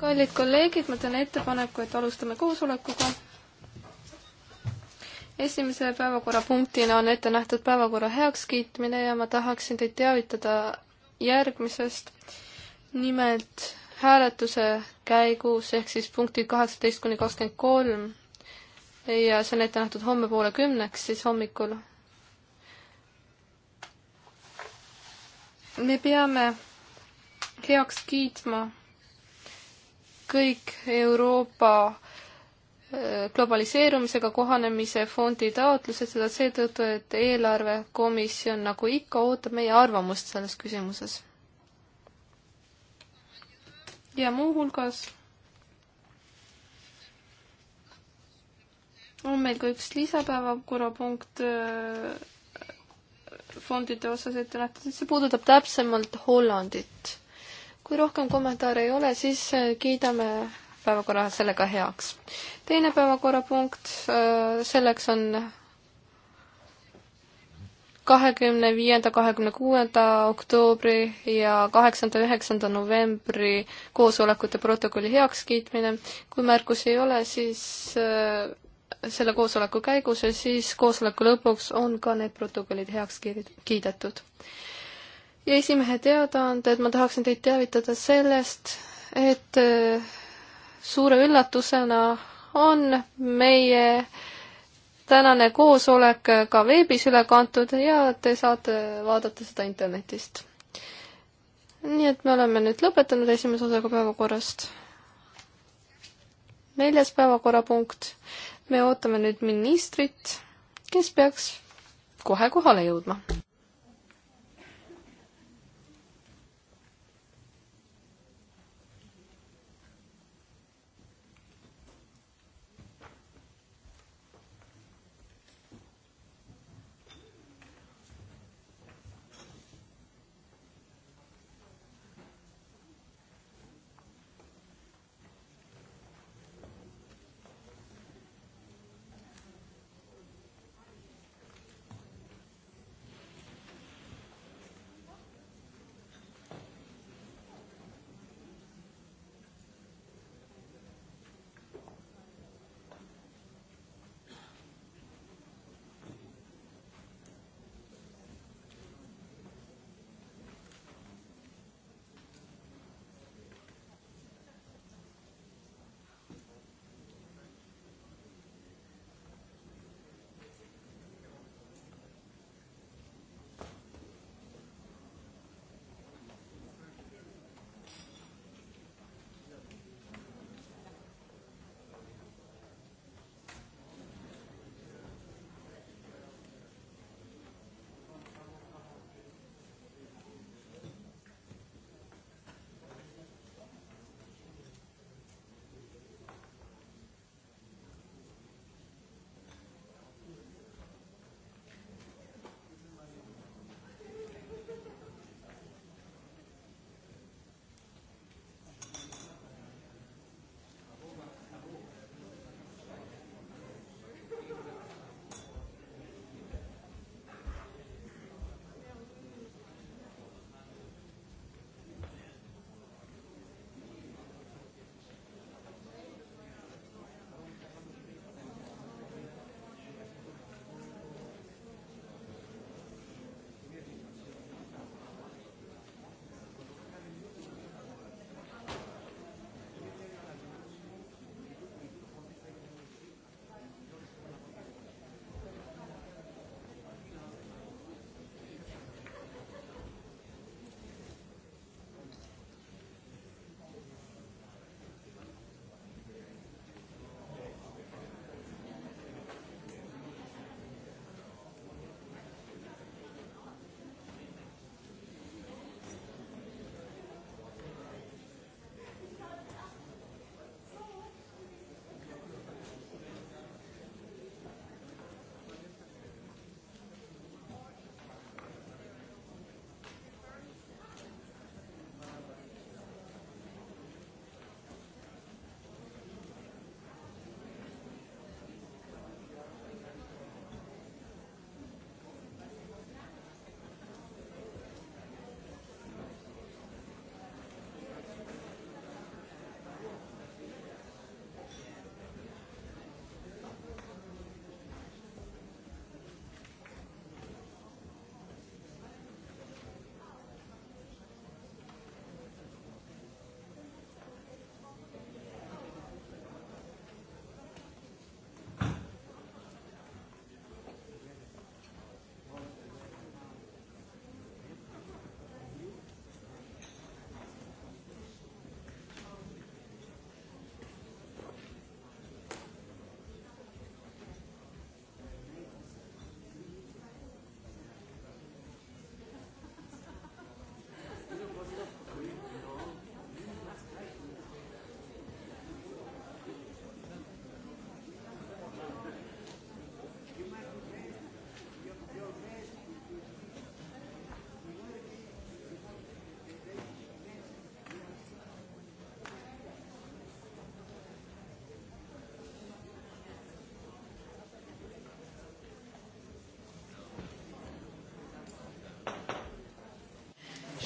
kallid kolleegid, ma teen ettepaneku, et alustame koosolekuga. esimese päevakorrapunktina on ette nähtud päevakorra heakskiitmine ja ma tahaksin teid teavitada järgmisest. nimelt hääletuse käigus ehk siis punktid kaheksateist kuni kakskümmend kolm ja see on ette nähtud homme poole kümneks, siis hommikul. me peame heaks kiitma kõik Euroopa äh, globaliseerumisega kohanemise fondi taotlused, seda seetõttu, et eelarvekomisjon nagu ikka ootab meie arvamust selles küsimuses. ja muuhulgas on meil ka üks lisapäevakorrapunkt äh, fondide osas ette nähtud, see puudutab täpsemalt Hollandit kui rohkem kommentaare ei ole, siis äh, kiidame päevakorra sellega heaks. teine päevakorrapunkt, äh, selleks on kahekümne viienda, kahekümne kuuenda oktoobri ja kaheksanda, üheksanda novembri koosolekute protokolli heakskiitmine. kui märkusi ei ole, siis äh, selle koosoleku käigus ja siis koosoleku lõpuks on ka need protokollid heaks kiidetud ja esimehe teadaanded, ma tahaksin teid teavitada sellest, et äh, suure üllatusena on meie tänane koosolek ka veebis üle kantud ja te saate vaadata seda internetist. nii et me oleme nüüd lõpetanud esimese osaga päevakorrast. neljas päevakorrapunkt. me ootame nüüd ministrit, kes peaks kohe kohale jõudma.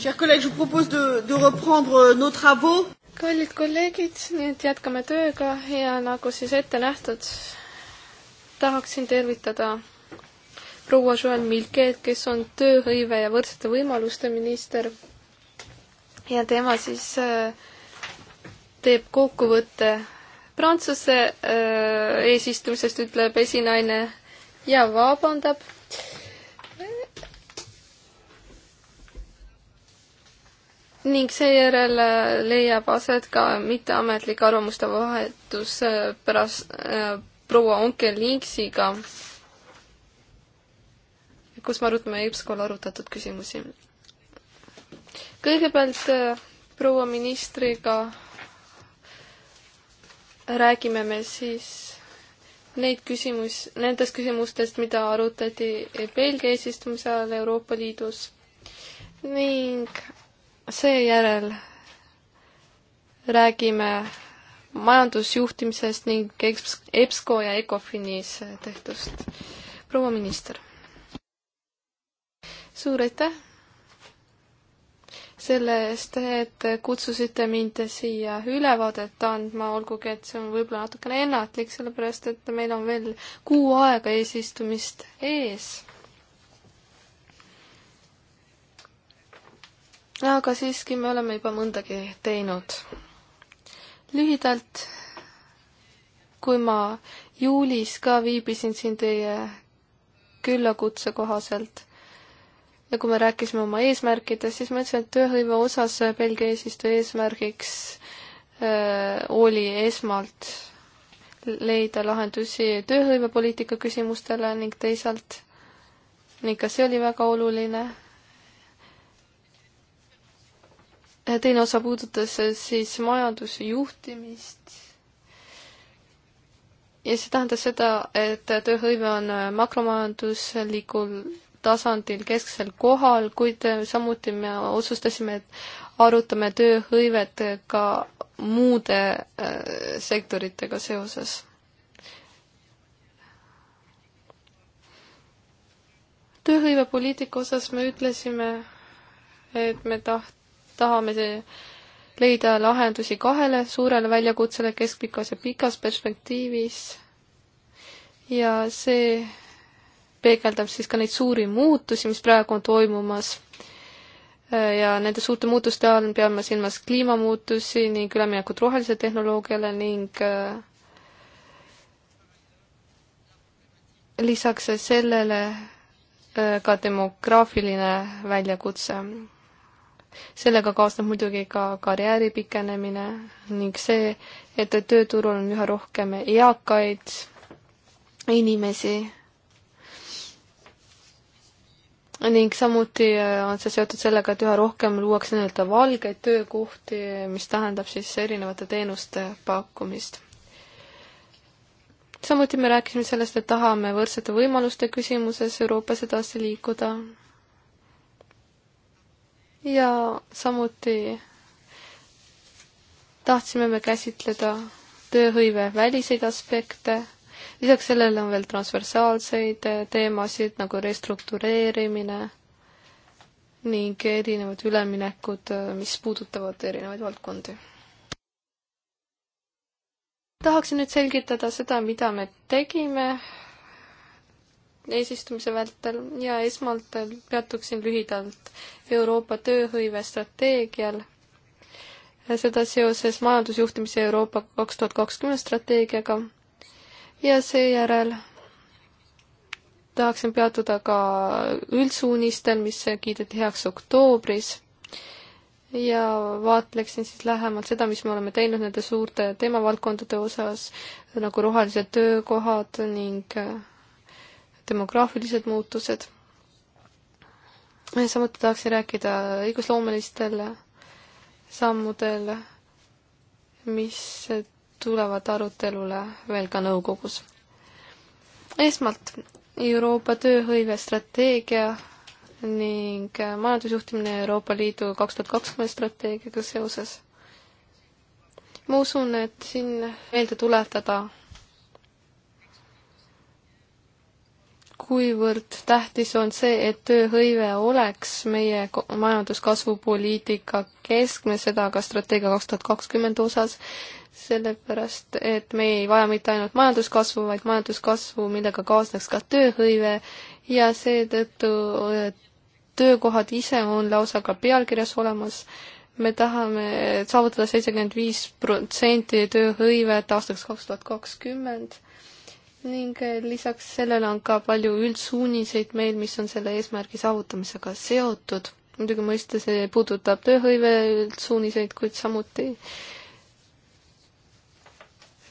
Chers collègues, je vous propose de, de reprendre euh, nos travaux. kallid kolleegid, nii et jätkame tööga ja nagu siis ette nähtud, tahaksin tervitada proua Joel Milkeet, kes on tööhõive ja võrdsete võimaluste minister. ja tema siis äh, teeb kokkuvõtte Prantsuse äh, eesistumisest, ütleb esinaine ja vabandab ning seejärel äh, leiab aset ka mitteametlik arvamuste vahetus äh, pärast äh, proua Onkel Linksiga, kus me arutame EBSCO-l arutatud küsimusi. kõigepealt äh, proua ministriga räägime me siis neid küsimus, nendest küsimustest, mida arutati Belgia eesistumise ajal Euroopa Liidus ning seejärel räägime majandusjuhtimisest ning EBSCO ja ECOFINis tehtust. proua minister. suur aitäh selle eest, et kutsusite mind siia ülevaadet andma, olgugi et see on võib-olla natukene ennatlik, sellepärast et meil on veel kuu aega eesistumist ees aga siiski me oleme juba mõndagi teinud. lühidalt, kui ma juulis ka viibisin siin teie küllakutse kohaselt ja kui me rääkisime oma eesmärkidest, siis ma ütlesin, et tööhõive osas Belgia eesistuja eesmärgiks öö, äh, oli esmalt leida lahendusi tööhõivepoliitika küsimustele ning teisalt ning ka see oli väga oluline teine osa puudutas äh, siis majandusjuhtimist ja see tähendas seda, et tööhõive on äh, makromajanduslikul tasandil kesksel kohal, kuid äh, samuti me otsustasime, et arutame tööhõivet ka muude sektoritega seoses. tööhõivepoliitika osas me ütlesime, et me taht-, tahame leida lahendusi kahele suurele väljakutsele keskpikas ja pikas perspektiivis. ja see peegeldab siis ka neid suuri muutusi, mis praegu on toimumas. ja nende suurte muutuste all peame silmas kliimamuutusi ning üleminekut rohelisele tehnoloogiale ning äh, lisaks sellele äh, ka demograafiline väljakutse sellega kaasneb muidugi ka karjääri pikenemine ning see, et tööturul on üha rohkem eakaid inimesi. ning samuti äh, on see seotud sellega, et üha rohkem luuakse nii-öelda valgeid töökohti, mis tähendab siis erinevate teenuste pakkumist samuti me rääkisime sellest, et tahame võrdsete võimaluste küsimuses Euroopas edasi liikuda ja samuti tahtsime me käsitleda tööhõive väliseid aspekte, lisaks sellele on veel transversaalseid teemasid nagu restruktureerimine ning erinevad üleminekud, mis puudutavad erinevaid valdkondi. tahaksin nüüd selgitada seda, mida me tegime eesistumise vältel ja esmalt peatuksin lühidalt Euroopa tööhõivestrateegial, seda seoses majandusjuhtimise Euroopa kaks tuhat kakskümmend strateegiaga ja seejärel tahaksin peatuda ka üldsuunistel, mis kiideti heaks oktoobris ja vaatleksin siis lähemalt seda, mis me oleme teinud nende suurte teemavaldkondade osas, nagu rohelised töökohad ning demograafilised muutused. samuti tahaksin rääkida õigusloomelistel sammudel, mis tulevad arutelule veel ka nõukogus. esmalt Euroopa tööhõivestrateegia ning majandusjuhtimine Euroopa Liidu kaks tuhat kakskümmend strateegiaga seoses. ma usun, et siin meelde tuletada kuivõrd tähtis on see, et tööhõive oleks meie majanduskasvupoliitika keskmes, seda ka strateegia kaks tuhat kakskümmend osas, sellepärast et me ei vaja mitte ainult majanduskasvu, vaid majanduskasvu, millega kaasneks ka tööhõive ja seetõttu töökohad ise on lausa ka pealkirjas olemas. me tahame saavutada seitsekümmend viis protsenti tööhõivet aastaks kaks tuhat kakskümmend ning eh, lisaks sellele on ka palju üldsuuniseid meil, mis on selle eesmärgi saavutamisega seotud. muidugi mõista see puudutab tööhõive üldsuuniseid, kuid samuti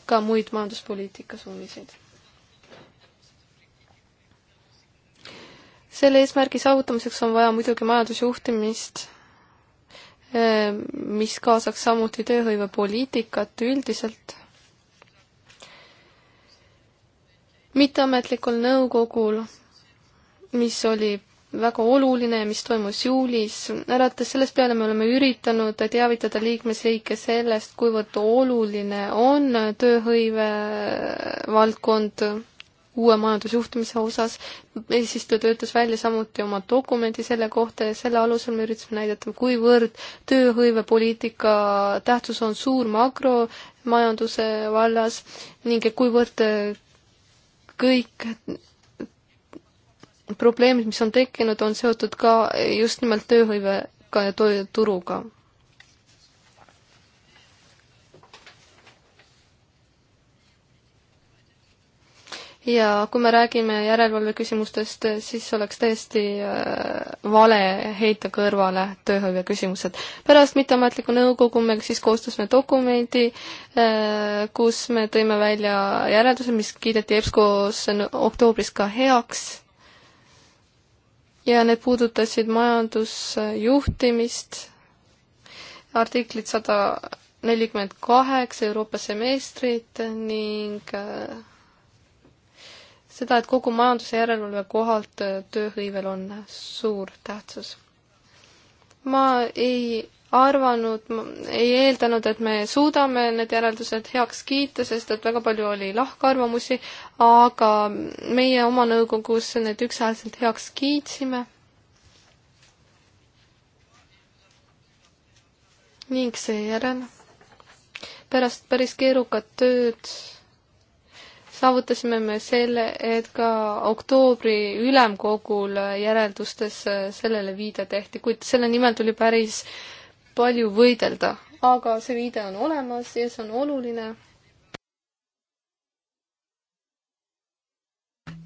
ka muid majanduspoliitika suuniseid. selle eesmärgi saavutamiseks on vaja muidugi majandusjuhtimist, eh, mis kaasaks samuti tööhõivepoliitikat üldiselt mitteametlikul nõukogul, mis oli väga oluline ja mis toimus juulis, alates sellest peale me oleme üritanud teavitada liikmesriike sellest, kuivõrd oluline on tööhõive valdkond uue majandusjuhtimise osas. eesistuja töötas välja samuti oma dokumendi selle kohta ja selle alusel me üritasime näidata, kuivõrd tööhõivepoliitika tähtsus on suur makromajanduse vallas ning kuivõrd kõik probleemid, mis on tekkinud, on seotud ka just nimelt tööhõivega ja turuga ja kui me räägime järelevalve küsimustest, siis oleks täiesti äh, vale heita kõrvale tööhõive küsimused. pärast mitteametlikku nõukogu me siis koostasime dokumendi, äh, kus me tõime välja järeldused, mis kiideti EBSCO-s oktoobris ka heaks. ja need puudutasid majandusjuhtimist, artiklit sada nelikümmend kaheksa Euroopa semestrit ning äh, seda, et kogu majanduse järelevalve kohalt äh, tööhõivel on suur tähtsus. ma ei arvanud, ei eeldanud, et me suudame need järeldused heaks kiita, sest et väga palju oli lahkarvamusi, aga meie oma nõukogus need ükshäälselt heaks kiitsime. ning seejärel pärast päris keerukat tööd saavutasime me selle, et ka oktoobri ülemkogul järeldustes sellele viide tehti, kuid selle nimel tuli päris palju võidelda, aga see viide on olemas ja see on oluline.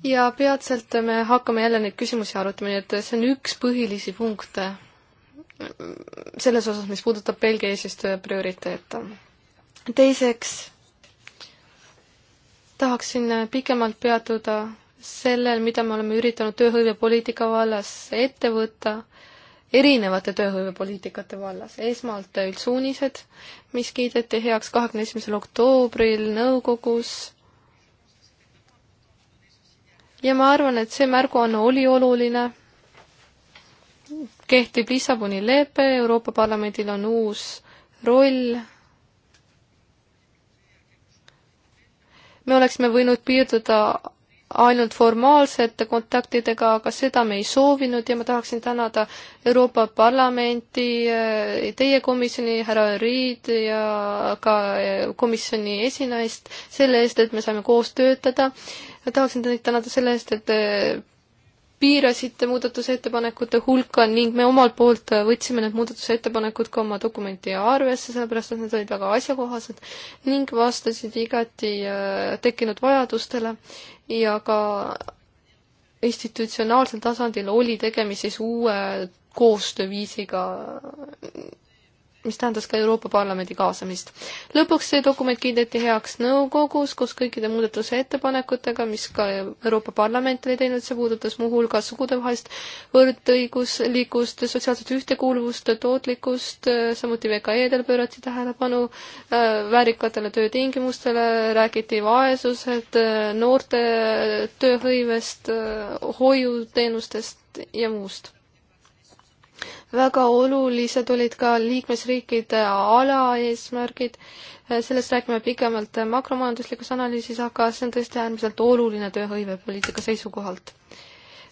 ja peatselt me hakkame jälle neid küsimusi arutama, nii et see on üks põhilisi punkte selles osas, mis puudutab Belgia eesistuja prioriteete. teiseks tahaksin pikemalt peatuda sellel, mida me oleme üritanud tööhõivepoliitika vallas ette võtta, erinevate tööhõivepoliitikate vallas. esmalt üldsuunised, mis kiideti heaks kahekümne esimesel oktoobril nõukogus. ja ma arvan, et see märguanne oli oluline. kehtib Lissaboni lepe, Euroopa Parlamendil on uus roll me oleksime võinud piirduda ainult formaalsete kontaktidega, aga seda me ei soovinud ja ma tahaksin tänada Euroopa Parlamenti, teie komisjoni, härra Riid ja ka komisjoni esinaist selle eest, et me saime koos töötada. ma tahaksin teid tänada selle eest, et piirasite muudatusettepanekute hulka ning me omalt poolt võtsime need muudatusettepanekud ka oma dokumenti arvesse, sellepärast et need olid väga asjakohased ning vastasid igati äh, tekkinud vajadustele ja ka institutsionaalsel tasandil oli tegemist siis uue koostööviisiga mis tähendas ka Euroopa Parlamendi kaasamist. lõpuks see dokument kiideti heaks nõukogus, kus kõikide muudatusettepanekutega, mis ka Euroopa Parlament oli teinud, see puudutas muuhulgas sugudevahelist võrdõiguslikkust, sotsiaalset ühtekuuluvust, tootlikkust, samuti VKE-del pöörati tähelepanu, äh, väärikatele töötingimustele, räägiti vaesused, äh, noorte tööhõivest, äh, hoiuteenustest ja muust väga olulised olid ka liikmesriikide alaeesmärgid, sellest räägime pikemalt makromajanduslikus analüüsis, aga see on tõesti äärmiselt oluline tööhõivepoliitika seisukohalt.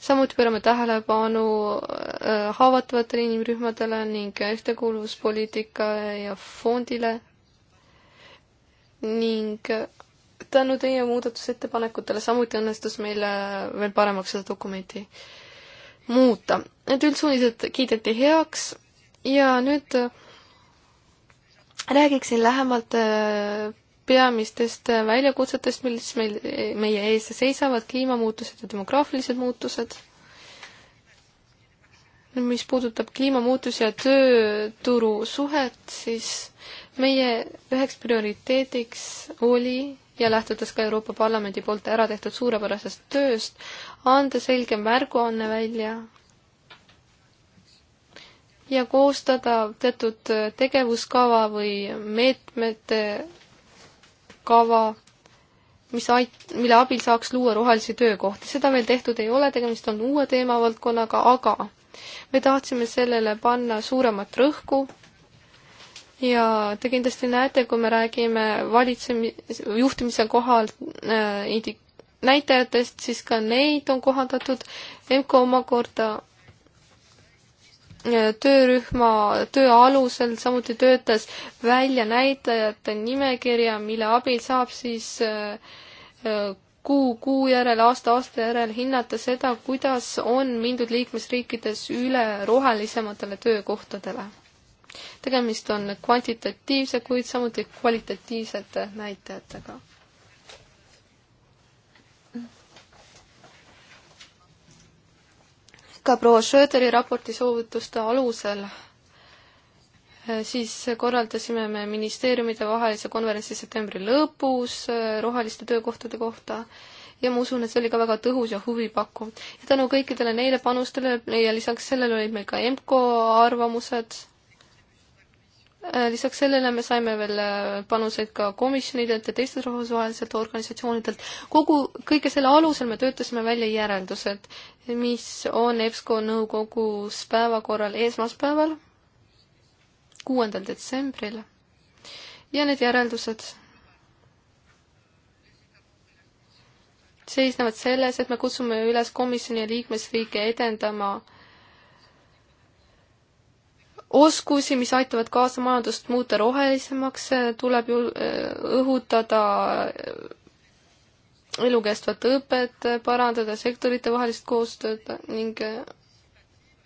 samuti pöörame tähelepanu äh, haavatavatele inimrühmadele ning ühtekuuluvuspoliitika ja fondile ning äh, tänu teie muudatusettepanekutele samuti õnnestus meil äh, veel paremaks seda dokumenti muuta Need üldsuunised kiideti heaks ja nüüd äh, räägiksin lähemalt äh, peamistest äh, väljakutsetest, mis meil, meie ees seisavad, kliimamuutused ja demograafilised muutused. mis puudutab kliimamuutusi ja tööturu suhet, siis meie üheks prioriteediks oli ja lähtudes ka Euroopa Parlamendi poolt ära tehtud suurepärasest tööst, anda selge märguanne välja ja koostada teatud tegevuskava või meetmete kava, mis ait-, mille abil saaks luua rohelisi töökohti. seda veel tehtud ei ole, tegemist on uue teemavaldkonnaga, aga me tahtsime sellele panna suuremat rõhku ja te kindlasti näete, kui me räägime valitsemi-, juhtimise kohal äh, näitajatest, siis ka neid on kohandatud. MK omakorda töörühma töö alusel samuti töötas välja näitajate nimekirja, mille abil saab siis äh, äh, kuu kuu järel, aasta aasta järel hinnata seda, kuidas on mindud liikmesriikides üle rohelisematele töökohtadele. tegemist on kvantitatiivse, kuid samuti kvalitatiivsete näitajatega ka proua Schröderi raporti soovituste alusel eh, siis korraldasime me ministeeriumide vahelise konverentsi septembri lõpus eh, roheliste töökohtade kohta ja ma usun, et see oli ka väga tõhus ja huvipakkuv. ja tänu kõikidele neile panustele ja lisaks sellele olid meil ka EMCO arvamused. Eh, lisaks sellele me saime veel panuseid ka komisjonidelt ja teistelt rahvusvahelistelt organisatsioonidelt. kogu, kõige selle alusel me töötasime välja järeldused mis on EBSCO nõukogus päevakorral esmaspäeval, kuuendal detsembril. ja need järeldused seisnevad selles, et me kutsume üles komisjoni ja liikmesriike edendama oskusi, mis aitavad kaasa majandust muuta rohelisemaks, tuleb ju eh, õhutada elukestvat õpet, parandada sektoritevahelist koostööd ning äh,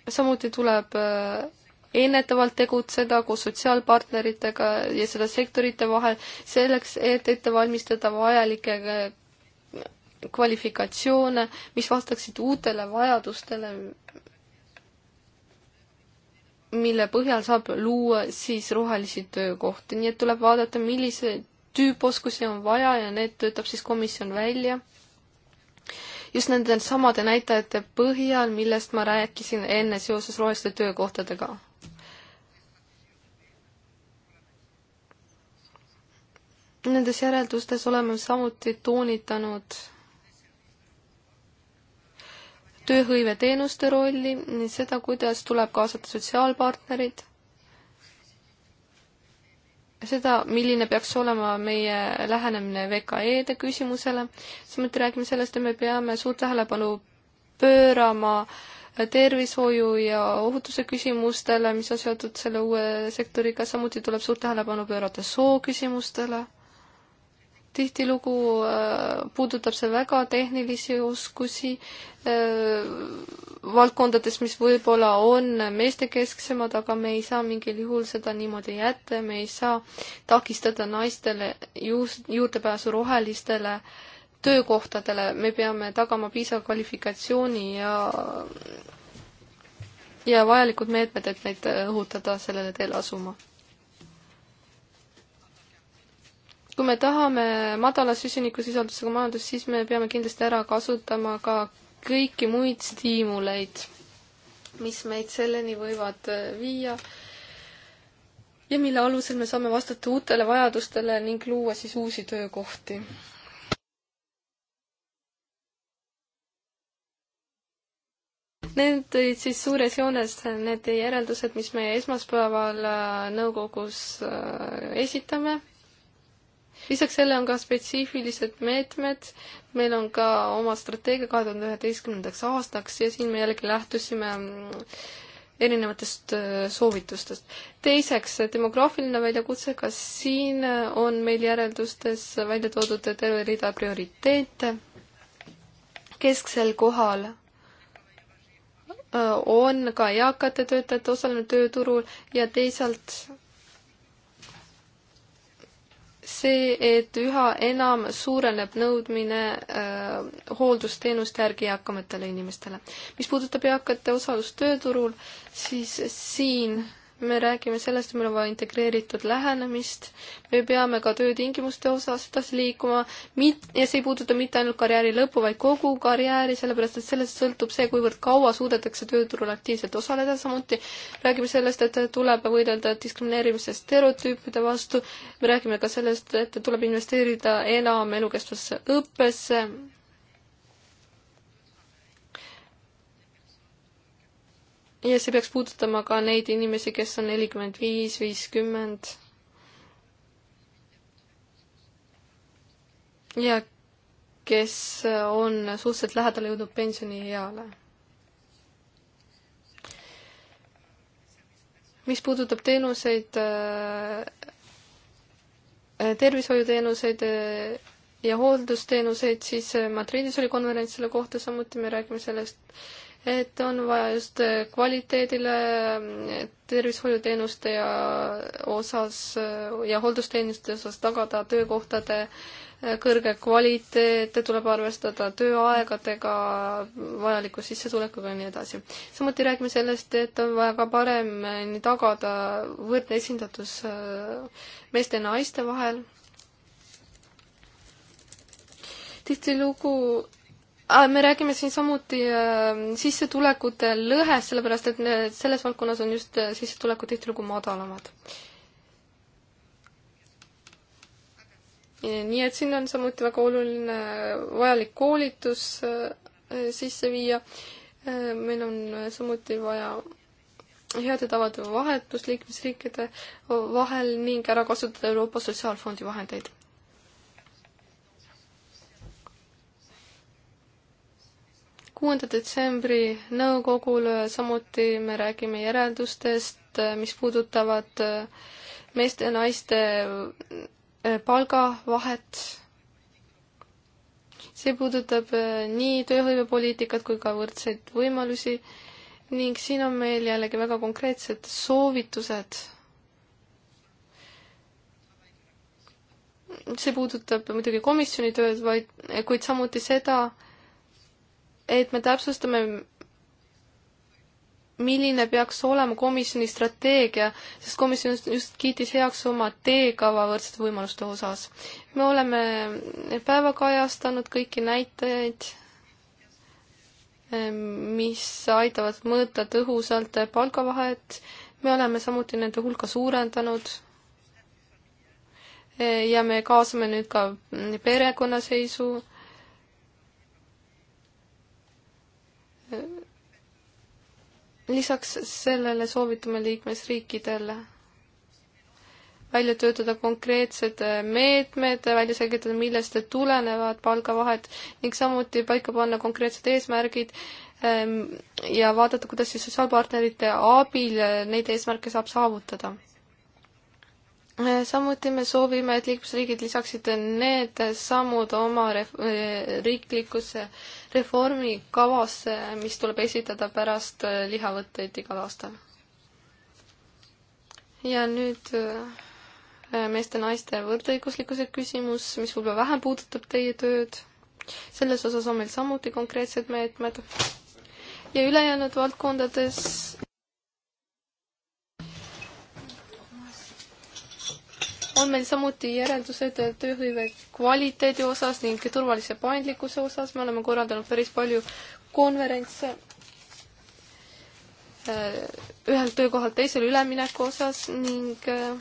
samuti tuleb äh, ennetavalt tegutseda koos sotsiaalpartneritega ja seda sektorite vahel selleks, et ette valmistada vajalikke äh, kvalifikatsioone, mis vastaksid uutele vajadustele, mille põhjal saab luua siis rohelisi töökohti, nii et tuleb vaadata, milliseid tüüposkusi on vaja ja need töötab siis komisjon välja. just nende samade näitajate põhjal, millest ma rääkisin enne seoses roheliste töökohtadega. Nendes järeldustes oleme samuti toonitanud tööhõiveteenuste rolli, seda, kuidas tuleb kaasata sotsiaalpartnerid seda, milline peaks olema meie lähenemine VKE-de küsimusele, samuti räägime sellest, et me peame suurt tähelepanu pöörama tervishoiu ja ohutuse küsimustele, mis on seotud selle uue sektoriga, samuti tuleb suurt tähelepanu pöörata sooküsimustele tihtilugu äh, puudutab see väga tehnilisi oskusi äh, valdkondades, mis võib-olla on meestekesksemad, aga me ei saa mingil juhul seda niimoodi jätta ja me ei saa takistada naistele juus-, juurdepääsu rohelistele töökohtadele, me peame tagama piisava kvalifikatsiooni ja ja vajalikud meetmed, et neid õhutada sellele teele asuma kui me tahame madala süsinikusisaldusega majandust, siis me peame kindlasti ära kasutama ka kõiki muid stiimuleid, mis meid selleni võivad äh, viia ja mille alusel me saame vastata uutele vajadustele ning luua siis uusi töökohti. Need olid siis suures joones need järeldused, mis me esmaspäeval äh, nõukogus äh, esitame lisaks selle on ka spetsiifilised meetmed, meil on ka oma strateegia kahe tuhande üheteistkümnendaks aastaks ja siin me jällegi lähtusime mm, erinevatest äh, soovitustest. teiseks, demograafiline väljakutse, kas siin äh, on meil järeldustes välja toodud terve rida prioriteete, kesksel kohal äh, on ka eakate töötajate osalemine tööturul ja teisalt see, et üha enam suureneb nõudmine äh, hooldusteenuste järgi eakamatele inimestele. mis puudutab eakate osalust tööturul, siis siin äh, me räägime sellest, et meil on vaja integreeritud lähenemist, me peame ka töötingimuste osas edasi liikuma, mit-, ja see ei puuduta mitte ainult karjääri lõppu, vaid kogu karjääri, sellepärast et sellest sõltub see, kuivõrd kaua suudetakse tööturul aktiivselt osaleda, samuti räägime sellest, et tuleb võidelda diskrimineerimise stereotüüpide vastu, me räägime ka sellest, et tuleb investeerida enam elukestvasse õppesse, ja see peaks puudutama ka neid inimesi, kes on nelikümmend viis, viiskümmend. ja kes on suhteliselt lähedale jõudnud pensionieale. mis puudutab teenuseid, äh, tervishoiuteenuseid äh, ja hooldusteenuseid, siis äh, Madridis oli konverents selle kohta, samuti me räägime sellest, et on vaja just kvaliteedile, tervishoiuteenuste ja osas ja hooldusteenuste osas tagada töökohtade äh, kõrge kvaliteet, tuleb arvestada tööaegadega, vajaliku sissetulekuga ja nii edasi. samuti räägime sellest, et on vaja ka paremini tagada võrdne esindatus äh, meeste ja naiste vahel. tihtilugu me räägime siin samuti äh, sissetulekute lõhest, sellepärast et selles valdkonnas on just äh, sissetulekud tihtilugu madalamad. nii et siin on samuti väga oluline äh, vajalik koolitus sisse viia. meil on samuti vaja heade tavade vahetust liikmesriikide vahel ning ära kasutada Euroopa Sotsiaalfondi vahendeid kuuenda detsembri nõukogul samuti me räägime järeldustest, mis puudutavad äh, meeste ja naiste äh, palgavahet. see puudutab äh, nii tööhõivepoliitikat kui ka võrdseid võimalusi ning siin on meil jällegi väga konkreetsed soovitused see puudutab muidugi komisjoni tööd, vaid, kuid samuti seda, et me täpsustame, milline peaks olema komisjoni strateegia, sest komisjon just kiitis heaks oma teekava võrdsete võimaluste osas. me oleme päevakajastanud kõiki näitajaid, mis aitavad mõõta tõhusalt palgavahet, me oleme samuti nende hulka suurendanud e, ja me kaasame nüüd ka perekonnaseisu lisaks sellele soovitame liikmesriikidel välja töötada konkreetsed meetmed, välja selgitada, millest tulenevad palgavahed ning samuti paika panna konkreetsed eesmärgid ehm, ja vaadata, kuidas siis sotsiaalpartnerite abil neid eesmärke saab saavutada samuti me soovime, et liikmesriigid lisaksid need sammud oma ref-, eh, riiklikusse reformikavasse, mis tuleb esitada pärast eh, lihavõtteid igal aastal. ja nüüd eh, meeste-naiste võrdõiguslikkuse küsimus, mis võib-olla vähem puudutab teie tööd. selles osas on meil samuti konkreetsed meetmed. ja ülejäänud valdkondades on meil samuti järeldused tööhõive kvaliteedi osas ning turvalise paindlikkuse osas, me oleme korraldanud päris palju konverentse äh, ühelt töökohalt teisele ülemineku osas ning äh,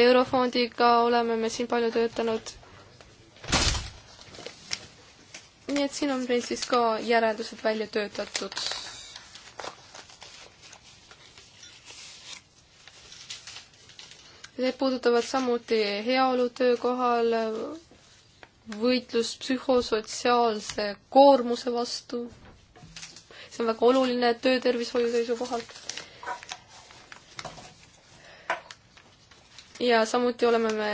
Eurofondiga oleme me siin palju töötanud. nii et siin on meil siis ka järeldused välja töötatud Need puudutavad samuti heaolu töökohal, võitlus psühhosotsiaalse koormuse vastu. see on väga oluline töötervishoiu seisukohalt. ja samuti oleme me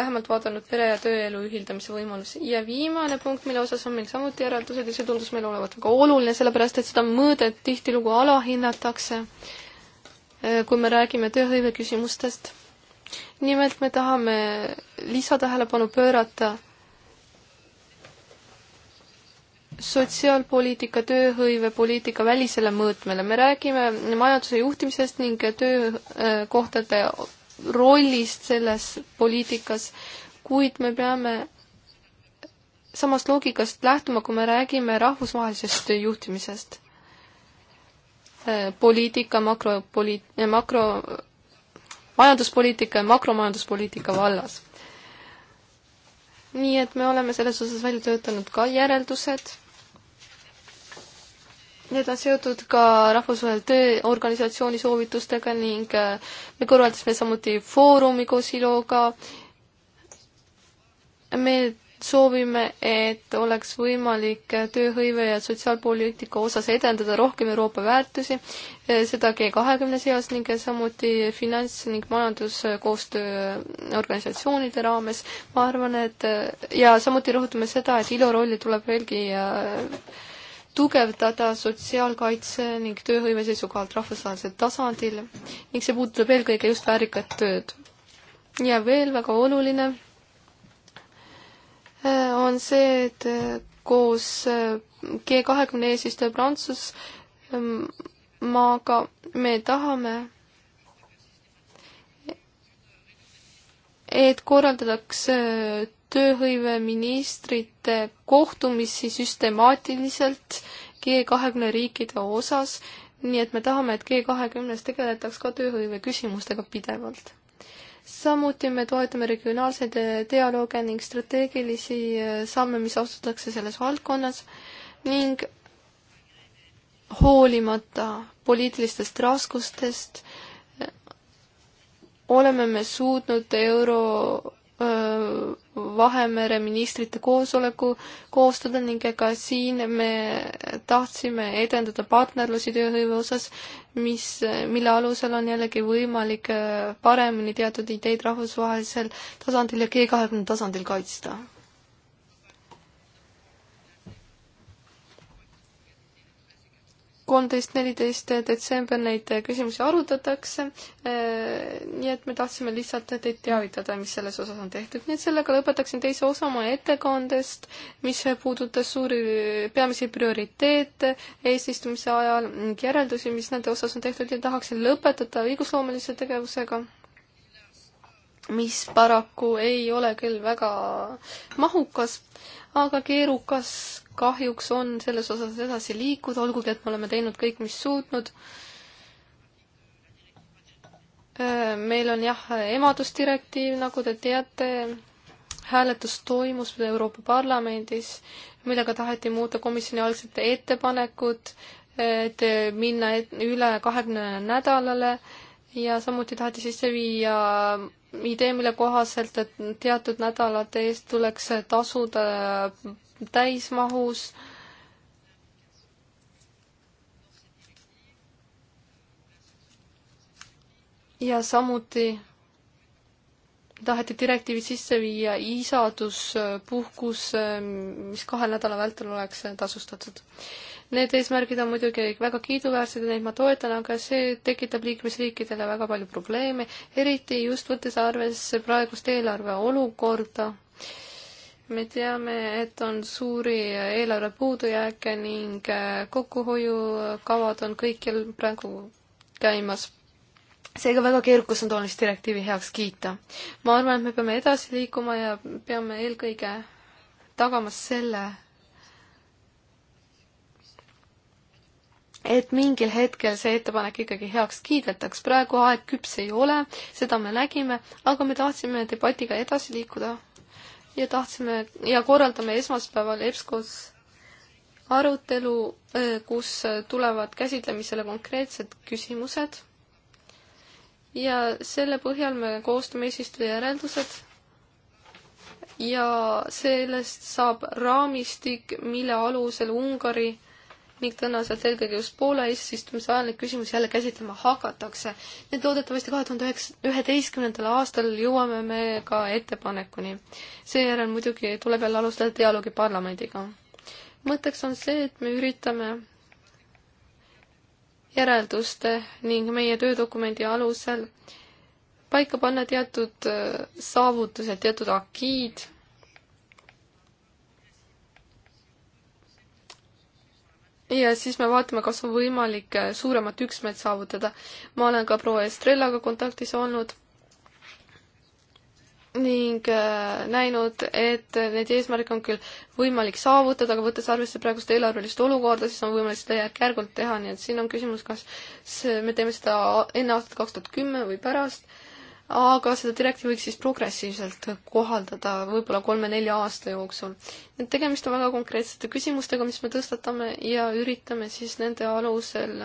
lähemalt vaadanud pere- ja tööelu ühildamise võimalusi. ja viimane punkt, mille osas on meil samuti järeldused ja see tundus meile olevat väga oluline, sellepärast et seda mõõdet tihtilugu alahinnatakse, kui me räägime tööhõive küsimustest nimelt me tahame lisatähelepanu pöörata sotsiaalpoliitika, tööhõivepoliitika välisele mõõtmele. me räägime majanduse juhtimisest ning töökohtade rollist selles poliitikas, kuid me peame samast loogikast lähtuma, kui me räägime rahvusvahelisest juhtimisest. poliitika makropoliit-, makro majanduspoliitika ja makromajanduspoliitika vallas. nii et me oleme selles osas välja töötanud ka järeldused Need on seotud ka Rahvusvahelise Tööorganisatsiooni soovitustega ning äh, me korraldasime samuti foorumi koos Iloga. me soovime, et oleks võimalik tööhõive ja sotsiaalpoliitika osas edendada rohkem Euroopa väärtusi, seda G kahekümne seas ning samuti finants- ning majanduskoostöö organisatsioonide raames. ma arvan, et ja samuti rõhutame seda, et ILO rolli tuleb veelgi äh, tugevdada sotsiaalkaitse ning tööhõive seisukohalt rahvusvahelisel tasandil ning see puudutab eelkõige just väärikat tööd. ja veel väga oluline Äh, on see, et äh, koos äh, G kahekümne eesistuja Prantsusmaaga ähm, me tahame, et korraldataks tööhõiveministrite kohtumisi süstemaatiliselt G kahekümne riikide osas, nii et me tahame, et G kahekümnes tegeletaks ka tööhõive küsimustega pidevalt samuti me toetame regionaalseid eh, dialoogi ning strateegilisi eh, samme, mis astutakse selles valdkonnas ning hoolimata poliitilistest raskustest eh, oleme me suutnud euro Vahemere ministrite koosoleku koostada ning ka siin me tahtsime edendada partnerlusi tööhõive osas, mis, mille alusel on jällegi võimalik paremini teatud ideid rahvusvahelisel tasandil ja G kahekümne tasandil kaitsta. kolmteist, neliteist detsember neid küsimusi arutatakse. Äh, nii et me tahtsime lihtsalt teid teavitada, mis selles osas on tehtud. nii et sellega lõpetaksin teise osa oma ettekandest, mis puudutas suuri, peamisi prioriteete eesistumise ajal ning järeldusi, mis nende osas on tehtud ja tahaksin lõpetada õigusloomelise tegevusega mis paraku ei ole küll väga mahukas, aga keerukas kahjuks on selles osas edasi liikuda, olgugi et me oleme teinud kõik, mis suutnud. Äh, meil on jah, emadusdirektiiv, nagu te teate, hääletus toimus Euroopa Parlamendis, millega taheti muuta komisjoni algset ettepanekut, et minna et, üle kahekümnele nädalale ja samuti taheti sisse viia idee, mille kohaselt, et teatud nädalate eest tuleks tasuda täismahus. ja samuti taheti direktiivi sisse viia isaduspuhkus, mis kahe nädala vältel oleks tasustatud Need eesmärgid on muidugi väga kiiduväärsed ja neid ma toetan, aga see tekitab liikmesriikidele väga palju probleeme, eriti just võttes arvesse praegust eelarve olukorda. me teame, et on suuri eelarve puudujääke ning äh, kokkuhoiukavad on kõikjal praegu käimas seega väga keerukas on toonist direktiivi heaks kiita. ma arvan, et me peame edasi liikuma ja peame eelkõige tagama selle, et mingil hetkel see ettepanek ikkagi heaks kiidetaks. praegu aeg küps ei ole, seda me nägime, aga me tahtsime debatiga edasi liikuda ja tahtsime ja korraldame esmaspäeval EBSCO-s arutelu, kus tulevad käsitlemisele konkreetsed küsimused. ja selle põhjal me koostame eesistuja järeldused ja sellest saab raamistik, mille alusel Ungari ning tõenäoliselt eelkõige just Poola eesistumise ajal neid küsimusi jälle käsitlema hakatakse. nii et loodetavasti kahe tuhande üheksa, üheteistkümnendal aastal jõuame me ka ettepanekuni. seejärel muidugi tuleb jälle alustada dialoogi parlamendiga. mõtteks on see, et me üritame järelduste ning meie töödokumendi alusel paika panna teatud äh, saavutused, teatud akiid ja siis me vaatame, kas on võimalik äh, suuremat üksmeelt saavutada. ma olen ka proua Estrellaga kontaktis olnud ning äh, näinud, et neid eesmärke on küll võimalik saavutada, aga võttes arvesse praegust eelarvelist olukorda, siis on võimalik seda järk-järgult teha, nii et siin on küsimus, kas see, me teeme seda enne aastat kaks tuhat kümme või pärast aga seda direktiivi võiks siis progressiivselt kohaldada võib-olla kolme-nelja aasta jooksul. et tegemist on väga konkreetsete küsimustega, mis me tõstatame ja üritame siis nende alusel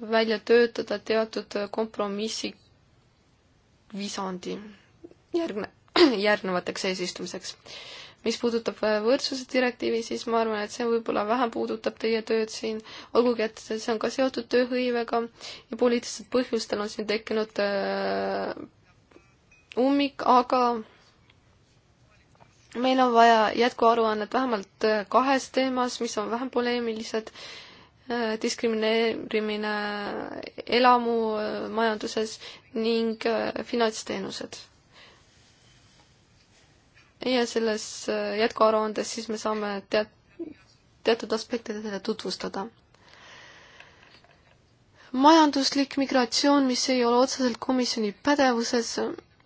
välja töötada teatud kompromissi visandi järgne, järgnevateks eesistumiseks mis puudutab äh, võrdsuse direktiivi, siis ma arvan, et see võib-olla vähe puudutab teie tööd siin, olgugi et see on ka seotud tööhõivega ja poliitilistel põhjustel on siin tekkinud äh, ummik, aga meil on vaja jätkuaruannet vähemalt äh, kahes teemas, mis on vähem poleemilised diskrimineerimine elamumajanduses ning finantsteenused ja selles äh, jätkuaruandes siis me saame teat-, teatud aspektidele tutvustada. majanduslik migratsioon, mis ei ole otseselt komisjoni pädevuses,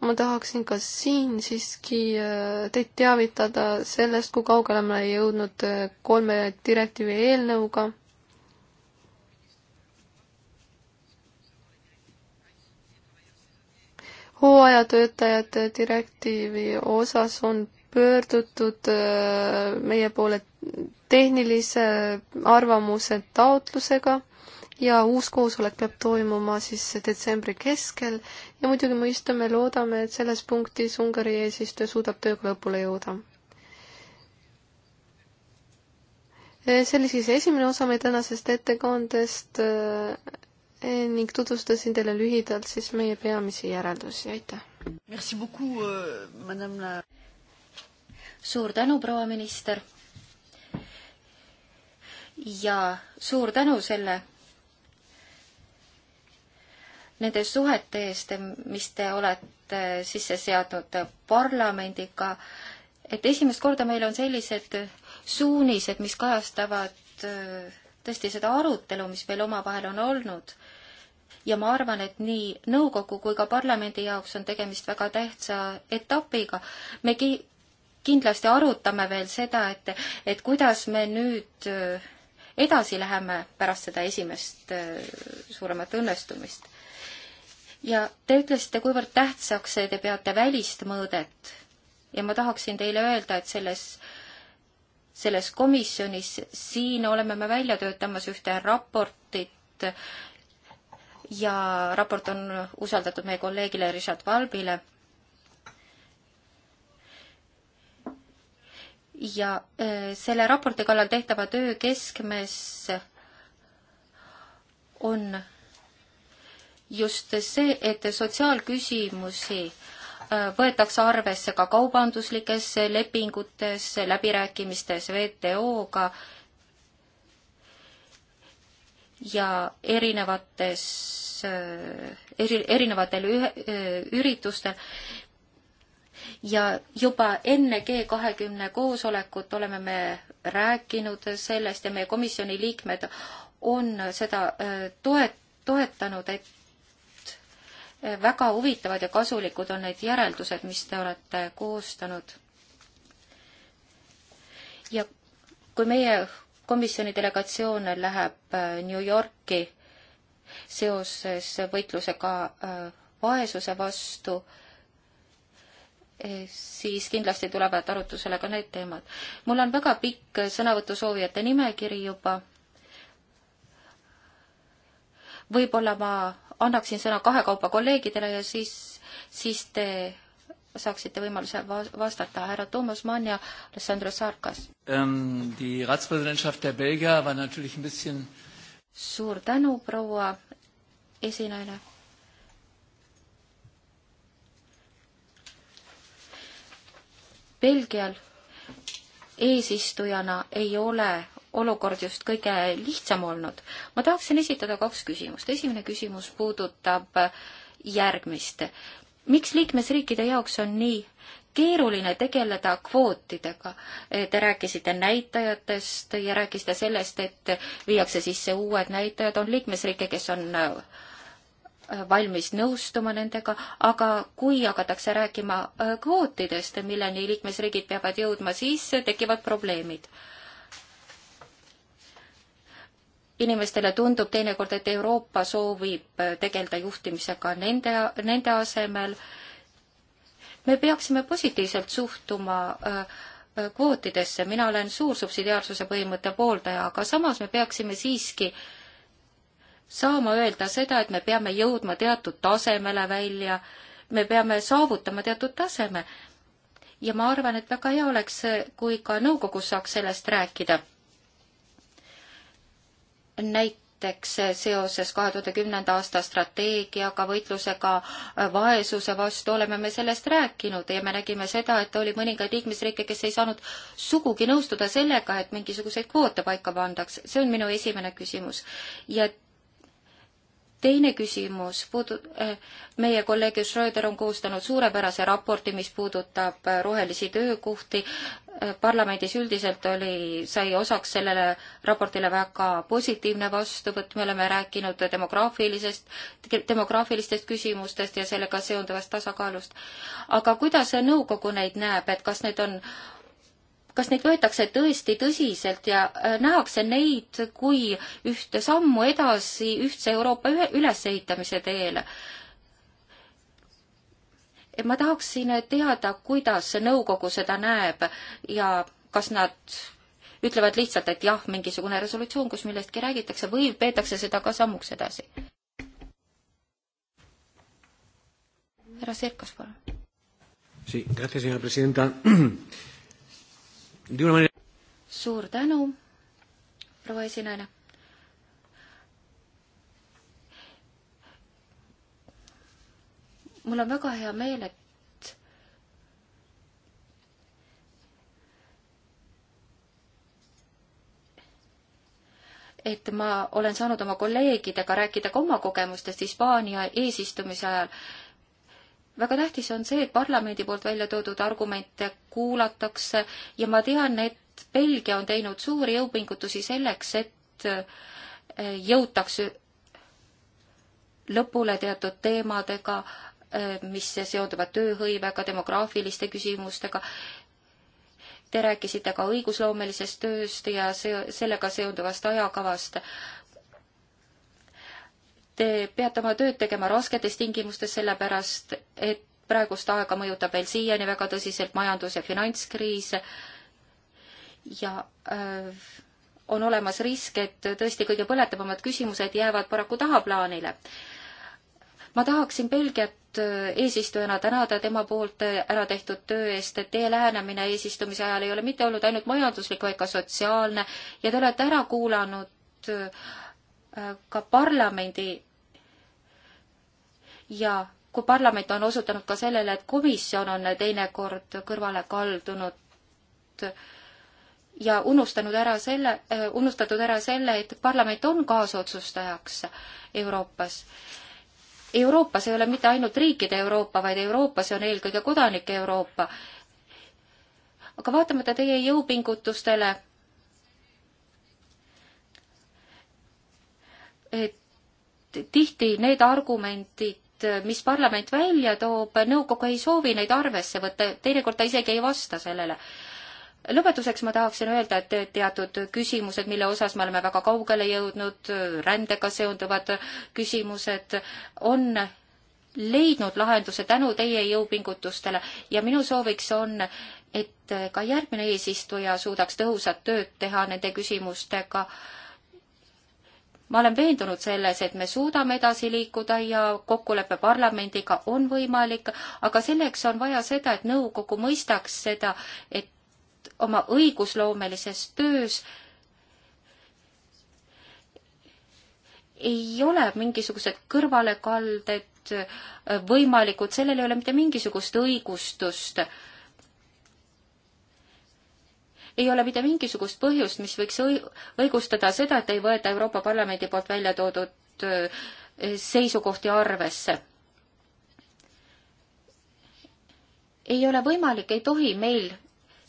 ma tahaksin ka siin siiski äh, teid teavitada sellest, kui kaugele me oleme jõudnud äh, kolme direktiivi eelnõuga hooajatöötajate direktiivi osas on pöördutud äh, meie poole tehnilise arvamuse taotlusega ja uus koosolek peab toimuma siis detsembri keskel ja muidugi mõistame, loodame, et selles punktis Ungari eesistuja suudab tööga lõpule jõuda. Äh, see oli siis esimene osa meie tänasest ettekandest äh, Eh, ning tutvustasin teile lühidalt siis meie peamisi järeldusi, aitäh! Euh, suur tänu, proua minister! ja suur tänu selle, nende suhete eest, mis te olete sisse seadnud parlamendiga, et esimest korda meil on sellised suunised, mis kajastavad äh, tõesti seda arutelu, mis meil omavahel on olnud. ja ma arvan, et nii nõukogu kui ka parlamendi jaoks on tegemist väga tähtsa etapiga. me ki-, kindlasti arutame veel seda, et, et kuidas me nüüd äh, edasi läheme pärast seda esimest äh, suuremat õnnestumist. ja te ütlesite, kuivõrd tähtsaks te peate välist mõõdet ja ma tahaksin teile öelda, et selles äh, selles komisjonis, siin oleme me välja töötamas ühte raportit ja raport on usaldatud meie kolleegile Richard Valbile. ja äh, selle raporti kallal tehtava töö keskmes on just see, et sotsiaalküsimusi äh, võetakse arvesse ka kaubanduslikes lepingutes, läbirääkimistes WTO-ga ja erinevates, eri, erinevatel ühe, üritustel. ja juba enne G kahekümne koosolekut oleme me rääkinud sellest ja meie komisjoni liikmed on seda äh, toet-, toetanud, et väga huvitavad ja kasulikud on need järeldused, mis te olete koostanud. ja kui meie komisjoni delegatsioon läheb äh, New Yorki seoses võitlusega äh, vaesuse vastu, eh, siis kindlasti tulevad arutusele ka need teemad. mul on väga pikk sõnavõtusoovijate nimekiri juba. võib-olla ma annaksin sõna kahekaupa kolleegidele ja siis, siis te saaksite võimaluse vastata. härra Toomas Mann ja Alessandro Sarkas um,. Bisschen... suur tänu, proua esinaine. Belgial eesistujana ei ole olukord just kõige lihtsam olnud. ma tahaksin esitada kaks küsimust. esimene küsimus puudutab järgmist. miks liikmesriikide jaoks on nii keeruline tegeleda kvootidega. Te rääkisite näitajatest ja rääkisite sellest, et viiakse sisse uued näitajad, on liikmesriike, kes on äh, valmis nõustuma nendega, aga kui hakatakse rääkima äh, kvootidest, milleni liikmesriigid peavad jõudma, siis tekivad probleemid inimestele tundub teinekord, et Euroopa soovib äh, tegeleda juhtimisega nende, nende asemel. me peaksime positiivselt suhtuma äh, äh, kvootidesse, mina olen suur subsidiaarsuse põhimõtte pooldaja, aga samas me peaksime siiski saama öelda seda, et me peame jõudma teatud tasemele välja, me peame saavutama teatud taseme. ja ma arvan, et väga hea oleks, kui ka nõukogus saaks sellest rääkida näiteks seoses kahe tuhande kümnenda aasta strateegiaga, võitlusega vaesuse vastu, oleme me sellest rääkinud ja me nägime seda, et oli mõningaid liikmesriike, kes ei saanud sugugi nõustuda sellega, et mingisuguseid kvoote paika pandaks. see on minu esimene küsimus. ja teine küsimus puudu-, eh, meie kolleeg Schröder on koostanud suurepärase raporti, mis puudutab eh, rohelisi töökohti. Eh, parlamendis üldiselt oli, sai osaks sellele raportile väga positiivne vastuvõtt, me oleme rääkinud demograafilisest, demograafilistest küsimustest ja sellega seonduvast tasakaalust. aga kuidas nõukogu neid näeb, et kas need on kas neid võetakse tõesti tõsiselt ja äh, nähakse neid kui ühte sammu edasi ühtse Euroopa ülesehitamise teel? ma tahaksin teada, kuidas nõukogu seda näeb ja kas nad ütlevad lihtsalt, et jah, mingisugune resolutsioon, kus millestki räägitakse või peetakse seda ka sammuks edasi? härra Serkas, palun suur tänu, proua esinaine. mul on väga hea meel, et et ma olen saanud oma kolleegidega rääkida ka oma kogemustest Hispaania eesistumise ajal väga tähtis on see, et parlamendi poolt välja toodud argumente kuulatakse ja ma tean, et Belgia on teinud suuri jõupingutusi selleks, et eh, jõutakse lõpule teatud teemadega, eh, mis seonduvad tööhõivega, demograafiliste küsimustega. Te rääkisite ka õigusloomelisest tööst ja see, sellega seonduvast ajakavast. Te peate oma tööd tegema rasketes tingimustes, sellepärast et praegust aega mõjutab veel siiani väga tõsiselt majandus- ja finantskriis ja öö, äh, on olemas risk, et tõesti kõige põletavamad küsimused jäävad paraku tahaplaanile. ma tahaksin Belgiat äh, eesistujana tänada tema poolt äh, ära tehtud töö eest, et teie lähenemine eesistumise ajal ei ole mitte olnud ainult majanduslik, vaid ka sotsiaalne ja te olete ära kuulanud öö, Äh, ka parlamendi ja kui parlament on osutanud ka sellele, et komisjon on teinekord kõrvale kaldunud ja unustanud ära selle, äh, unustatud ära selle, et parlament on kaasotsustajaks Euroopas. Euroopas ei ole mitte ainult riikide Euroopa, vaid Euroopas on eelkõige kodanike Euroopa. aga vaatamata teie jõupingutustele tihti need argumendid, mis parlament välja toob, nõukogu ei soovi neid arvesse võtta, teinekord ta isegi ei vasta sellele. lõpetuseks ma tahaksin öelda, et teatud küsimused, mille osas me oleme väga kaugele jõudnud, rändega seonduvad küsimused, on leidnud lahenduse tänu teie jõupingutustele ja minu sooviks on, et ka järgmine eesistuja suudaks tõhusat tööd teha nende küsimustega äh, ma olen veendunud selles, et me suudame edasi liikuda ja kokkulepe parlamendiga on võimalik, aga selleks on vaja seda, et nõukogu mõistaks seda, et oma õigusloomelises töös ei ole mingisugused kõrvalekalded võimalikud, sellel ei ole mitte mingisugust õigustust äh, ei ole mitte mingisugust põhjust, mis võiks õigustada seda, et ei võeta Euroopa Parlamendi poolt välja toodud seisukohti arvesse. ei ole võimalik, ei tohi meil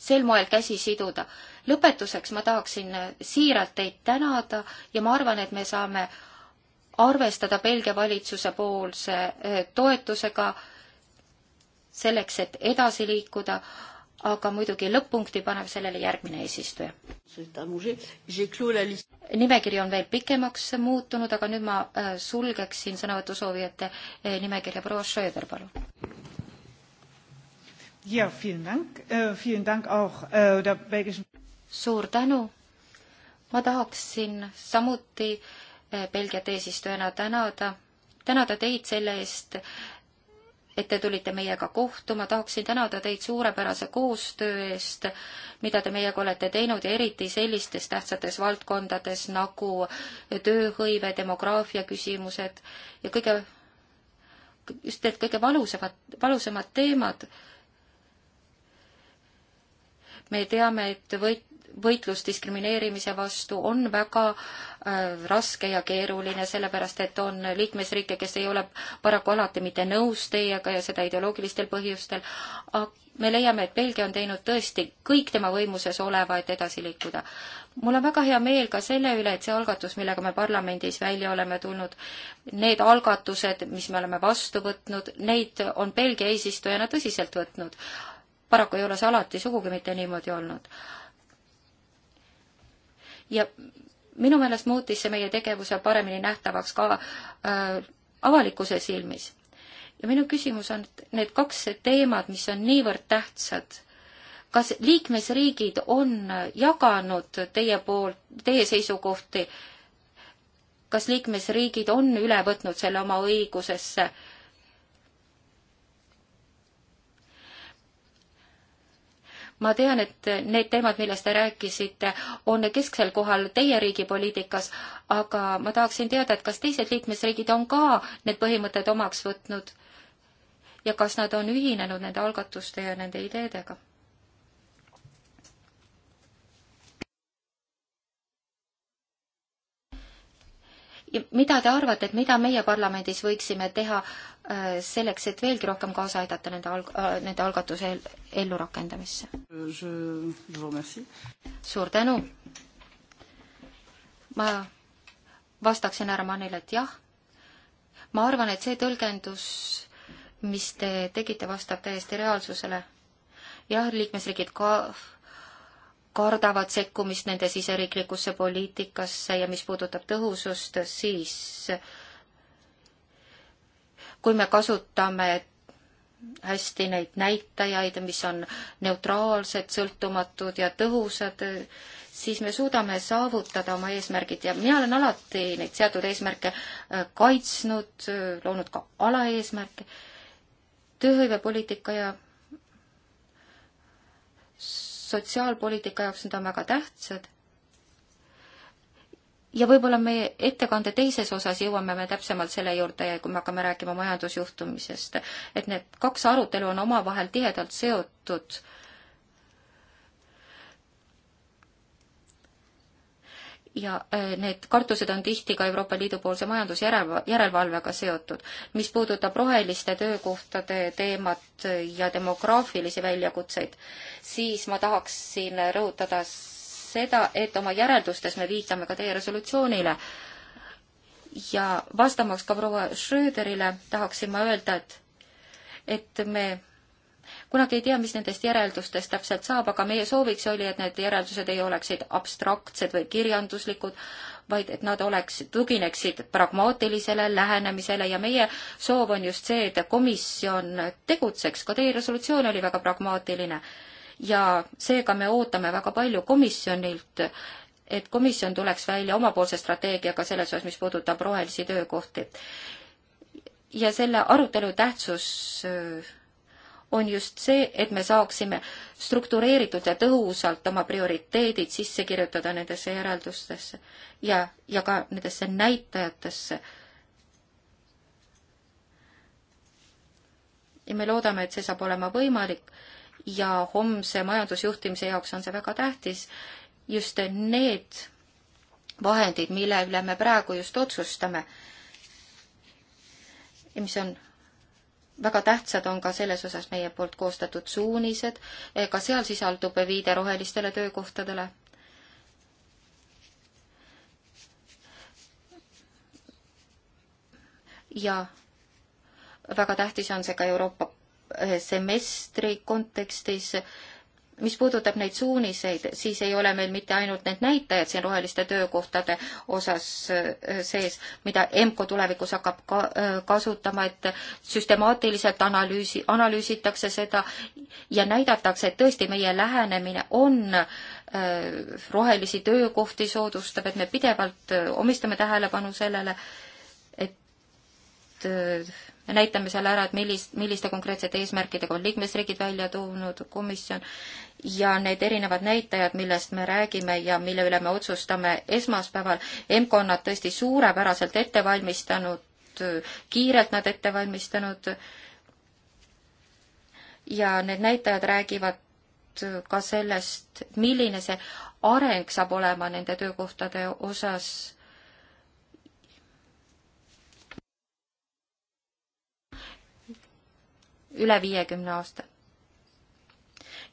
sel moel käsi siduda. lõpetuseks ma tahaksin siiralt teid tänada ja ma arvan, et me saame arvestada Belgia valitsuse poolse toetusega selleks, et edasi liikuda aga muidugi lõpp-punkti paneb sellele järgmine eesistuja. nimekiri on veel pikemaks muutunud, aga nüüd ma äh, sulgeksin sõnavõtusoovijate äh, nimekirja. proua Schröder, palun. ja, äh, suur tänu. ma tahaksin samuti Belgiat eesistujana tänada, tänada teid selle eest, et te tulite meiega kohtuma, tahaksin tänada teid suurepärase koostöö eest, mida te meiega olete teinud ja eriti sellistes tähtsates valdkondades nagu tööhõive, demograafia küsimused ja kõige, just need kõige valusamad, valusamad teemad. me teame, et võit-, võitlus diskrimineerimise vastu on väga äh, raske ja keeruline, sellepärast et on liikmesriike, kes ei ole paraku alati mitte nõus teiega ja seda ideoloogilistel põhjustel, me leiame, et Belgia on teinud tõesti kõik tema võimuses oleva, et edasi liikuda. mul on väga hea meel ka selle üle, et see algatus, millega me parlamendis välja oleme tulnud, need algatused, mis me oleme vastu võtnud, neid on Belgia eesistujana tõsiselt võtnud. paraku ei ole see alati sugugi mitte niimoodi olnud ja minu meelest muutis see meie tegevuse paremini nähtavaks ka äh, avalikkuse silmis. ja minu küsimus on, et need kaks teemat, mis on niivõrd tähtsad, kas liikmesriigid on jaganud teie poolt, teie seisukohti, kas liikmesriigid on üle võtnud selle oma õigusesse äh, ma tean, et need teemad, millest te rääkisite, on kesksel kohal teie riigi poliitikas, aga ma tahaksin teada, et kas teised liikmesriigid on ka need põhimõtted omaks võtnud ja kas nad on ühinenud nende algatuste ja nende ideedega? ja mida te arvate, et mida meie parlamendis võiksime teha Äh, selleks, et veelgi rohkem kaasa aidata nende alg-, äh, nende algatuse ellurakendamisse. suur tänu! ma vastaksin härra Mannile, et jah. ma arvan, et see tõlgendus, mis te tegite, vastab täiesti reaalsusele. jah, liikmesriigid ka kardavad sekkumist nende siseriiklikusse poliitikasse ja mis puudutab tõhusust, siis äh, kui me kasutame hästi neid näitajaid, mis on neutraalsed, sõltumatud ja tõhusad, siis me suudame saavutada oma eesmärgid ja mina olen alati neid seatud eesmärke äh, kaitsnud, äh, loonud ka alaeesmärke, tööhõivepoliitika ja sotsiaalpoliitika jaoks need on väga tähtsad ja võib-olla meie ettekande teises osas jõuame me täpsemalt selle juurde, kui me hakkame rääkima majandusjuhtumisest, et need kaks arutelu on omavahel tihedalt seotud. ja äh, need kartused on tihti ka Euroopa Liidu poolse majandusjärelevalvega järelvalvega seotud. mis puudutab roheliste töökohtade teemat ja demograafilisi väljakutseid, siis ma tahaksin rõhutada seda, et oma järeldustes me viitame ka teie resolutsioonile. ja vastamaks ka proua Schröderile tahaksin ma öelda, et, et me kunagi ei tea, mis nendest järeldustest täpselt saab, aga meie sooviks oli, et need järeldused ei oleksid abstraktsed või kirjanduslikud, vaid et nad oleks, tugineksid pragmaatilisele lähenemisele ja meie soov on just see, et komisjon tegutseks, ka teie resolutsioon oli väga pragmaatiline ja seega me ootame väga palju komisjonilt, et komisjon tuleks välja omapoolse strateegiaga selles osas, mis puudutab rohelisi töökohti. ja selle arutelu tähtsus äh, on just see, et me saaksime struktureeritud ja tõhusalt oma prioriteedid sisse kirjutada nendesse järeldustesse ja, ja ka nendesse näitajatesse. ja me loodame, et see saab olema võimalik ja homse majandusjuhtimise jaoks on see väga tähtis. just need vahendid, mille üle me praegu just otsustame, mis on väga tähtsad on ka selles osas meie poolt koostatud suunised, ka seal sisaldub viide rohelistele töökohtadele. ja väga tähtis on see ka Euroopa semestri kontekstis. mis puudutab neid suuniseid, siis ei ole meil mitte ainult need näitajad siin roheliste töökohtade osas äh, sees, mida EMKO tulevikus hakkab ka äh, kasutama, et süstemaatiliselt analüüsi, analüüsitakse seda ja näidatakse, et tõesti meie lähenemine on äh, rohelisi töökohti soodustab, et me pidevalt omistame tähelepanu sellele, et näitame seal ära, et millist, milliste konkreetsete eesmärkidega on liikmesriigid välja toonud komisjon ja need erinevad näitajad, millest me räägime ja mille üle me otsustame esmaspäeval, EMKO on nad tõesti suurepäraselt ette valmistanud, kiirelt nad ette valmistanud ja need näitajad räägivad ka sellest, milline see areng saab olema nende töökohtade osas üle viiekümne aasta.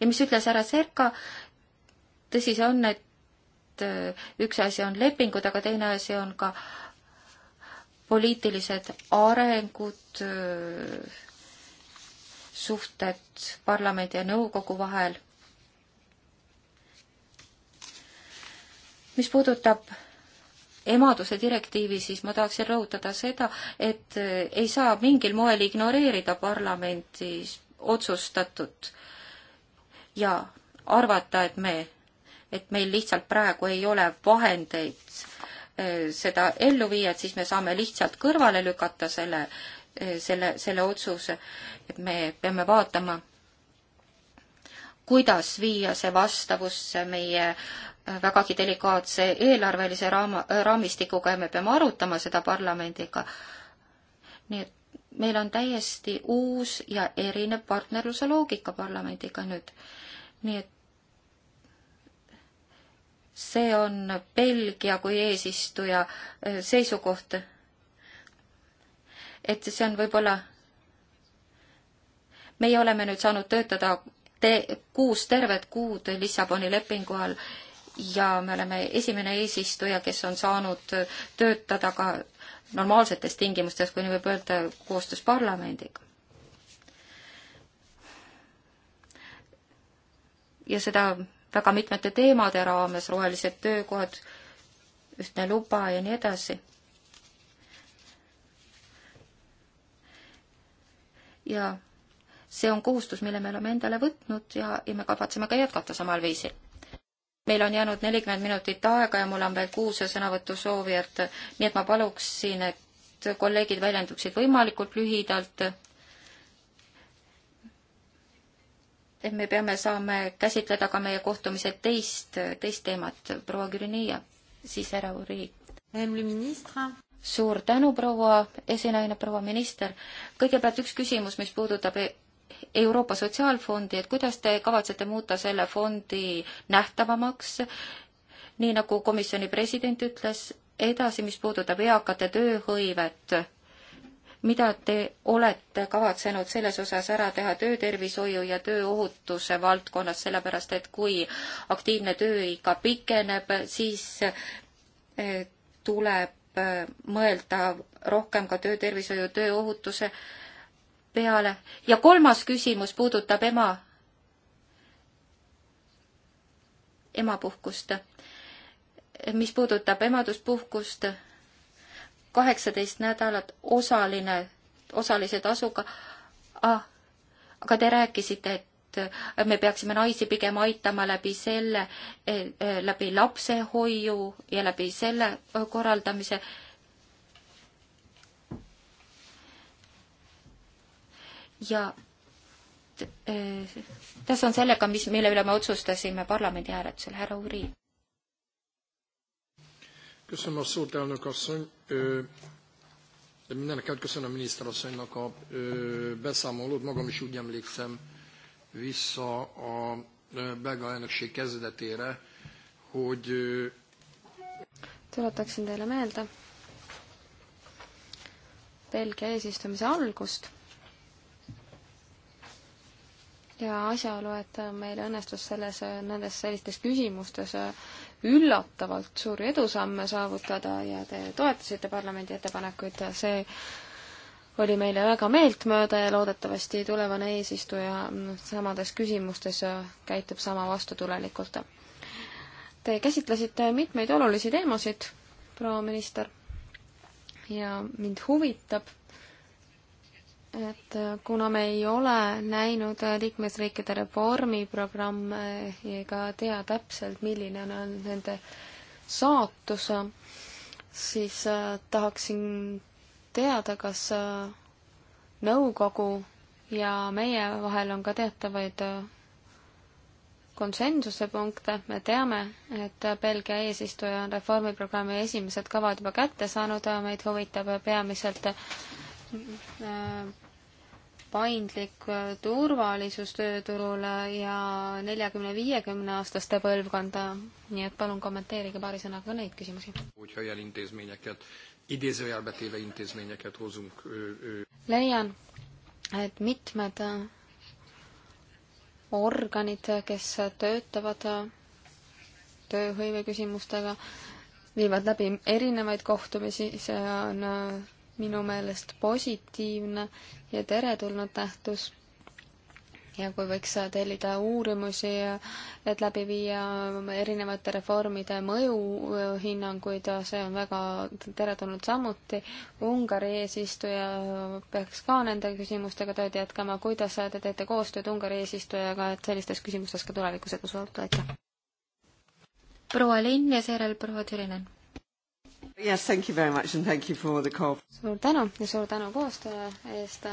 ja mis ütles härra Serka, tõsi see on, et äh, üks asi on lepingud, aga teine asi on ka poliitilised arengud, äh, suhted parlamendi ja nõukogu vahel. mis puudutab emaduse direktiivi, siis ma tahaksin rõhutada seda, et eh, ei saa mingil moel ignoreerida parlamendis otsustatut ja arvata, et me, et meil lihtsalt praegu ei ole vahendeid eh, seda ellu viia, et siis me saame lihtsalt kõrvale lükata selle, eh, selle, selle otsuse, et me peame vaatama kuidas viia see vastavusse meie äh, vägagi delikaatse eelarvelise raama, äh, raamistikuga ja me peame arutama seda parlamendiga. nii et meil on täiesti uus ja erinev partnerluse loogika parlamendiga nüüd. nii et see on Belgia kui eesistuja äh, seisukoht. et see on võib-olla meie oleme nüüd saanud töötada te-, kuus tervet kuud Lissaboni lepingu all ja me oleme esimene eesistuja, kes on saanud töötada ka normaalsetes tingimustes, kui nii võib öelda, koostöös parlamendiga. ja seda väga mitmete teemade raames, rohelised töökohad, ühtne luba ja nii edasi. ja see on kohustus, mille me oleme endale võtnud ja, ja me kavatseme ka jätkata samal viisil. meil on jäänud nelikümmend minutit aega ja mul on veel kuus sõnavõtusoovijat, nii et ma paluksin, et kolleegid väljenduksid võimalikult lühidalt. et me peame, saame käsitleda ka meie kohtumise teist, teist teemat, proua Kürinia, siis härra Uri. suur tänu, proua esinaine, proua minister. kõigepealt üks küsimus, mis puudutab Euroopa Sotsiaalfondi, et kuidas te kavatsete muuta selle fondi nähtavamaks, nii nagu komisjoni president ütles, edasi, mis puudutab eakate tööhõivet, mida te olete kavatsenud selles osas ära teha töötervishoiu ja tööohutuse valdkonnas, sellepärast et kui aktiivne tööiga pikeneb, siis eh, tuleb eh, mõelda rohkem ka töötervishoiu, tööohutuse äh, peale. ja kolmas küsimus puudutab ema, emapuhkust, mis puudutab emaduspuhkust, kaheksateist nädalat osaline, osalise tasuga ah,. aga te rääkisite, et me peaksime naisi pigem aitama läbi selle, eh, eh, läbi lapsehoiu ja läbi selle korraldamise ja tässä eh, on sellega, mis, mille üle me otsustasime parlamendi hääletusel, härra Uri. köszönöm a szót, elnök asszony. De mindenekelt köszönöm a miniszterasszonynak a beszámolót. Magam is úgy emlékszem vissza a belga elnökség kezdetére, hogy tuletaksin teile meelde Belgia eesistumise algust ja asjaolu, et meil õnnestus selles, nendes sellistes küsimustes üllatavalt suuri edusamme saavutada ja te toetasite parlamendi ettepanekuid, see oli meile väga meeltmööda ja loodetavasti tulevane eesistuja samades küsimustes käitub sama vastutulelikult. Te käsitlesite mitmeid olulisi teemasid, proua minister, ja mind huvitab et kuna me ei ole näinud liikmesriikide reformiprogramme eh, ega tea täpselt, milline on olnud nende saatus, siis eh, tahaksin teada, kas eh, nõukogu ja meie vahel on ka teatavaid konsensuse punkte, me teame, et Belgia eesistuja on reformiprogrammi esimesed kavad juba kätte saanud, meid huvitab peamiselt paindlik äh, turvalisus tööturul ja neljakümne, viiekümne aastaste põlvkonda, nii et palun kommenteerige paari sõnaga ka neid küsimusi. leian, et mitmed äh, organid, kes töötavad äh, tööhõive küsimustega, viivad läbi erinevaid kohtumisi, see on minu meelest positiivne ja teretulnud nähtus. ja kui võiks tellida uurimusi, et läbi viia erinevate reformide mõjuhinnanguid, see on väga teretulnud samuti. Ungari eesistuja peaks ka nende küsimustega tööd jätkama. kuidas te teete koostööd Ungari eesistujaga, et sellistes küsimustes ka tulevikus edu saada? aitäh! proua Linn ja seejärel proua Türinen Yes, thank you very much and thank you for the call. suur tänu ja suur tänu koostöö eest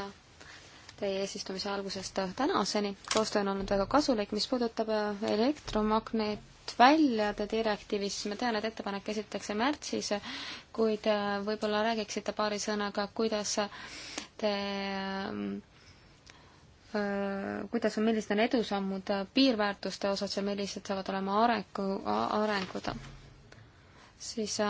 teie eesistumise algusest tänaseni. koostöö on olnud väga kasulik, mis puudutab äh, elektromagnetväljade direktiivis, ma tean, et ettepanek esitatakse märtsis, kuid äh, võib-olla räägiksite paari sõnaga, kuidas te äh, kuidas on, millised on edusammud piirväärtuste osas ja millised saavad olema arengu, arengud? siis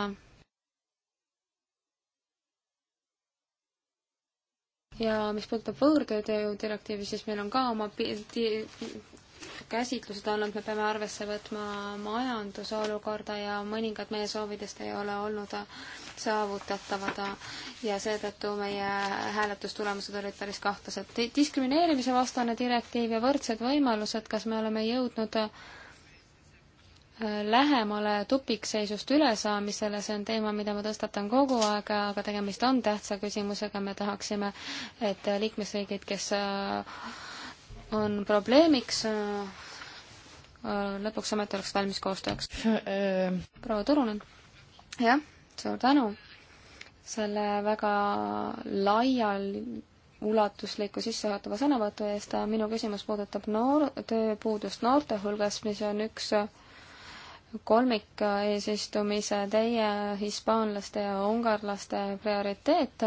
ja mis puudutab võõrtööjõu direktiivi, siis meil on ka oma käsitlused olnud, me peame arvesse võtma majanduse olukorda ja mõningad meie soovidest ei ole olnud saavutatavad ja seetõttu meie hääletustulemused olid päris kahtlased. diskrimineerimise vastane direktiiv ja võrdsed võimalused, kas me oleme jõudnud lähemale tupikseisust ülesaamisele, see on teema, mida ma tõstatan kogu aeg, aga tegemist on tähtsa küsimusega, me tahaksime, et liikmesriigid, kes äh, on probleemiks, äh, äh, lõpuks ometi oleks valmis koostööks. proua Turunen. jah, suur tänu selle väga laial ulatusliku sissejuhatava sõnavõtu eest. minu küsimus puudutab noor, tööpuudust noorte hulgas, mis on üks kolmik eesistumise, teie, hispaanlaste ja ungarlaste prioriteet.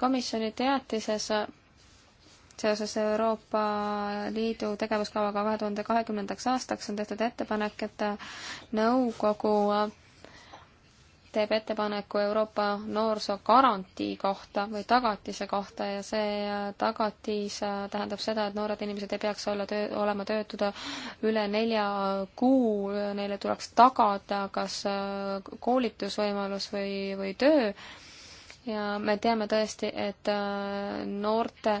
komisjoni teatises seoses Euroopa Liidu tegevuskavaga kahe tuhande kahekümnendaks aastaks on tehtud ettepanek, et nõukogu teeb ettepaneku Euroopa noorsoogarantii kohta või tagatise kohta ja see äh, tagatis äh, tähendab seda, et noored inimesed ei peaks olla töö, olema töötud üle nelja kuu, neile tuleks tagada kas äh, koolitusvõimalus või, või töö ja me teame tõesti, et noorte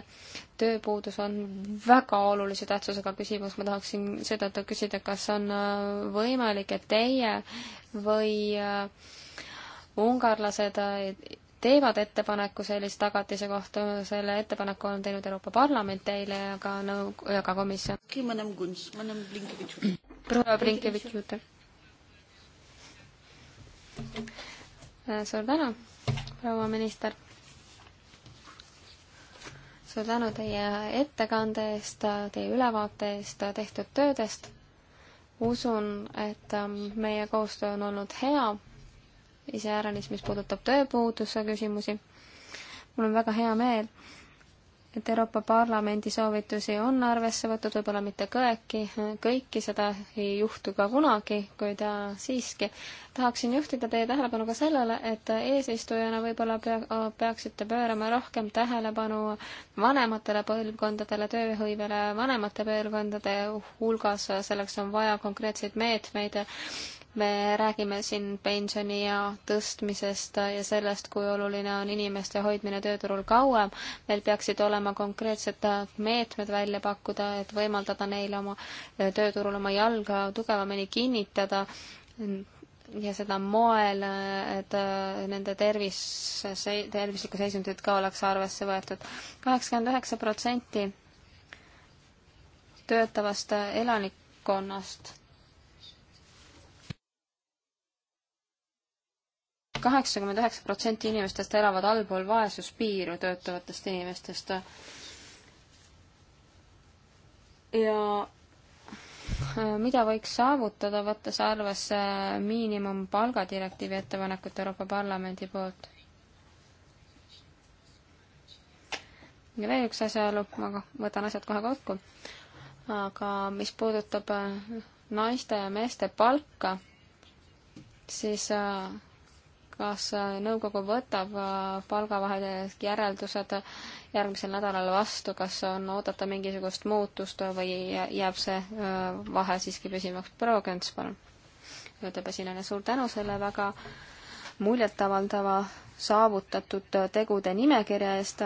tööpuudus on väga olulise tähtsusega küsimus, ma tahaksin seetõttu küsida, kas on võimalik, et teie või ungarlased teevad ettepaneku sellise tagatise kohta, selle ettepaneku on teinud Euroopa Parlament eile ja ka nõu- ja ka komisjon. proua Blinkevitš-Jute. suur tänu, proua minister. suur tänu teie ettekande eest, teie ülevaate eest, tehtud töödest. usun, et ähm, meie koostöö on olnud hea iseäranis, mis puudutab tööpuuduse küsimusi. mul on väga hea meel, et Euroopa Parlamendi soovitusi on arvesse võetud, võib-olla mitte kõeki, kõiki, seda ei juhtu ka kunagi, kuid ta siiski. tahaksin juhtida teie tähelepanu ka sellele, et eesistujana võib-olla pea, peaksite pöörama rohkem tähelepanu vanematele põlvkondadele, tööhõivele vanemate põlvkondade hulgas, selleks on vaja konkreetseid meetmeid me räägime siin pensioniea tõstmisest ja sellest, kui oluline on inimeste hoidmine tööturul kauem. meil peaksid olema konkreetsed meetmed välja pakkuda, et võimaldada neil oma äh, tööturul oma jalga tugevamini kinnitada ja seda moel, äh, et äh, nende tervis, tervislikku seisundit ka oleks arvesse võetud. kaheksakümmend üheksa protsenti töötavast elanikkonnast kaheksakümmend üheksa protsenti inimestest elavad allpool vaesuspiiru töötavatest inimestest. ja äh, mida võiks saavutada, võttes arvesse miinimumpalga direktiivi ettepanekut Euroopa Parlamendi poolt? ja veel üks asjaolu, ma võtan asjad kohe kokku, aga mis puudutab äh, naiste ja meeste palka, siis äh, kas äh, nõukogu võtab äh, palgavahe järeldused järgmisel nädalal vastu, kas on oodata mingisugust muutust või jääb see äh, vahe siiski püsivaks? proua Künts, palun. ütleb esinejana, suur tänu selle väga muljetavaldava saavutatud tegude nimekirja eest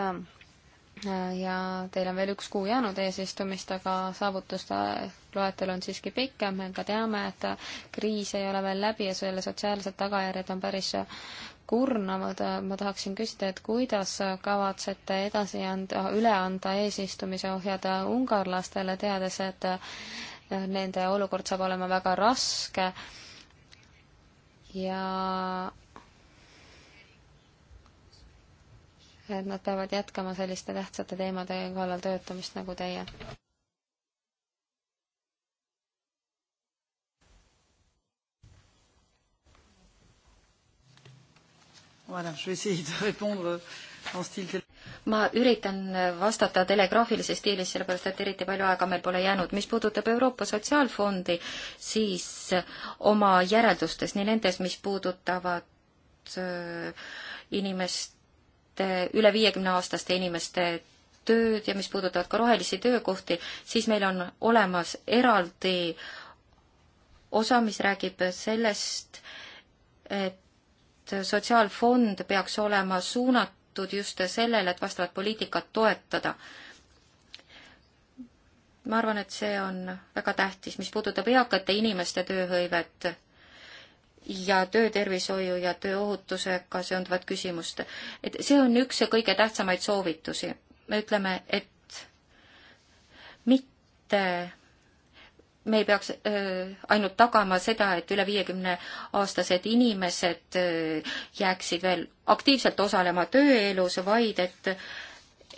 ja teil on veel üks kuu jäänud eesistumist, aga saavutuste loetelu on siiski pikem, me ka teame, et kriis ei ole veel läbi ja selle sotsiaalsed tagajärjed on päris kurnavad, ma tahaksin küsida, et kuidas kavatsete edasi anda, üle anda eesistumise ohjad ungarlastele, teades, et nende olukord saab olema väga raske ja et nad peavad jätkama selliste tähtsate teemade kallal töötamist nagu teie. ma üritan vastata telegraafilises stiilis, sellepärast et eriti palju aega meil pole jäänud. mis puudutab Euroopa Sotsiaalfondi, siis oma järeldustes, nii nendes, mis puudutavad äh, inimest üle viiekümne aastaste inimeste tööd ja mis puudutavad ka rohelisi töökohti, siis meil on olemas eraldi osa, mis räägib sellest, et sotsiaalfond peaks olema suunatud just sellele, et vastavat poliitikat toetada. ma arvan, et see on väga tähtis, mis puudutab eakate inimeste tööhõivet ja töötervishoiu ja tööohutusega seonduvat küsimust. et see on üks kõige tähtsamaid soovitusi. me ütleme, et mitte me ei peaks äh, ainult tagama seda, et üle viiekümne aastased inimesed äh, jääksid veel aktiivselt osalema tööelus, vaid et äh,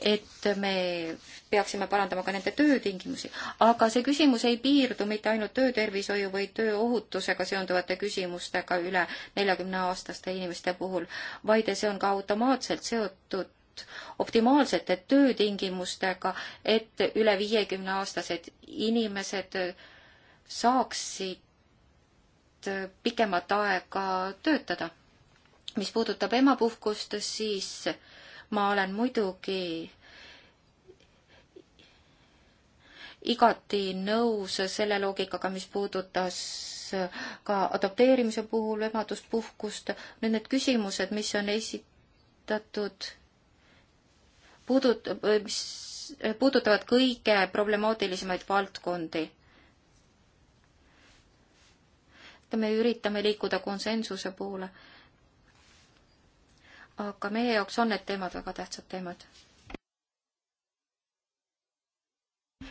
et me peaksime parandama ka nende töötingimusi. aga see küsimus ei piirdu mitte ainult töötervishoiu või tööohutusega seonduvate küsimustega üle neljakümne aastaste inimeste puhul, vaid see on ka automaatselt seotud optimaalsete töötingimustega, et üle viiekümne aastased inimesed saaksid pikemat aega töötada. mis puudutab emapuhkust, siis ma olen muidugi igati nõus selle loogikaga, mis puudutas ka adopteerimise puhul emaduspuhkust. Nüüd need küsimused, mis on esitatud, puudut-, mis puudutavad kõige problemaatilisemaid valdkondi. me üritame liikuda konsensuse poole aga meie jaoks on need teemad väga tähtsad teemad.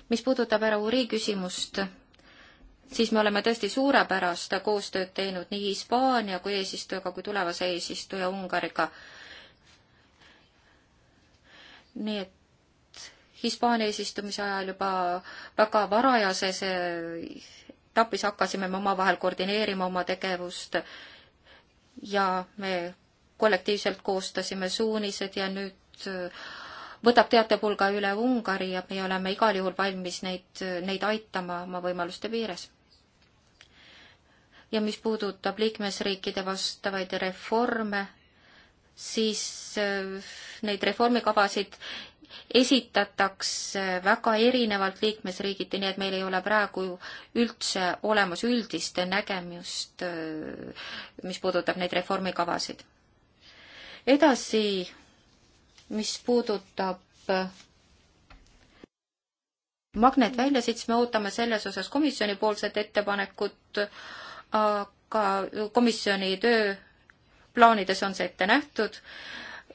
mis puudutab härra Uri küsimust, siis me oleme tõesti suurepärast koostööd teinud nii Hispaania kui eesistujaga kui tulevase eesistuja Ungariga. nii et Hispaania eesistumise ajal juba väga varajases etapis hakkasime me omavahel koordineerima oma tegevust ja me kollektiivselt koostasime suunised ja nüüd äh, võtab teatepulga üle Ungari ja me oleme igal juhul valmis neid, neid aitama oma võimaluste piires. ja mis puudutab liikmesriikide vastavaid reforme, siis äh, neid reformikavasid esitatakse väga erinevalt liikmesriigiti, nii et meil ei ole praegu üldse olemas üldist nägemust, äh, mis puudutab neid reformikavasid edasi, mis puudutab äh, magnetväljasid, siis me ootame selles osas komisjonipoolset ettepanekut, aga komisjoni tööplaanides on see ette nähtud.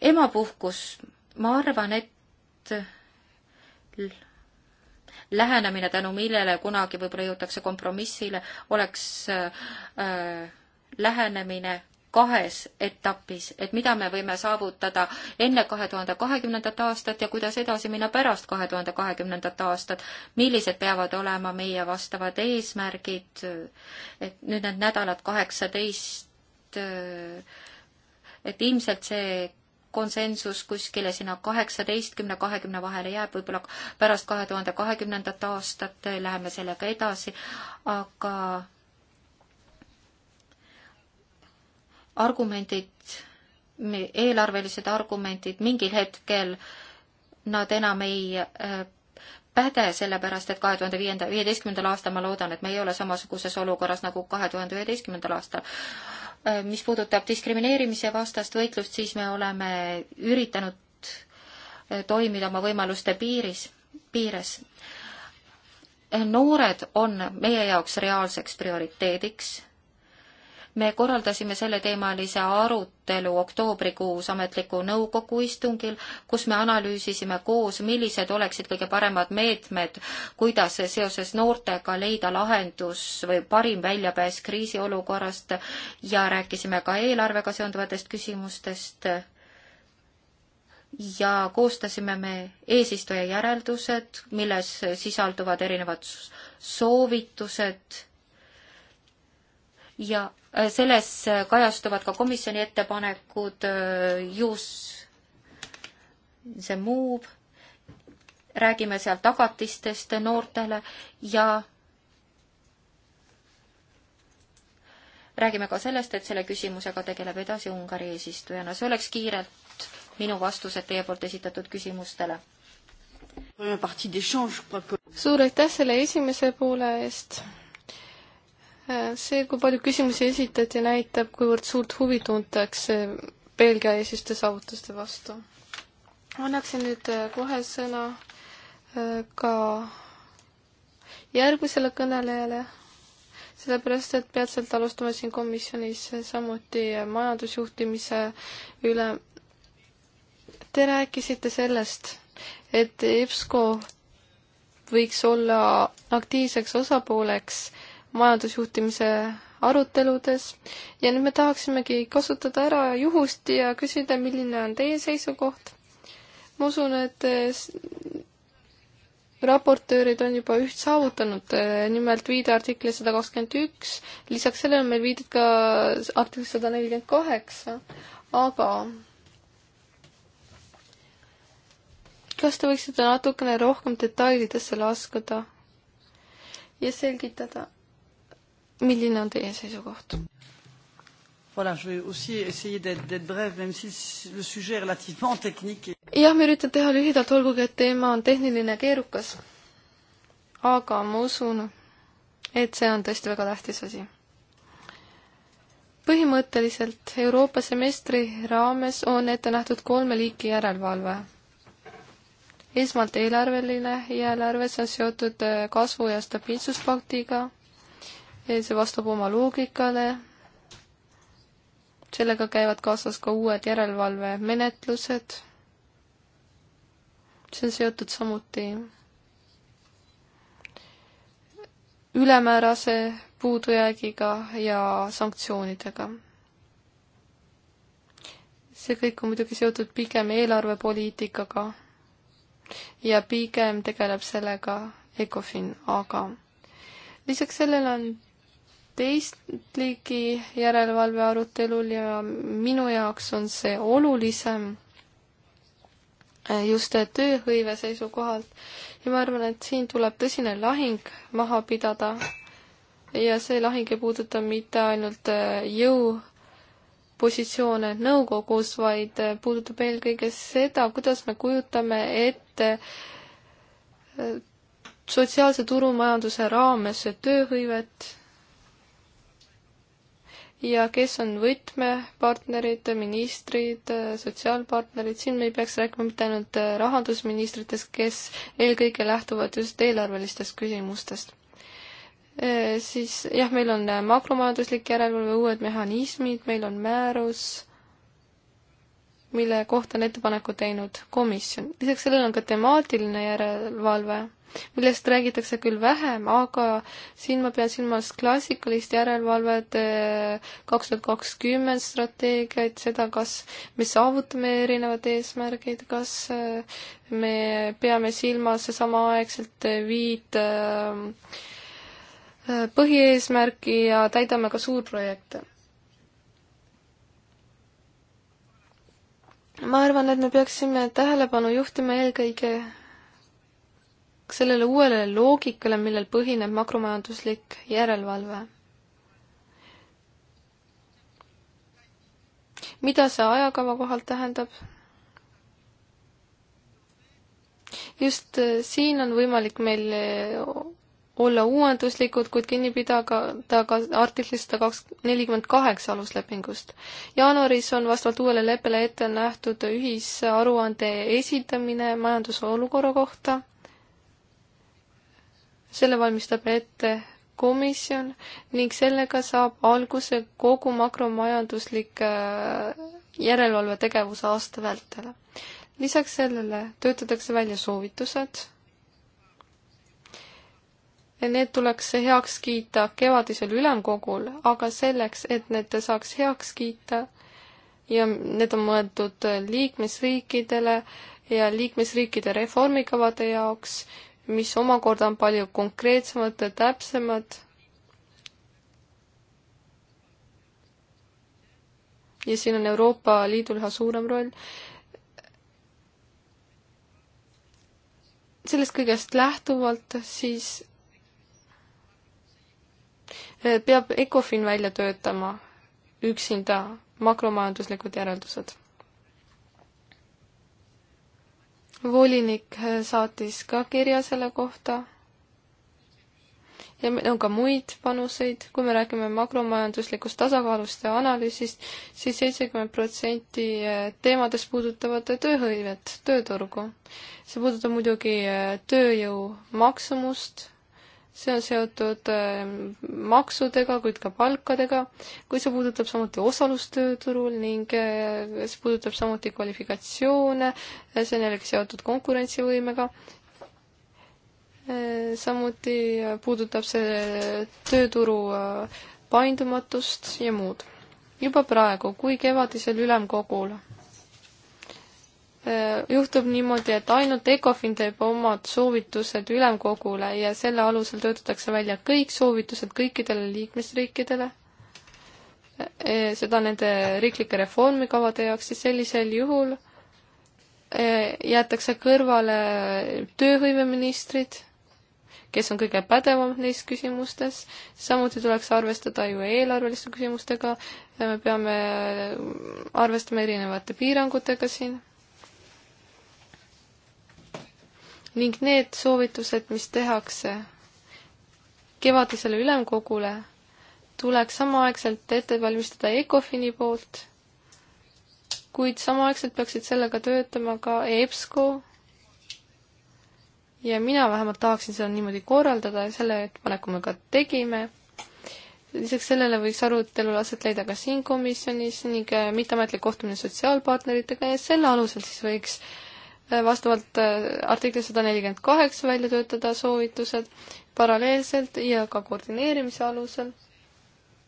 emapuhkus, ma arvan, et lähenemine, tänu millele kunagi võib-olla jõutakse kompromissile, oleks äh, äh lähenemine kahes etapis, et mida me võime saavutada enne kahe tuhande kahekümnendat aastat ja kuidas edasi minna pärast kahe tuhande kahekümnendat aastat, millised peavad olema meie vastavad eesmärgid, et nüüd need nädalad kaheksateist, et ilmselt see konsensus kuskile sinna kaheksateistkümne, kahekümne vahele jääb, võib-olla pärast kahe tuhande kahekümnendat aastat läheme sellega edasi, aga argumendid, eelarvelised argumendid mingil hetkel, nad enam ei äh, päde, sellepärast et kahe tuhande viienda, viieteistkümnendal aastal ma loodan, et me ei ole samasuguses olukorras nagu kahe tuhande üheteistkümnendal aastal. Äh, mis puudutab diskrimineerimise vastast võitlust, siis me oleme üritanud äh, toimida oma võimaluste piiris, piires noored on meie jaoks reaalseks prioriteediks me korraldasime selleteemalise arutelu oktoobrikuus ametliku nõukogu istungil, kus me analüüsisime koos, millised oleksid kõige paremad meetmed, kuidas seoses noortega leida lahendus või parim väljapääs kriisiolukorrast ja rääkisime ka eelarvega seonduvatest küsimustest ja koostasime me eesistuja järeldused, milles sisalduvad erinevad soovitused ja äh, selles kajastuvad ka komisjoni ettepanekud, äh, use, see move, räägime seal tagatistest noortele ja räägime ka sellest, et selle küsimusega tegeleb edasi Ungari eesistujana. see oleks kiirelt minu vastused teie poolt esitatud küsimustele. suur aitäh selle esimese poole eest see, kui palju küsimusi esitati, näitab, kuivõrd suurt huvi tuntakse Belgia eesistuja saavutuste vastu. annaksin nüüd äh, kohe sõna äh, ka järgmisele kõnelejale, sellepärast et peatselt alustame siin komisjonis samuti majandusjuhtimise üle. Te rääkisite sellest, et EBSCO võiks olla aktiivseks osapooleks äh, majandusjuhtimise aruteludes ja nüüd me tahaksimegi kasutada ära juhust ja küsida, milline on teie seisukoht. ma usun, et eh, raportöörid on juba üht saavutanud, eh, nimelt viide artikli sada kakskümmend üks, lisaks sellele on meil viidud ka artiklis sada nelikümmend kaheksa, aga kas te võiksite natukene rohkem detailidesse laskuda ja selgitada? milline on teie seisukoht? Voilà, je vais aussi essayer d'être brève, même si le sujet est relativement technique. jah, ma üritan teha lühidalt, olgugi et teema on tehniline ja keerukas. aga ma usun, et see on tõesti väga tähtis asi. põhimõtteliselt Euroopa semestri raames on ette nähtud kolme liiki järelevalve. esmalt eelarveline järelevalve, see on seotud kasvu- ja stabiilsuspaktiga see vastab oma loogikale. sellega käivad kaasas ka uued järelevalvemenetlused. see on seotud samuti ülemäärase puudujäägiga ja sanktsioonidega. see kõik on muidugi seotud pigem eelarvepoliitikaga ja pigem tegeleb sellega Ecofin, aga lisaks sellele on teist liigi järelevalve arutelul ja minu jaoks on see olulisem just tööhõive seisukohalt ja ma arvan, et siin tuleb tõsine lahing maha pidada. ja see lahing ei puuduta mitte ainult äh, jõupositsioone nõukogus, vaid äh, puudutab eelkõige seda, kuidas me kujutame ette äh, sotsiaalse turumajanduse raames tööhõivet ja kes on võtmepartnerid, ministrid, sotsiaalpartnerid, siin me ei peaks rääkima mitte ainult rahandusministritest, kes eelkõige lähtuvad just eelarvelistest küsimustest e,. Siis jah, meil on makromajanduslik järelevalve, uued mehhanismid, meil on määrus, mille kohta on ettepaneku teinud komisjon. lisaks sellele on ka temaatiline järelevalve millest räägitakse küll vähem, aga siin ma pean silmas klassikalist järelevalvet, eh, kaks tuhat kakskümmend strateegiaid, seda, kas me saavutame erinevad eesmärgid, kas eh, me peame silmas samaaegselt viit eh, põhieesmärki ja täidame ka suurprojekte ma arvan, et me peaksime tähelepanu juhtima eelkõige sellele uuele loogikale, millel põhineb makromajanduslik järelevalve. mida see ajakava kohalt tähendab? just äh, siin on võimalik meil äh, olla uuenduslikud, kuid kinni pidada ka artiklist sada kaks, nelikümmend kaheksa aluslepingust. jaanuaris on vastavalt uuele leppele ette nähtud ühisaruande esitamine majanduse olukorra kohta selle valmistab ette komisjon ning sellega saab alguse kogu makromajanduslik äh, järelevalve tegevus aasta vältel. lisaks sellele töötatakse välja soovitused. Need tuleks heaks kiita kevadisel ülemkogul, aga selleks, et need saaks heaks kiita ja need on mõeldud liikmesriikidele ja liikmesriikide reformikavade jaoks, mis omakorda on palju konkreetsemad, täpsemad. ja siin on Euroopa Liidul üha suurem roll. sellest kõigest lähtuvalt siis eh, peab Ecofin välja töötama üksinda makromajanduslikud järeldused volinik saatis ka kirja selle kohta ja meil on ka muid panuseid, kui me räägime makromajanduslikust tasakaalust ja analüüsist siis, siis seitsekümmend protsenti teemadest puudutavad tööhõivet, tööturgu. see puudutab muidugi tööjõu maksumust see on seotud ähm, maksudega, kuid ka palkadega, kuid see puudutab samuti osalust tööturul ning äh, see puudutab samuti kvalifikatsioone, äh, see on jällegi seotud konkurentsivõimega. Äh, samuti puudutab see tööturu paindumatust ja muud. juba praegu, kui kevadisel ülemkogul Äh, juhtub niimoodi, et ainult ECOFIN teeb omad soovitused ülemkogule ja selle alusel töötatakse välja kõik soovitused kõikidele liikmesriikidele, äh, seda nende riiklike reformikavade jaoks, siis sellisel juhul äh, jäetakse kõrvale tööhõiveministrid, kes on kõige pädevamad neis küsimustes, samuti tuleks arvestada ju eelarveliste küsimustega, me peame arvestama erinevate piirangutega siin ning need soovitused, mis tehakse kevadisele ülemkogule, tuleks samaaegselt ette valmistada ECOFIN-i poolt, kuid samaaegselt peaksid sellega töötama ka EBSCO ja mina vähemalt tahaksin seda niimoodi korraldada ja selle ettepaneku me ka tegime. lisaks sellele võiks arutelul aset leida ka siin komisjonis ning äh, mitteametlik kohtumine sotsiaalpartneritega ja selle alusel siis võiks äh, Äh, vastavalt äh, artikli sada nelikümmend kaheksa välja töötada soovitused paralleelselt ja ka koordineerimise alusel.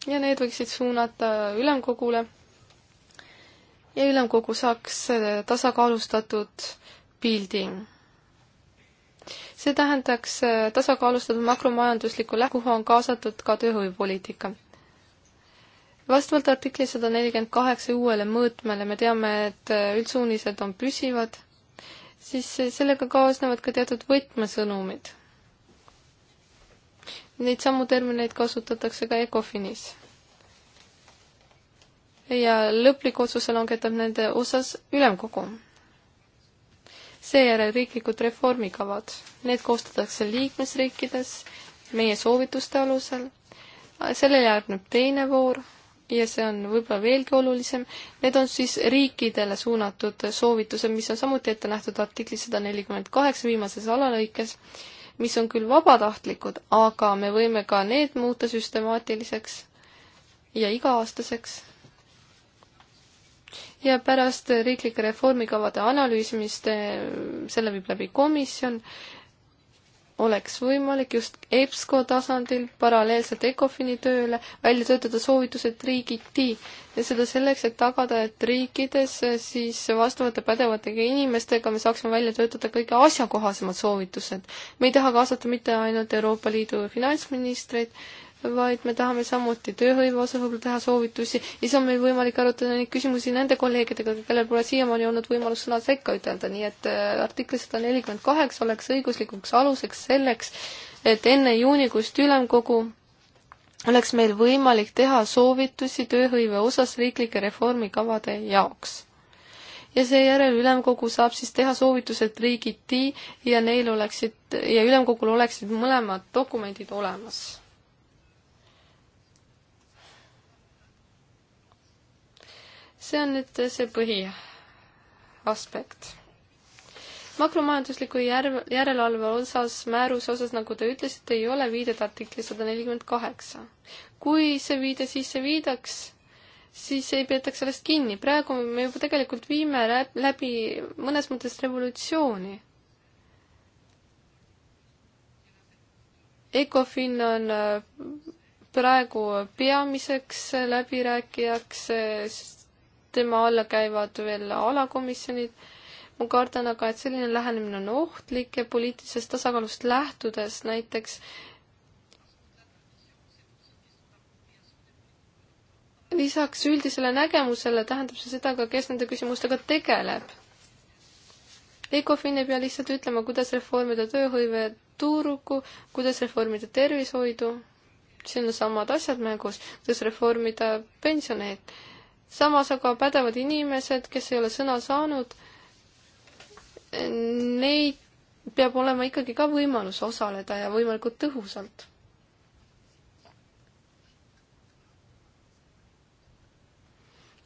ja need võiksid suunata ülemkogule. ja ülemkogu saaks äh, tasakaalustatud pildi. see tähendaks tasakaalustatud makromajanduslikku lähe, kuhu on kaasatud ka tööhõivepoliitika vastavalt artikli sada nelikümmend kaheksa uuele mõõtmele me teame, et üldsuunised on püsivad siis sellega kaasnevad ka teatud võtmesõnumid. Neid samu termineid kasutatakse ka ECOFINis. ja lõpliku otsuse langetab nende osas ülemkogu. seejärel riiklikud reformikavad, need koostatakse liikmesriikides meie soovituste alusel, sellele järgneb teine voor ja see on võib-olla veelgi olulisem, need on siis riikidele suunatud soovitused, mis on samuti ette nähtud artiklis sada nelikümmend kaheksa viimases alalõikes, mis on küll vabatahtlikud, aga me võime ka need muuta süstemaatiliseks ja iga-aastaseks. ja pärast riiklike reformikavade analüüsimist, eh, selle viib läbi komisjon oleks võimalik just EBSCO tasandil paralleelselt ECOFIN-i tööle välja töötada soovitused riigiti ja seda selleks, et tagada, et riikides eh, siis vastavate pädevatega inimestega me saaksime välja töötada kõige asjakohasemad soovitused. me ei taha kaasata mitte ainult Euroopa Liidu finantsministreid, vaid me tahame samuti tööhõive osa võib-olla teha soovitusi ja siis on meil võimalik arutada neid küsimusi nende kolleegidega, kellel pole siiamaani olnud võimalus sõna sekka ütelda, nii et äh, artikkel sada nelikümmend kaheksa oleks õiguslikuks aluseks selleks, et enne juunikuist ülemkogu oleks meil võimalik teha soovitusi tööhõive osas riiklike reformikavade jaoks. ja seejärel ülemkogu saab siis teha soovitused riigiti ja neil oleksid ja ülemkogul oleksid mõlemad dokumendid olemas see on nüüd see põhiaspekt. makromajandusliku järv, järelevalve osas, määruse osas, nagu te ütlesite, ei ole viidet artikli sada nelikümmend kaheksa. kui see viide sisse viidaks, siis ei peetaks sellest kinni. praegu me juba tegelikult viime läbi mõnes mõttes revolutsiooni. Ecofin on äh, praegu peamiseks läbirääkijaks tema alla käivad veel alakomisjonid. ma kardan aga, et selline lähenemine on ohtlik ja poliitilisest tasakaalust lähtudes näiteks lisaks üldisele nägemusele tähendab see seda ka, kes nende küsimustega tegeleb. Ecofin ei pea lihtsalt ütlema, kuidas reformida tööhõive turgu, kuidas reformida tervishoidu, siin on samad asjad mängus, kuidas reformida pensioneid samas aga pädevad inimesed, kes ei ole sõna saanud, neid peab olema ikkagi ka võimalus osaleda ja võimalikult tõhusalt.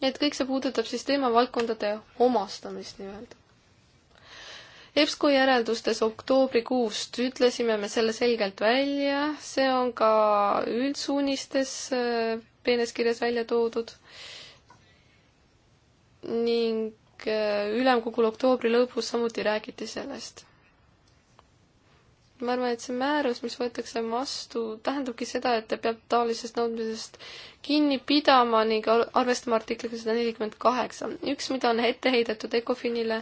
et kõik see puudutab siis teemavaldkondade omastamist nii-öelda. EBSCO järeldustes oktoobrikuust ütlesime me selle selgelt välja, see on ka üldsuunistes äh, peenes kirjas välja toodud äh, ning äh, ülemkogul oktoobri lõpus samuti räägiti sellest. ma arvan, et see määrus, mis võetakse vastu, tähendabki seda, et ta peab taolisest nõudmisest kinni pidama ning arvestama artikliga sada nelikümmend kaheksa. üks, mida on ette heidetud Ecofinile,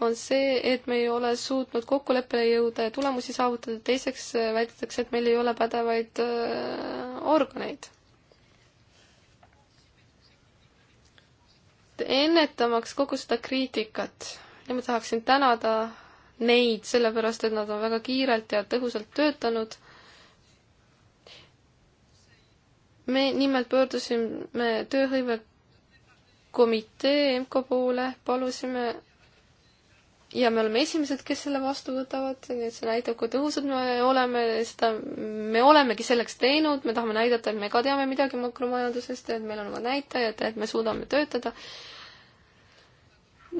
on see, et me ei ole suutnud kokkuleppele jõuda ja tulemusi saavutada. teiseks äh, väidetakse, et meil ei ole pädevaid äh, organeid et ennetamaks kogu seda kriitikat ja ma tahaksin tänada neid, sellepärast et nad on väga kiirelt ja tõhusalt töötanud. me nimelt pöördusime tööhõivekomitee EMKO poole, palusime ja me oleme esimesed, kes selle vastu võtavad, nii et see näitab, kui tõhusad me oleme, seda, me olemegi selleks teinud, me tahame näidata, et me ka teame midagi makromajandusest, et meil on oma näitajad, et me suudame töötada.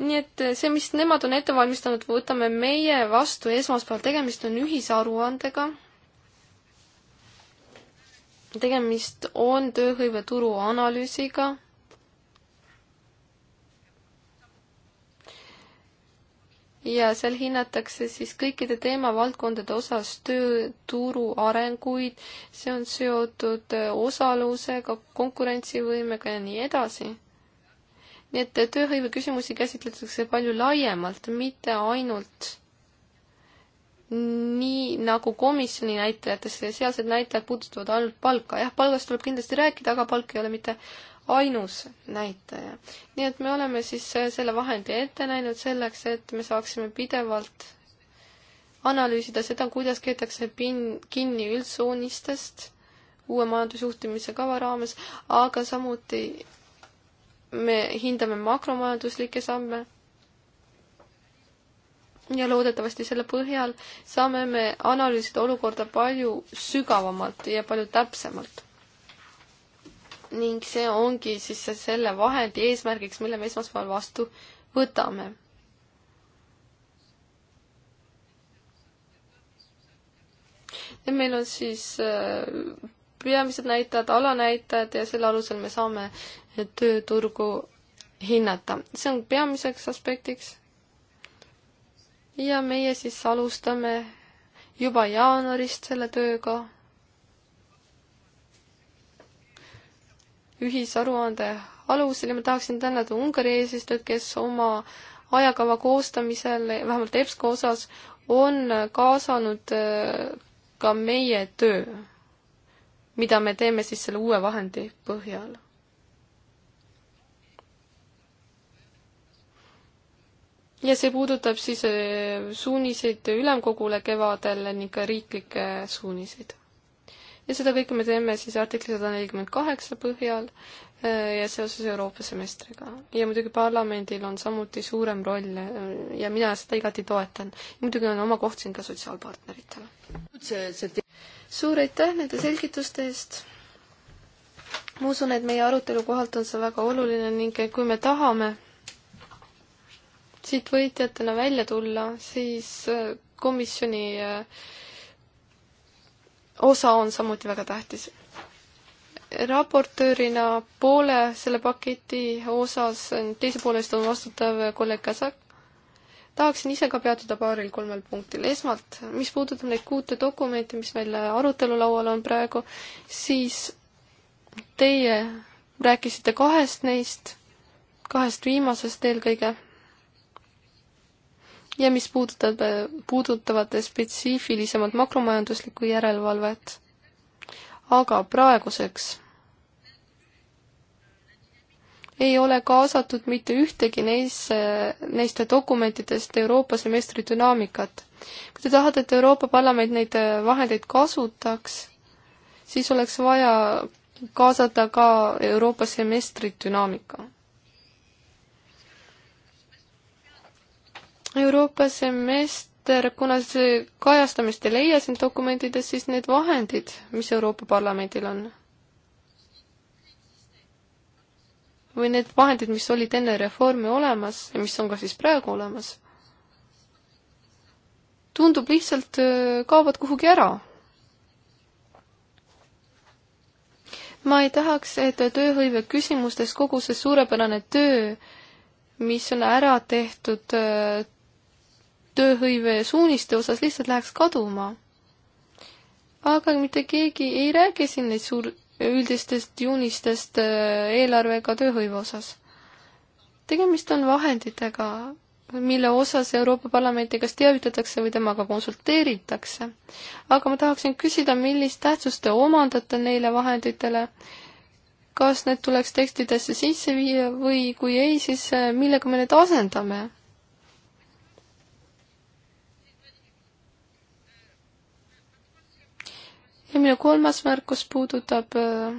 nii et see, mis nemad on ette valmistanud, võtame meie vastu esmaspäeval, tegemist on ühisaruandega. tegemist on tööhõiveturu analüüsiga ja seal hinnatakse siis kõikide teemavaldkondade osas tööturu arenguid, see on seotud äh, osalusega, konkurentsivõimega ja nii edasi. nii et äh, tööhõive küsimusi käsitletakse palju laiemalt, mitte ainult nii nagu komisjoni näitajates, sealsed näitajad puudutavad ainult palka, jah, palgast tuleb kindlasti rääkida, aga palk ei ole mitte ainus näitaja. nii et me oleme siis selle vahendi ette näinud selleks, et me saaksime pidevalt analüüsida seda, kuidas keetakse pin-, kinni üldsoonistest uue majandusjuhtimise kava raames, aga samuti me hindame makromajanduslikke samme ja loodetavasti selle põhjal saame me analüüsida olukorda palju sügavamalt ja palju täpsemalt ning see ongi siis see selle vahendi eesmärgiks, mille me esmaspäeval vastu võtame. ja meil on siis äh, peamised näitajad, alanäitajad ja selle alusel me saame äh, tööturgu hinnata. see on peamiseks aspektiks. ja meie siis alustame juba jaanuarist selle tööga ühisaruande alusel ja ma tahaksin tänada Ungari eesistujat, kes oma ajakava koostamisel, vähemalt EBSCO osas, on kaasanud äh, ka meie töö, mida me teeme siis selle uue vahendi põhjal. ja see puudutab siis äh, suuniseid ülemkogule kevadel ning ka riiklikke suuniseid ja seda kõike me teeme siis artikli sada nelikümmend kaheksa põhjal äh, ja seoses Euroopa semestriga. ja muidugi parlamendil on samuti suurem roll äh, ja mina seda igati toetan. muidugi on oma koht siin ka sotsiaalpartneritele. suur aitäh nende selgituste eest! ma usun, et meie arutelu kohalt on see väga oluline ning kui me tahame siit võitjatena välja tulla, siis äh, komisjoni äh, osa on samuti väga tähtis. raportöörina poole selle paketi osas, teise poolest on vastutav kolleeg Käsak, tahaksin ise ka peatuda paaril-kolmel punktil. esmalt, mis puudutab neid kuute dokumenti, mis meil arutelulaual on praegu, siis teie rääkisite kahest neist, kahest viimasest eelkõige ja mis puudutab, puudutavad spetsiifilisemat makromajanduslikku järelevalvet. aga praeguseks ei ole kaasatud mitte ühtegi neisse, neist dokumentidest Euroopa semestri dünaamikat. kui te tahate, et Euroopa Parlament neid vahendeid kasutaks, siis oleks vaja kaasata ka Euroopa semestri dünaamika Euroopa semester, kuna see kajastamist ei leia siin dokumentides, siis need vahendid, mis Euroopa Parlamendil on, või need vahendid, mis olid enne reformi olemas ja mis on ka siis praegu olemas, tundub lihtsalt, äh, kaovad kuhugi ära ma ei tahaks, et tööhõive küsimustes kogu see suurepärane töö, mis on ära tehtud äh, tööhõive suuniste osas lihtsalt läheks kaduma. aga mitte keegi ei räägi siin neid suur, üldistest juunistest äh, eelarvega tööhõive osas. tegemist on vahenditega, mille osas Euroopa Parlamenti kas teavitatakse või temaga konsulteeritakse. aga ma tahaksin küsida, millist tähtsust te omandate neile vahenditele, kas need tuleks tekstidesse sisse viia või kui ei, siis äh, millega me need asendame? ja minu kolmas märkus puudutab äh,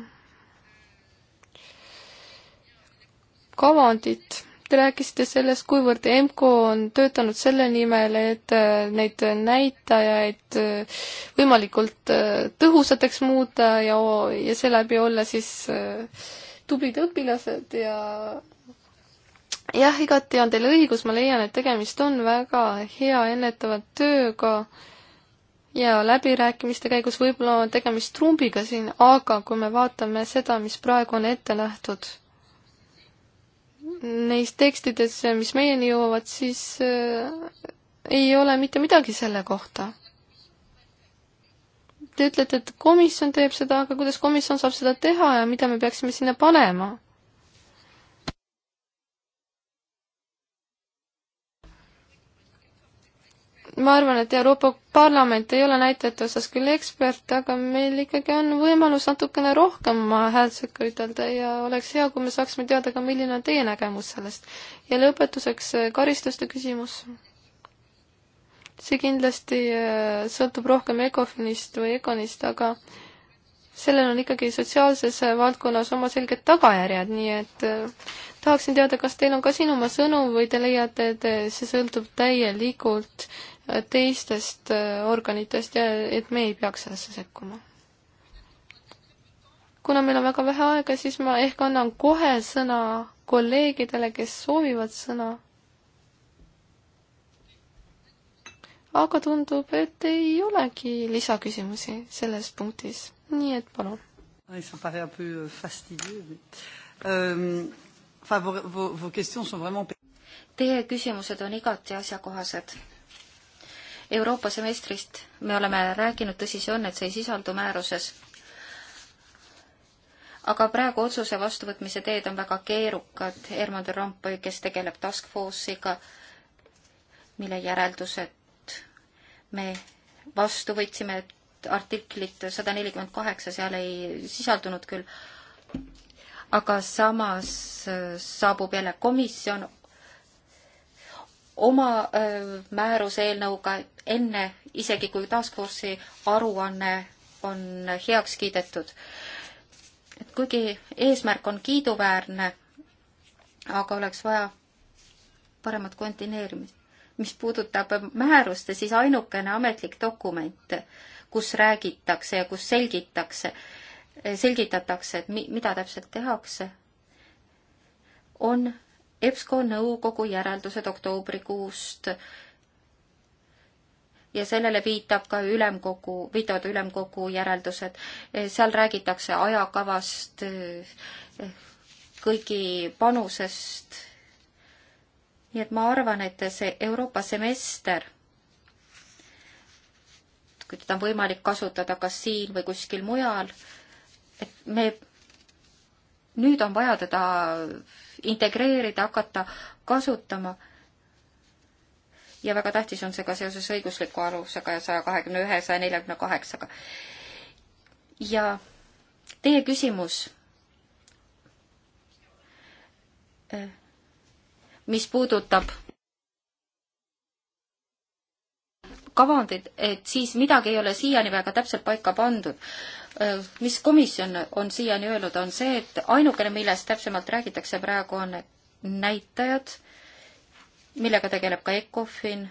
kavandit. Te rääkisite sellest, kuivõrd EMKO on töötanud selle nimel, et äh, neid näitajaid äh, võimalikult tõhusateks muuta ja, ja seeläbi olla siis tublid õpilased ja jah, igati on teil õigus, ma leian, et tegemist on väga hea ennetava tööga äh, ja läbirääkimiste käigus võib-olla on tegemist trumbiga siin, aga kui me vaatame seda, mis praegu on ette nähtud neis tekstides, mis meieni jõuavad, siis äh, ei ole mitte midagi selle kohta. Te ütlete, et komisjon teeb seda, aga kuidas komisjon saab seda teha ja mida me peaksime sinna panema? ma arvan, et Euroopa Parlament ei ole näitajate osas küll ekspert, aga meil ikkagi on võimalus natukene rohkem oma häält sekka ütelda ja oleks hea, kui me saaksime teada ka, milline on teie nägemus sellest. ja lõpetuseks eh, karistuste küsimus. see kindlasti eh, sõltub rohkem Ecofinist või Econist, aga sellel on ikkagi sotsiaalses eh, valdkonnas oma selged tagajärjed, nii et tahaksin teada, kas teil on ka siin oma sõnum või te leiate, et see sõltub täielikult äh, teistest äh, organitest ja et me ei peaks sellesse sekkuma. kuna meil on väga vähe aega, siis ma ehk annan kohe sõna kolleegidele, kes soovivad sõna. aga tundub, et ei olegi lisaküsimusi selles punktis, nii et palun. Euh, euh, Teie küsimused on igati asjakohased Euroopa semestrist me oleme rääkinud, tõsi see on, et see ei sisaldu määruses. aga praegu otsuse vastuvõtmise teed on väga keerukad. Herman de Rompuy, kes tegeleb task force'iga, mille järeldused me vastu võtsime, et artiklit sada nelikümmend kaheksa seal ei sisaldunud küll, aga samas saabub jälle komisjon oma määruse eelnõuga enne, isegi kui task force'i aruanne on heaks kiidetud. et kuigi eesmärk on kiiduväärne, aga oleks vaja paremat kontineerimist. mis puudutab määruste, siis ainukene ametlik dokument, kus räägitakse ja kus selgitakse, selgitatakse, et mi-, mida täpselt tehakse, on EBSCO nõukogu järeldused oktoobrikuust ja sellele viitab ka ülemkogu, viitavad ülemkogu järeldused. seal räägitakse ajakavast, kõigi panusest. nii et ma arvan, et see Euroopa semester, kui teda on võimalik kasutada kas siin või kuskil mujal, et me, nüüd on vaja teda integreerida, hakata kasutama. ja väga tähtis on see ka seoses õigusliku alusega ja saja kahekümne ühe, saja neljakümne kaheksaga. ja teie küsimus, eh, mis puudutab kavandid, et siis midagi ei ole siiani väga täpselt paika pandud. Äh, mis komisjon on siiani öelnud, on see, et ainukene, millest täpsemalt räägitakse praegu, on näitajad, millega tegeleb ka ECOFIN,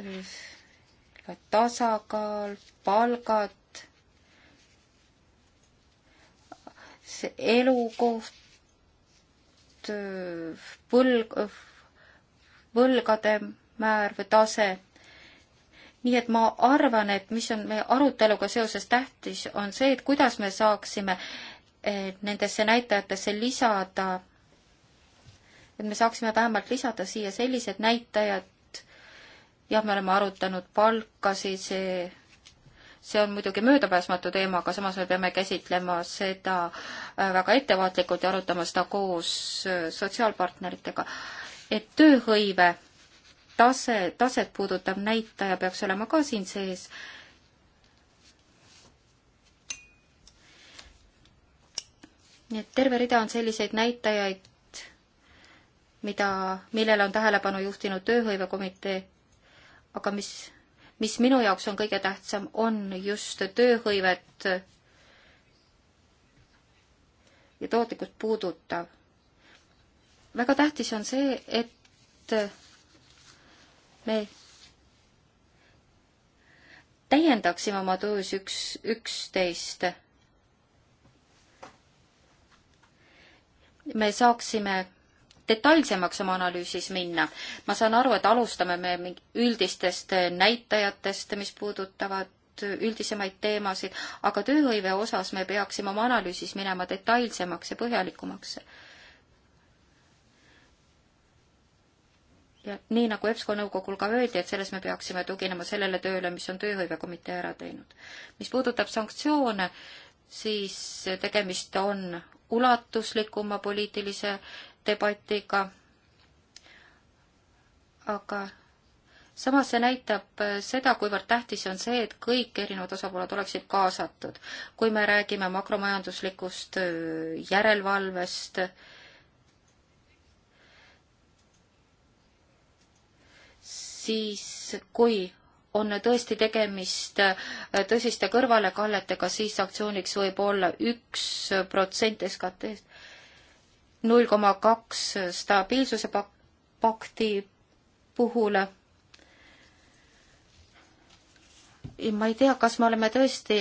äh, tasakaal, palgad, elukoht, põlg, äh, võlgade määr või tase nii et ma arvan, et mis on meie aruteluga seoses tähtis, on see, et kuidas me saaksime eh, nendesse näitajatesse lisada, et me saaksime vähemalt lisada siia sellised näitajad, jah, me oleme arutanud palkasid, see, see on muidugi möödapääsmatu teema, aga samas me peame käsitlema seda eh, väga ettevaatlikult ja arutama seda koos eh, sotsiaalpartneritega. et tööhõive tase, taset puudutav näitaja peaks olema ka siin sees. nii et terve rida on selliseid näitajaid, mida, millele on tähelepanu juhtinud Tööhõivekomitee, aga mis, mis minu jaoks on kõige tähtsam, on just tööhõivet ja tootlikkust puudutav. väga tähtis on see, et me täiendaksime oma töös üks, üksteist. me saaksime detailsemaks oma analüüsis minna. ma saan aru, et alustame me üldistest näitajatest, mis puudutavad üldisemaid teemasid, aga tööhõive osas me peaksime oma analüüsis minema detailsemaks ja põhjalikumaks. ja nii nagu EBSCO nõukogul ka öeldi, et selles me peaksime tuginema sellele tööle, mis on Tööhõivekomitee ära teinud. mis puudutab sanktsioone, siis tegemist on ulatuslikuma poliitilise debatiga, aga samas see näitab seda, kuivõrd tähtis on see, et kõik erinevad osapooled oleksid kaasatud. kui me räägime makromajanduslikust äh, järelevalvest, siis kui on tõesti tegemist äh, tõsiste kõrvalekalletega, siis sanktsiooniks võib olla üks protsent SKT-st, null koma kaks stabiilsuse pak-, pakti puhul. ma ei tea, kas me oleme tõesti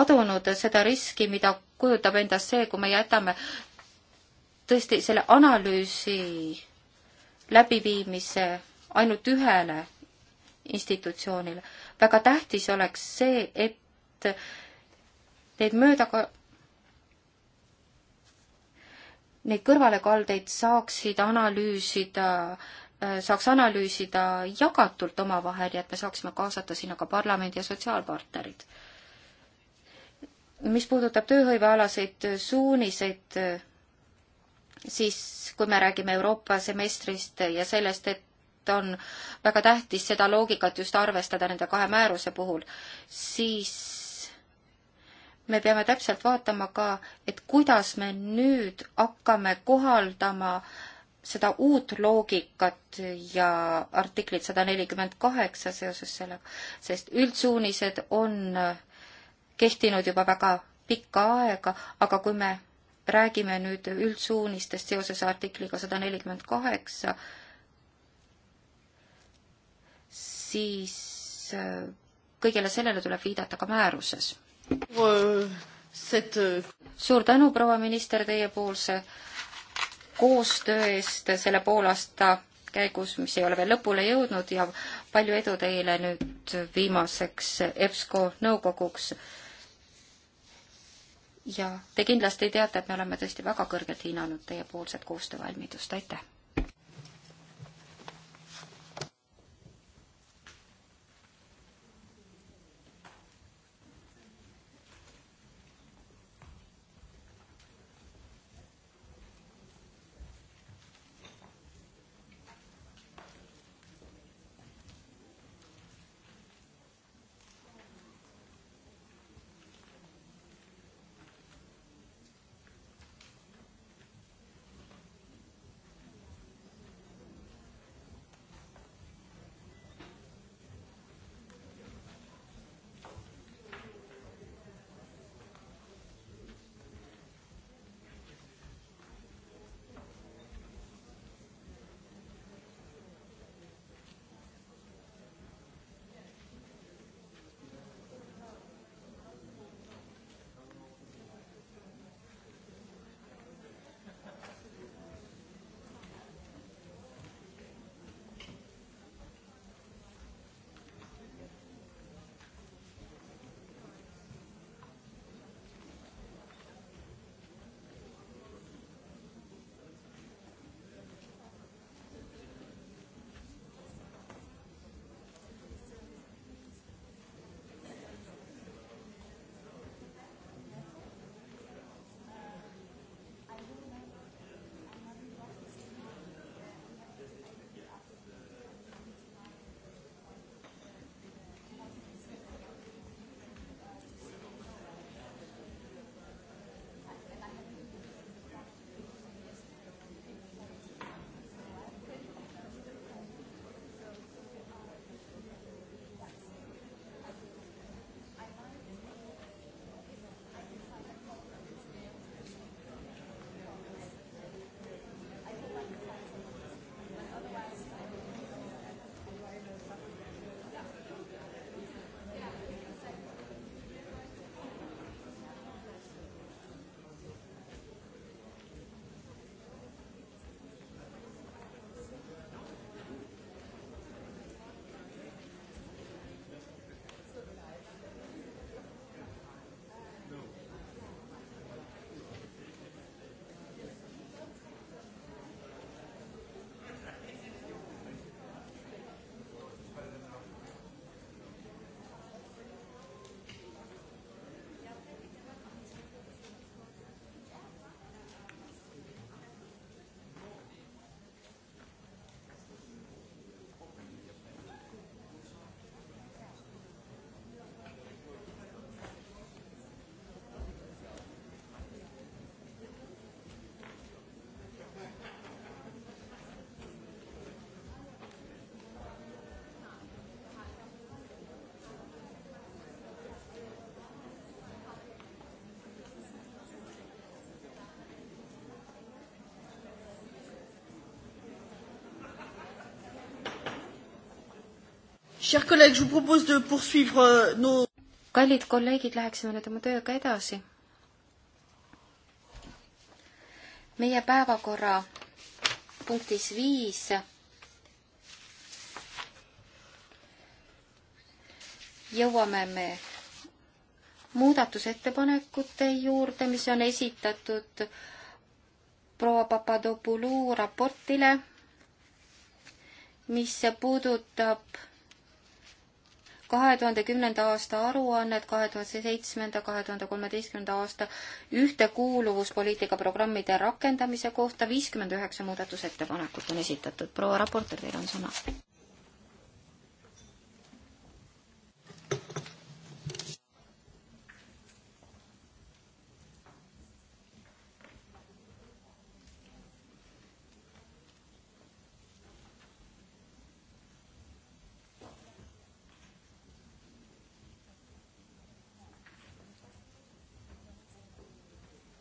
adunud seda riski, mida kujutab endast see, kui me jätame tõesti selle analüüsi läbiviimise ainult ühele institutsioonile. väga tähtis oleks see, et neid mööda ka, neid kõrvalekaldeid saaksid analüüsida, saaks analüüsida jagatult omavahel ja et me saaksime kaasata sinna ka parlamendi ja sotsiaalpartnerid. mis puudutab tööhõivealaseid suuniseid, siis kui me räägime Euroopa semestrist ja sellest, et on väga tähtis seda loogikat just arvestada nende kahe määruse puhul, siis me peame täpselt vaatama ka, et kuidas me nüüd hakkame kohaldama seda uut loogikat ja artiklit sada nelikümmend kaheksa seoses sellega, sest üldsuunised on kehtinud juba väga pikka aega, aga kui me räägime nüüd üldsuunistest seoses artikliga sada nelikümmend kaheksa, siis äh, kõigele sellele tuleb viidata ka määruses. suur tänu, proua minister, teiepoolse koostöö eest selle poolaasta käigus, mis ei ole veel lõpule jõudnud ja palju edu teile nüüd viimaseks EBSCO nõukoguks ja te kindlasti teate, et me oleme tõesti väga kõrgelt hinnanud teiepoolset koostöövalmidust, aitäh! Euh, kallid kolleegid, läheksime nüüd oma tööga edasi. meie päevakorra punktis viis jõuame me muudatusettepanekute juurde, mis on esitatud proua Papadopoulou raportile, mis puudutab kahe tuhande kümnenda aasta aruannet, kahe tuhande seitsmenda, kahe tuhande kolmeteistkümnenda aasta ühtekuuluvuspoliitika programmide rakendamise kohta. viiskümmend üheksa muudatusettepanekut on esitatud. proua raportöör, teil on sõna.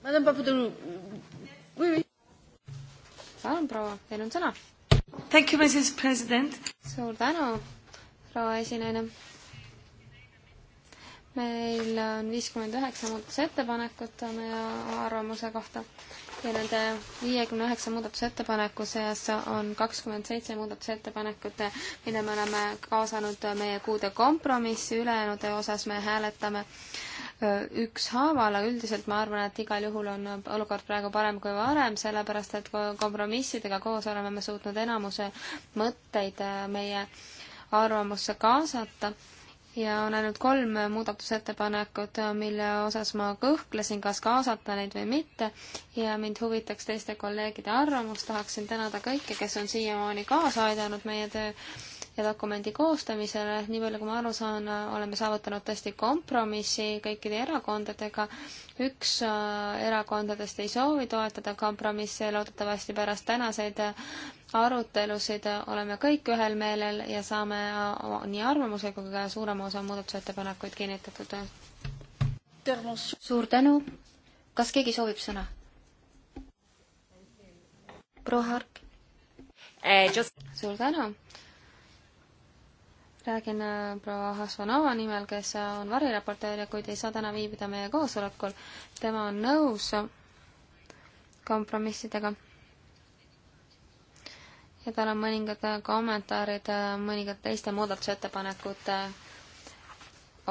palun, proua, teil on sõna. Thank you, Mrs President. suur tänu, proua esinaine. meil on viiskümmend üheksa muudatusettepanekut meie arvamuse kohta ja nende viiekümne üheksa muudatusettepaneku seas on kakskümmend seitse muudatusettepanekut, mille me oleme kaasanud meie kuude kompromissi, ülejäänute osas me hääletame äh, Äh, ükshaaval, aga üldiselt ma arvan, et igal juhul on olukord praegu parem kui varem, sellepärast et kompromissidega koos oleme me suutnud enamuse mõtteid äh, meie arvamusse kaasata ja on ainult kolm muudatusettepanekut, äh, mille osas ma kõhklesin, kas kaasata neid või mitte ja mind huvitaks teiste kolleegide arvamus, tahaksin tänada kõiki, kes on siiamaani kaasa aidanud meie töö ja dokumendi koostamisele, nii palju kui ma aru saan, oleme saavutanud tõesti kompromissi kõikide erakondadega. üks äh, erakondadest ei soovi toetada kompromissi ja loodetavasti pärast tänaseid äh, arutelusid oleme kõik ühel meelel ja saame äh, nii arvamuse kui ka suurema osa muudatusettepanekuid kinnitatud. suur tänu. kas keegi soovib sõna? proua Hark. Eh, suur tänu räägin äh, proua Hasvanova nimel, kes äh, on variraportöör ja kuid ei saa täna viibida meie koosolekul. tema on nõus kompromissidega. ja tal on mõningad äh, kommentaarid mõningate teiste muudatusettepanekute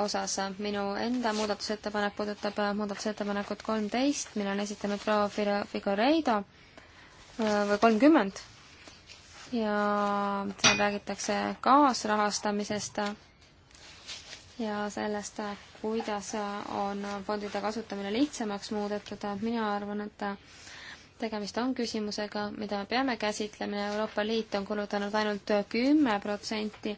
osas. minu enda muudatusettepanek puudutab muudatusettepanekut kolmteist, mille on esitanud proua Figoreido või kolmkümmend ja seal räägitakse kaasrahastamisest ja sellest, kuidas on fondide kasutamine lihtsamaks muudetud, mina arvan, et tegemist on küsimusega, mida me peame käsitlema, Euroopa Liit on kulutanud ainult kümme protsenti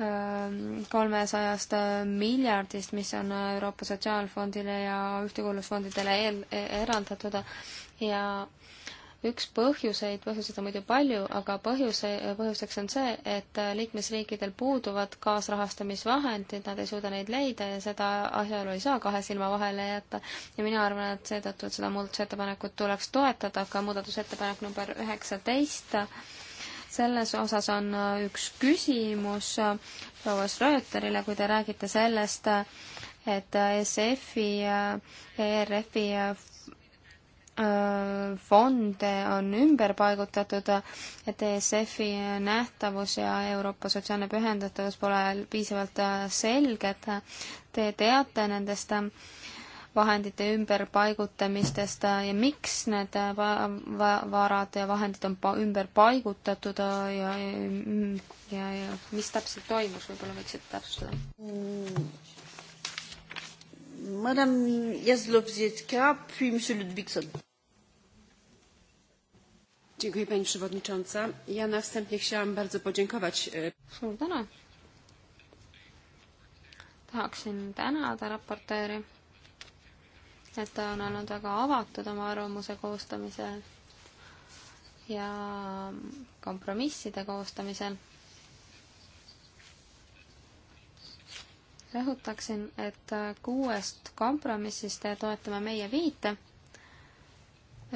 ähm, kolmesajast miljardist, mis on Euroopa Sotsiaalfondile ja ühtekuuluvusfondidele eel, eraldatud ja üks põhjuseid, põhjuseid on muidu palju, aga põhjuse, põhjuseks on see, et liikmesriikidel puuduvad kaasrahastamisvahendid, nad ei suuda neid leida ja seda asjaolu ei saa kahe silma vahele jätta. ja mina arvan, et seetõttu, et seda muudatusettepanekut tuleks toetada, aga muudatusettepanek number üheksateist, selles osas on äh, üks küsimus äh, proua Schröterile, kui te räägite sellest, äh, et SF-i ja ERF-i Äh, fonde on ümber paigutatud, et ESF-i nähtavus ja Euroopa sotsiaalne pühendatavus pole piisavalt äh, selged. Te teate nendest äh, vahendite ümberpaigutamistest ja miks need va va varad ja vahendid on pa ümber paigutatud ja, ja, ja, ja mis täpselt toimus, võib-olla võiksite täpsustada? Mm. Madame Jazlowska, puis Monsieur Ludwigson. Dziękuję Pani Przewodnicząca. Ja na wstępie chciałam bardzo podziękować. E, Suur tänu. Tahaksin tänada raporteeri, et ta on olnud väga avatud oma arvamuse koostamisel ja kompromisside koostamisel rõhutaksin, et kuuest kompromissist toetame meie viite.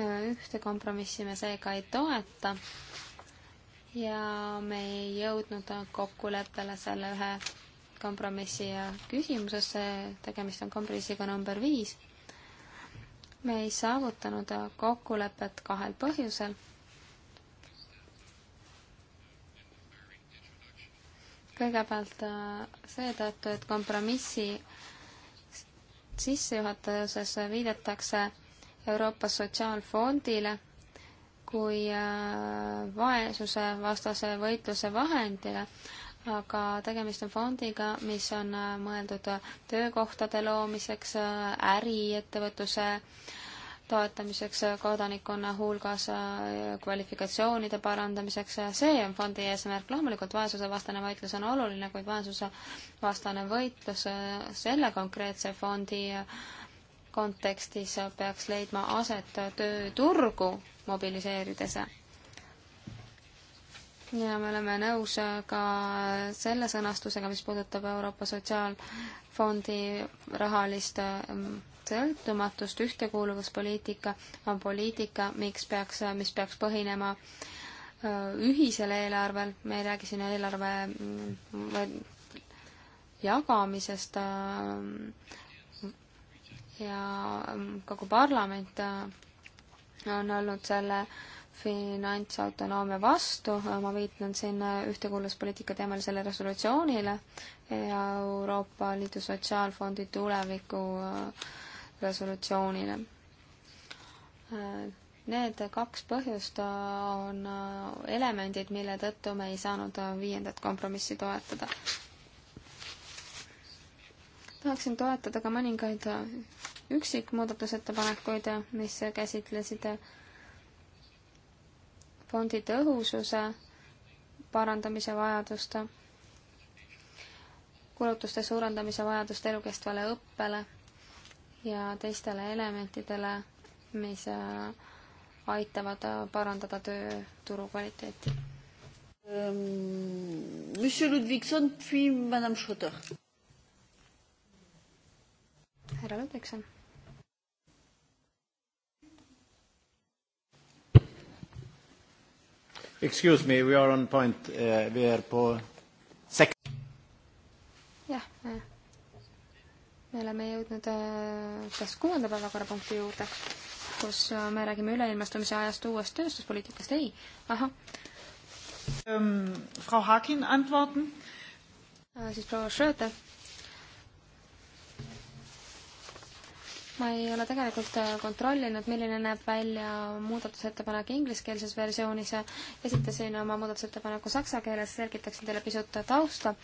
ühte kompromissi me seega ei toeta ja me ei jõudnud kokkuleppele selle ühe kompromissi küsimuses, tegemist on kompromissiga number viis. me ei saavutanud kokkulepet kahel põhjusel kõigepealt äh, seetõttu, et kompromissi sissejuhatuses viidatakse Euroopa Sotsiaalfondile kui äh, vaesuse vastase võitluse vahendile, aga tegemist on fondiga, mis on äh, mõeldud töökohtade loomiseks, äriettevõtluse toetamiseks äh, kodanikkonna hulgas, äh, kvalifikatsioonide parandamiseks, äh, see on fondi eesmärk. loomulikult vaesusevastane võitlus on oluline, kuid vaesusevastane võitlus selle konkreetse fondi kontekstis peaks leidma aset tööturgu mobiliseerides. ja me oleme nõus ka selle sõnastusega, mis puudutab Euroopa Sotsiaalfondi rahalist sõltumatust, ühtekuuluvuspoliitika on poliitika, miks peaks, mis peaks põhinema ühisel eelarvel, me ei räägi siin eelarve mm, jagamisest ja kogu parlament on olnud selle finantsautonoomia vastu, ma viitan siin ühtekuuluvuspoliitika teemalisele resolutsioonile ja Euroopa Liidu Sotsiaalfondi tuleviku äh, resolutsioonile. Need kaks põhjust on elemendid, mille tõttu me ei saanud viiendat kompromissi toetada. tahaksin toetada ka mõningaid üksikmuudatusettepanekuid, mis käsitlesid fondi tõhususe parandamise vajadust, kulutuste suurendamise vajadust elukestvale õppele ja teistele elementidele, mis äh, aitavad äh, parandada tööturu kvaliteeti. Ähm, Monsieur Ludvigson, puis Madame Schotter. härra Ludvigson. Excuse me, we are on point uh,, we are po- sek-. jah yeah,, äh, jah yeah me oleme jõudnud äh, kas kuuenda päevakorrapunkti juurde, kus äh, me räägime üleilmastumise ajast uuest tööstuspoliitikast, ei, ahah ähm,. Frau Hakin antworten. Äh, siis proua Schröter. ma ei ole tegelikult kontrollinud, milline näeb välja muudatusettepanek ingliskeelses versioonis. esitasin oma muudatusettepaneku saksa keeles, selgitaksin teile pisut tausta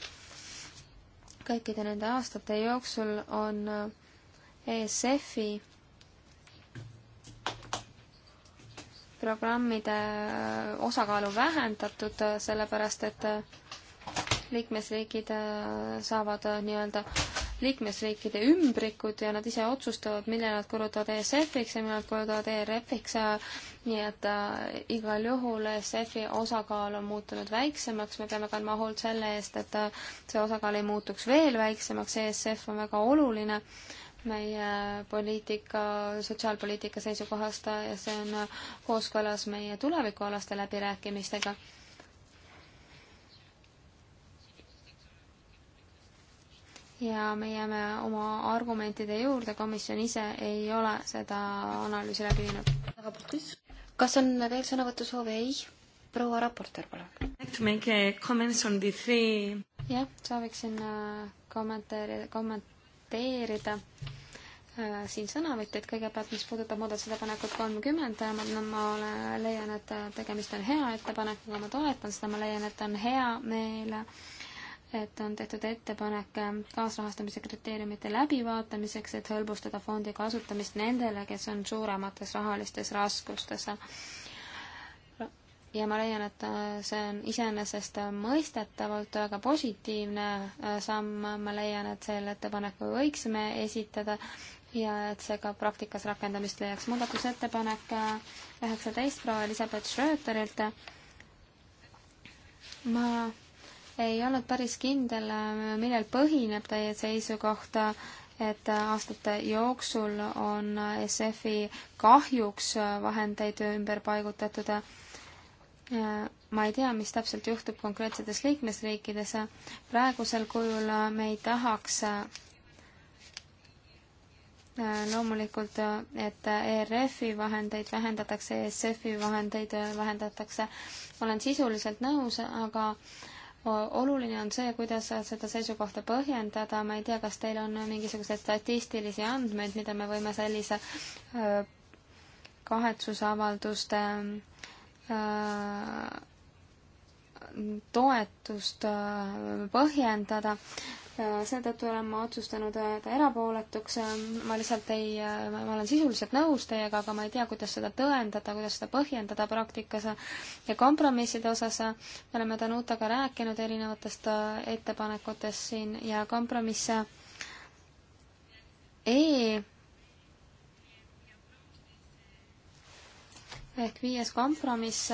kõikide nende aastate jooksul on äh, ESF-i programmide äh, osakaalu vähendatud, äh, sellepärast et liikmesriigid saavad nii-öelda liikmesriikide ümbrikud ja nad ise otsustavad, mille nad kulutavad ESF-iks ja mille nad kulutavad ERF-iks, nii et äh, igal juhul ESF-i osakaal on muutunud väiksemaks, me peame kandma hoolt selle eest, et äh, see osakaal ei muutuks veel väiksemaks, ESF on väga oluline meie poliitika, sotsiaalpoliitika seisukohast ja see on äh, kooskõlas meie tulevikualaste läbirääkimistega ja me jääme oma argumentide juurde, komisjon ise ei ole seda analüüsi läbi viinud. kas on veel sõnavõtusoove? ei. proua raportöör, palun. Uh, jah, sooviksin uh, kommenteerida, kommenteerida uh, siin sõnavõtjaid, kõigepealt mis puudutab muudatusettepanekut kolmkümmend, ma, ma ole, leian, et tegemist on hea ettepanekuga, ma toetan seda, ma leian, et on hea meel äh, et on tehtud ettepanek kaasrahastamise kriteeriumite läbivaatamiseks, et hõlbustada fondi kasutamist nendele, kes on suuremates rahalistes raskustes. ja ma leian, et see on iseenesest mõistetavalt väga positiivne samm, ma leian, et selle ettepaneku võiksime esitada ja et see ka praktikas rakendamist leiaks. muudatusettepanek üheksateist proua Elizabeth Schröterilt ma ei olnud päris kindel, millel põhineb teie seisukoht, et aastate jooksul on SF-i kahjuks vahendeid ümber paigutatud. ma ei tea, mis täpselt juhtub konkreetsetes liikmesriikides. praegusel kujul me ei tahaks loomulikult, et ERF-i vahendeid vähendatakse, ESF-i vahendeid vähendatakse. olen sisuliselt nõus, aga äh, oluline on see, kuidas seda seisukohta põhjendada, ma ei tea, kas teil on mingisuguseid statistilisi andmeid, mida me võime sellise kahetsusavalduste toetust põhjendada seetõttu olen ma otsustanud jääda äh, erapooletuks, äh, ma lihtsalt ei, äh, ma olen sisuliselt nõus teiega, aga ma ei tea, kuidas seda tõendada, kuidas seda põhjendada praktikas ja kompromisside osas me oleme Danutaga rääkinud erinevatest ettepanekutest siin ja kompromiss E ehk viies kompromiss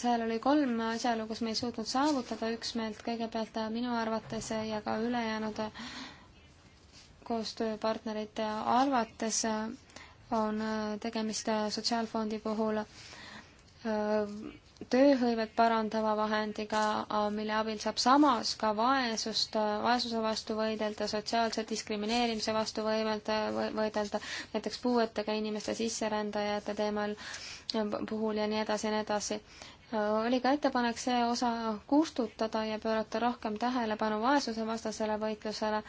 seal oli kolm asjaolu, kus me ei suutnud saavutada üksmeelt, kõigepealt minu arvates ja ka ülejäänud koostööpartnerite arvates on tegemist sotsiaalfondi puhul tööhõivet parandava vahendiga, mille abil saab samas ka vaesust, vaesuse vastu võidelda, sotsiaalse diskrimineerimise vastu võimelda, võidelda, näiteks puuetega inimeste sisserändajate teemal puhul ja nii edasi ja nii edasi. oli ka ettepanek see osa kustutada ja pöörata rohkem tähelepanu vaesusevastasele võitlusele,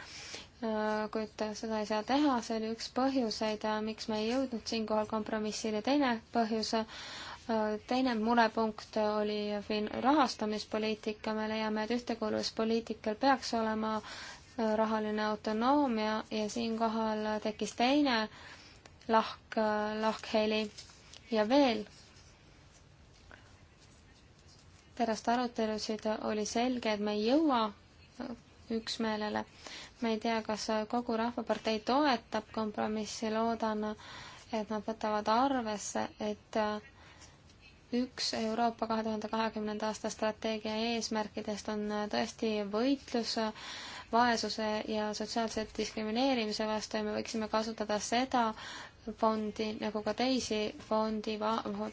kuid seda ei saa teha, see oli üks põhjuseid, miks me ei jõudnud siinkohal kompromissile, teine põhjus teine murepunkt oli rahastamispoliitika, me leiame, et ühtekuuluvuspoliitikal peaks olema äh, rahaline autonoomia ja siinkohal tekkis teine lahk, äh, lahkheli ja veel pärast arutelusid oli selge, et me ei jõua äh, üksmeelele. ma ei tea, kas kogu Rahvapartei toetab kompromissi, loodan, et nad võtavad arvesse, et üks Euroopa kahe tuhande kahekümnenda aasta strateegia eesmärkidest on tõesti võitlus vaesuse ja sotsiaalse diskrimineerimise vastu ja me võiksime kasutada seda fondi nagu ka teisi fondi,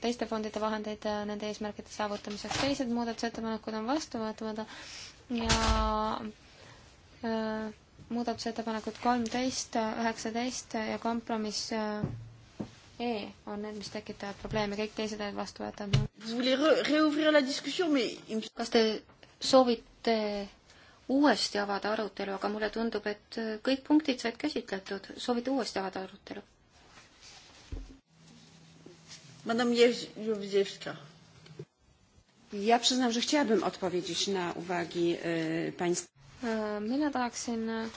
teiste fondide vahendeid nende eesmärkide saavutamiseks. teised muudatusettepanekud on vastu võetamata ja öö, äh, muudatusettepanekud kolmteist, üheksateist ja kompromiss äh, E on need, mis tekitavad probleeme, kõik teised olid vastu võetud. kas te soovite uuesti avada arutelu, aga mulle tundub, et kõik punktid said käsitletud. soovite uuesti avada arutelu? Madame Jewska. Ja przyznam, że chciałabym odpowiedzieć na uwagi y, e, państwa. E, mina tahaksin e,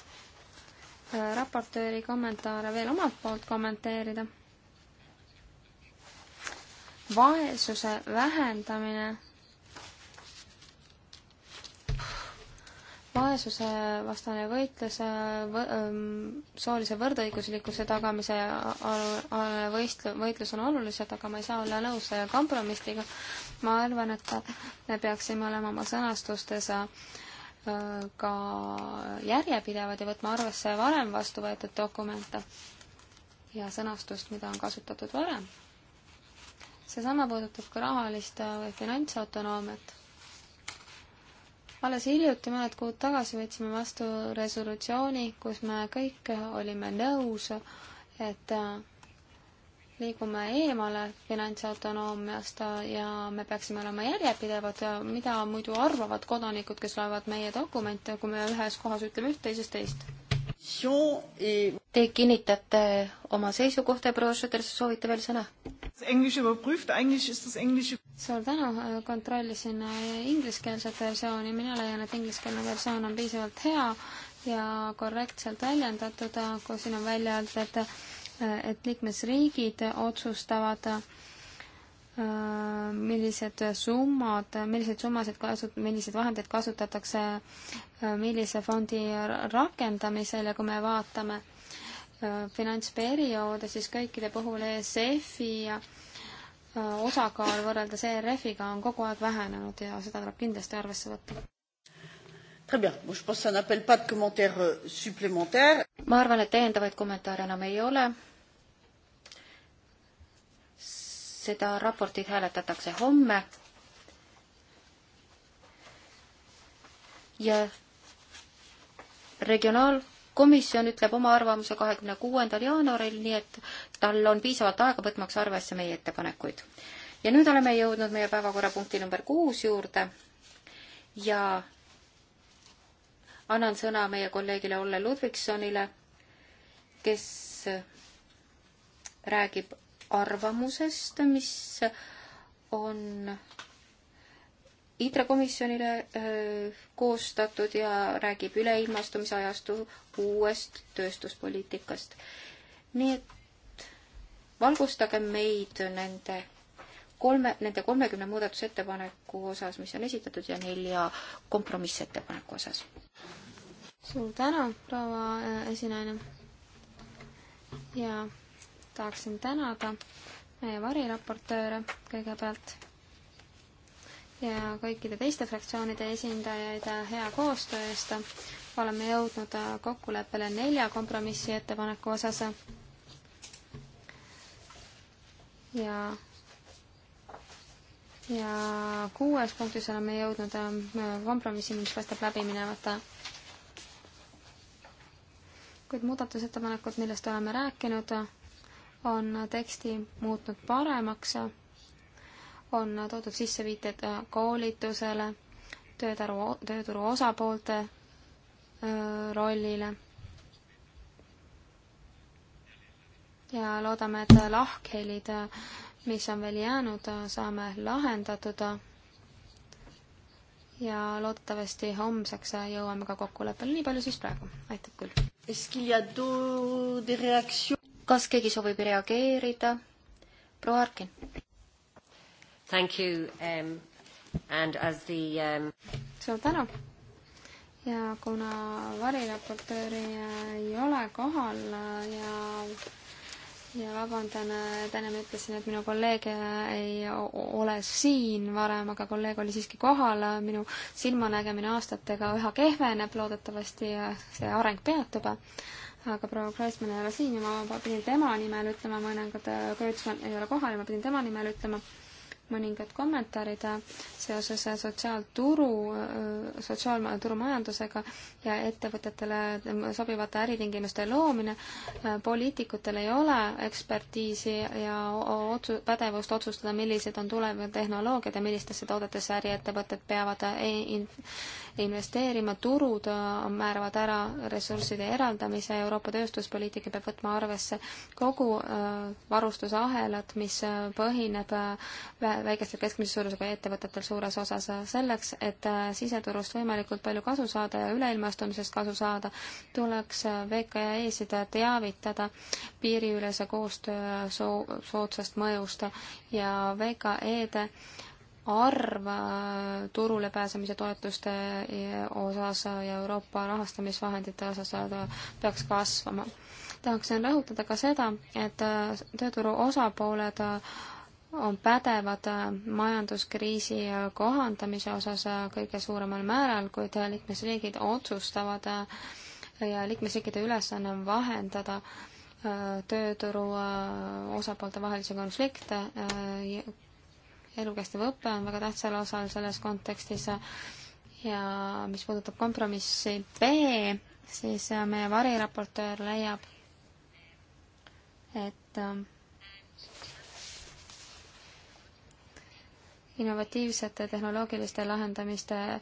raportööri kommentaare veel omalt poolt kommenteerida vaesuse vähendamine, vaesuse vastane võitlus, äh, ähm, soolise võrdõiguslikkuse tagamise äh, võistlu-, võitlus on olulised, aga ma ei saa olla nõus äh, kompromissiga. ma arvan, et me peaksime olema oma sõnastustes ka järjepidevad ja võtma arvesse varem vastu võetud dokumente ja sõnastust, mida on kasutatud varem seesama puudutab ka rahalist äh, või finantsautonoomiat. alles hiljuti, mõned kuud tagasi, võtsime vastu resolutsiooni, kus me kõik olime nõus, et äh, liigume eemale finantsautonoomiast äh, ja me peaksime olema järjepidevad, mida muidu arvavad kodanikud, kes loevad meie dokumente, kui me ühes kohas ütleme üht, teises teist Te kinnitate oma seisukohta ja proua Schütter, soovite veel sõna? suur tänu, kontrollisin äh, ingliskeelset versiooni, mina leian, et ingliskeelne versioon on piisavalt hea ja korrektselt väljendatud, äh, kui siin on välja öeldud, et äh, et liikmesriigid otsustavad äh, Äh, millised summad, milliseid summasid kasut-, milliseid vahendeid kasutatakse äh, millise fondi rakendamisel ja kui me vaatame äh, finantsperioode, siis kõikide puhul ESF-i osakaal võrreldes ERF-iga on kogu aeg vähenenud ja seda tuleb kindlasti arvesse võtta. Euh, ma arvan, et täiendavaid kommentaare enam ei ole seda raportit hääletatakse homme. ja regionaalkomisjon ütleb oma arvamuse kahekümne kuuendal jaanuaril, nii et tal on piisavalt aega võtmaks arvesse meie ettepanekuid. ja nüüd oleme jõudnud meie päevakorrapunkti number kuus juurde ja annan sõna meie kolleegile Olle Ludvigsonile, kes räägib arvamusest, mis on ITRE komisjonile koostatud ja räägib üleilmastumise ajastu uuest tööstuspoliitikast. nii et valgustage meid nende kolme, nende kolmekümne muudatusettepaneku osas, mis on esitatud, ja nelja kompromissettepaneku osas. suur tänu, proua äh, esinaine! ja tahaksin tänada meie variraportööre kõigepealt ja kõikide teiste fraktsioonide esindajaid hea koostöö eest. oleme jõudnud kokkuleppele nelja kompromissi ettepaneku osas. ja ja kuues punktis oleme jõudnud ähm, kompromissini, mis paistab läbiminevata kuid muudatusettepanekud, millest oleme rääkinud, on teksti muutnud paremaks, on toodud sisse viited äh, koolitusele, tööturu, tööturu osapoolte äh, rollile. ja loodame, et lahkhelid, äh, mis on veel jäänud, saame lahendatud ja loodetavasti homseks jõuame ka kokkuleppele, nii palju siis praegu, aitab küll kas keegi soovib reageerida? proua Arkin. Thank you um, and as the um... suur tänu ja kuna variraportööri ei ole kohal ja ja vabandan, et ennem ütlesin, et minu kolleeg ei ole siin varem, aga kolleeg oli siiski kohal, minu silmanägemine aastatega üha kehveneb, loodetavasti see areng peatub aga proua Kreuzmann ei ole siin ja ma pidin tema nimel ütlema mõningad, äh, Kreuzmann ei ole kohal ja ma pidin tema nimel ütlema mõningad kommentaarid äh, seoses äh, sotsiaalturu, sotsiaalturumajandusega ja ettevõtetele sobivate äritingimuste loomine. poliitikutel ei ole ekspertiisi ja otsu-, pädevust otsustada, millised on tulevad tehnoloogiad ja millistesse toodetesse äriettevõtted peavad in-, investeerima, turud äh, määravad ära ressursside eraldamise, Euroopa tööstuspoliitika peab võtma arvesse kogu äh, varustusahelat, mis äh, põhineb väikestel keskmise suurusega ettevõtetel suures osas selleks, et siseturust võimalikult palju kasu saada ja üleilmastumisest kasu saada, tuleks VKE-sid teavitada piiriülese koostöö soo-, soodsast mõjust ja VKE-de arv äh, turule pääsemise toetuste äh, osas ja Euroopa rahastamisvahendite osas äh, peaks kasvama. tahaksin rõhutada ka seda, et tööturu osapooled on pädevad majanduskriisi kohandamise osas kõige suuremal määral, kuid liikmesriigid otsustavad ja liikmesriikide ülesanne on vahendada tööturu osapoolte vahelisi konflikte elukestev õpe on väga tähtsal osal selles kontekstis ja mis puudutab kompromissi B, siis äh, meie variraportöör leiab, et äh, innovatiivsete tehnoloogiliste lahendamiste äh,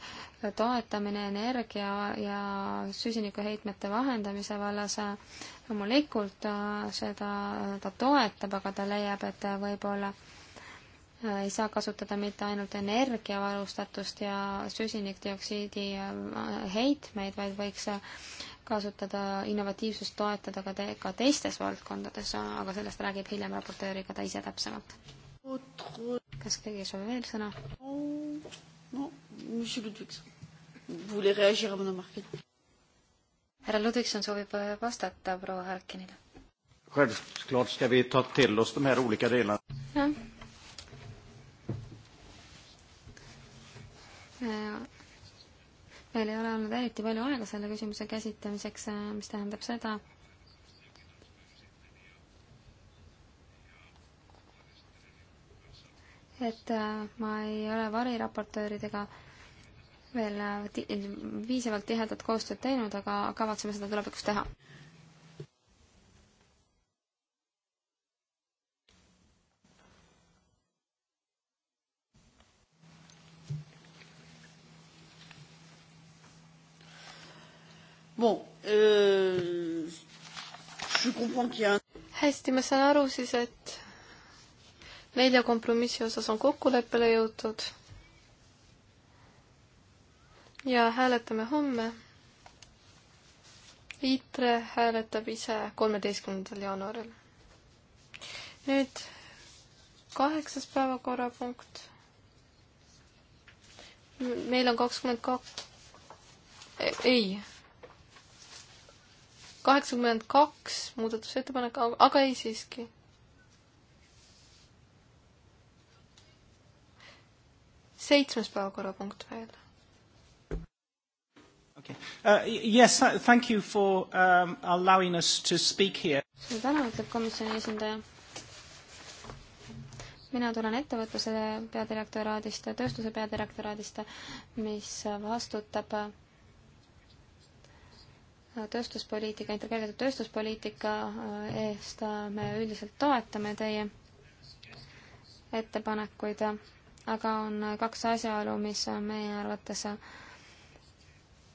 toetamine energia ja süsinikuheitmete vahendamise vallas loomulikult seda ta toetab, aga ta leiab, et võib-olla Äh, ei saa kasutada mitte ainult energiavarustatust ja süsinikdioksiidi äh, heitmeid, vaid võiks äh, kasutada, innovatiivsust toetada ka te-, ka teistes valdkondades, aga sellest räägib hiljem raportööriga ta ise täpsemalt. kas keegi soovib veel sõna? no, mis Ludvigs? härra Ludvigson soovib vastata proua Harkinile. jah meil ei ole olnud eriti palju aega selle küsimuse käsitlemiseks, äh, mis tähendab seda, et äh, ma ei ole variraportööridega veel äh, ti piisavalt tihedat koostööd teinud, aga kavatseme seda tulevikus teha. Bon, euh, je comprends qu'il y a un... hästi, ma saan aru siis, et nelja kompromissi osas on kokkuleppele jõutud. ja hääletame homme. ITRE hääletab ise kolmeteistkümnendal jaanuaril. nüüd kaheksas päevakorrapunkt. meil on kakskümmend kaks, e-, ei kaheksakümmend kaks muudatusettepanek, aga ei siiski. seitsmes päevakorrapunkt veel. Okay. Uh, yes, thank you for um, allowing us to speak here. suur tänu, ütleb komisjoni esindaja. mina tulen ettevõtluse peadirektoraadist, tööstuse peadirektoraadist, mis vastutab uh, tööstuspoliitika, integreeritud tööstuspoliitika äh, eest äh, me üldiselt toetame teie ettepanekuid, aga on kaks asjaolu, mis meie arvates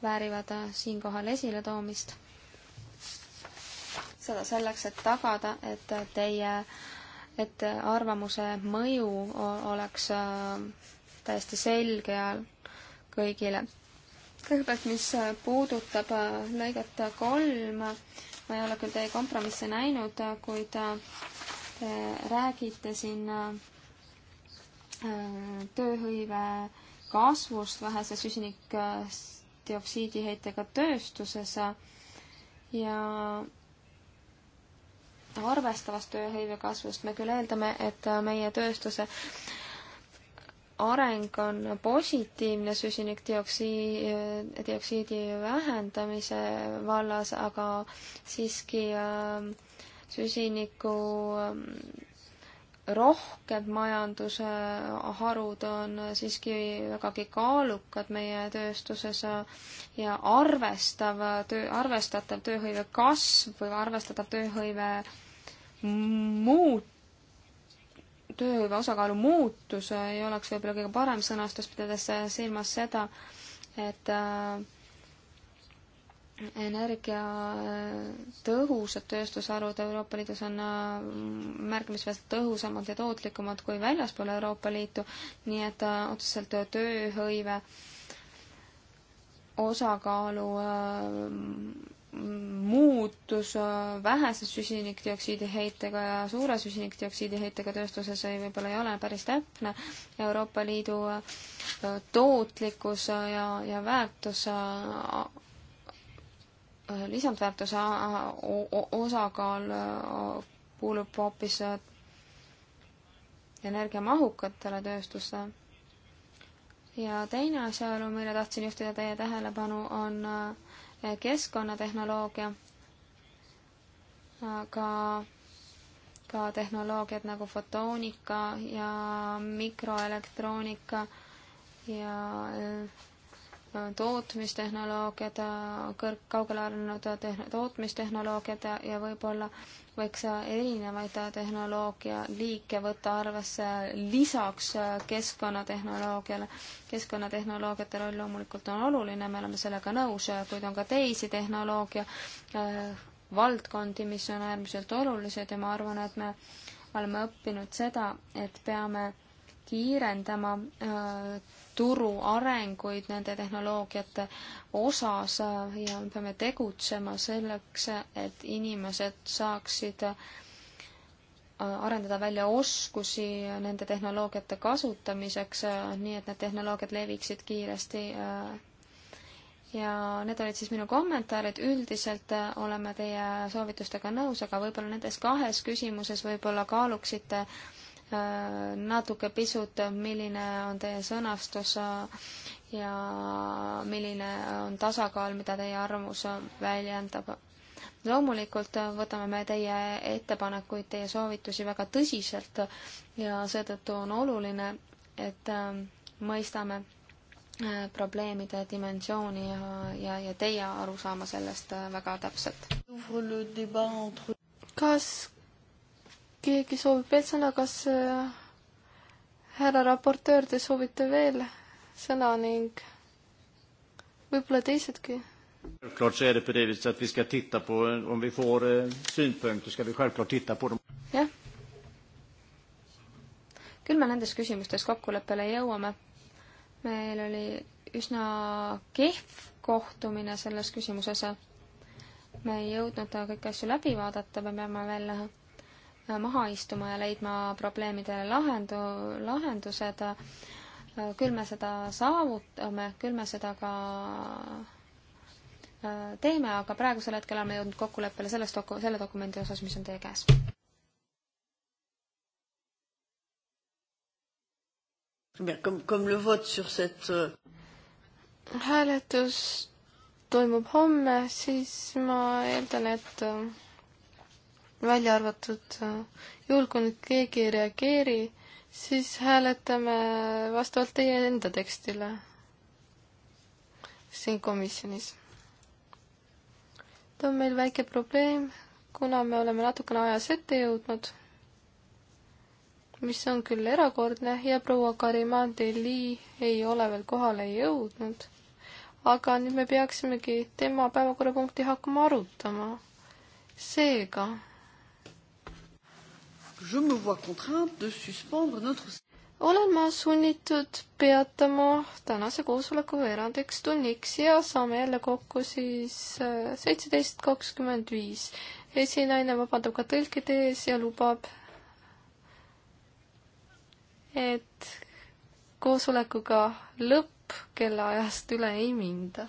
väärivad siinkohal esiletoomist. seda selleks, et tagada, et teie, et arvamuse mõju oleks äh, täiesti selge kõigile kõigepealt, mis äh, puudutab äh, lõiget kolm, ma ei ole küll teie kompromisse näinud, kuid äh, te räägite siin tööhõive kasvust vähese süsinikdioksiidiheitega tööstuses ja arvestavast tööhõive kasvust me küll eeldame, et meie tööstuse areng on positiivne süsinikdioksiidi, dioksiidi vähendamise vallas, aga siiski äh, süsiniku äh, rohked majanduse harud on siiski vägagi kaalukad meie tööstuses ja arvestav töö, arvestatav tööhõive kasv või arvestatav tööhõive muut-, tööhõive osakaalu muutus äh, ei oleks võib-olla kõige parem sõnastus, pidades äh, silmas seda, et äh, energiatõhusad tööstusharud Euroopa Liidus on märkimisväärselt tõhusamad ja tootlikumad kui väljaspool Euroopa Liitu, nii et otseselt tööhõive osakaalu muutus vähese süsinikdioksiidi heitega ja suure süsinikdioksiidi heitega tööstuses ei, võib-olla ei ole päris täpne. Euroopa Liidu äh, tootlikkus äh, ja, ja väärtus, äh, lisandväärtuse osakaal kuulub hoopis energiamahukatele tööstustele. ja teine asjaolu, mille tahtsin juhtida teie tähelepanu, on Äh, keskkonnatehnoloogia, aga ka tehnoloogiad nagu fotoonika ja mikroelektroonika ja äh, tootmistehnoloogiad, äh, kõrg-, kaugele arenenud tootmistehnoloogiad ja võib-olla võiks erinevaid tehnoloogia liike võtta arvesse lisaks keskkonnatehnoloogiale. keskkonnatehnoloogiate roll loomulikult on oluline, me oleme sellega nõus, kuid on ka teisi tehnoloogia äh, valdkondi, mis on äärmiselt olulised ja ma arvan, et me oleme õppinud seda, et peame kiirendama äh, turu arenguid nende tehnoloogiate osas ja me peame tegutsema selleks, et inimesed saaksid äh, arendada välja oskusi nende tehnoloogiate kasutamiseks, äh, nii et need tehnoloogiad leviksid kiiresti äh. ja need olid siis minu kommentaarid, üldiselt oleme teie soovitustega nõus, aga võib-olla nendes kahes küsimuses võib-olla kaaluksite äh, Äh, natuke pisut, milline on teie sõnastus äh, ja milline on tasakaal, mida teie arvamus väljendab. loomulikult äh, võtame me teie ettepanekuid, teie soovitusi väga tõsiselt ja seetõttu on oluline, et mõistame probleemide dimensiooni ja, ja, ja teie arusaama sellest väga täpselt. kas keegi soovib veel sõna, kas äh, härra raportöör, te soovite veel sõna ning võib-olla teisedki? Självklart så är det på det viset att vi ska titta på, om vi får eh, synpunkter ska vi självklart titta på dem. jah. küll me nendes küsimustes kokkuleppele jõuame. meil oli üsna kehv kohtumine selles küsimuses. me ei jõudnud kõiki asju läbi vaadata, me peame veel maha istuma ja leidma probleemidele lahendu, lahendused. küll me seda saavutame, küll me seda ka äh, teeme, aga praegusel hetkel oleme jõudnud kokkuleppele selles doku-, selle dokumendi osas, mis on teie käes. Euh, hääletus toimub homme, siis ma eeldan, et äh, välja arvatud äh, juhul, kui nüüd keegi ei reageeri, siis hääletame vastavalt teie enda tekstile siin komisjonis. ta on meil väike probleem, kuna me oleme natukene ajas ette jõudnud, mis on küll erakordne ja proua Karimandeli ei ole veel kohale jõudnud, aga nüüd me peaksimegi tema päevakorrapunkti hakkama arutama. seega je me vois contrainte de suspendre notre olen ma sunnitud peatama tänase koosoleku veerandiks tunniks ja saame jälle kokku siis äh, seitseteist kakskümmend viis. esinaine vabandab ka tõlkide ees ja lubab, et koosolekuga lõpp kellaajast üle ei minda.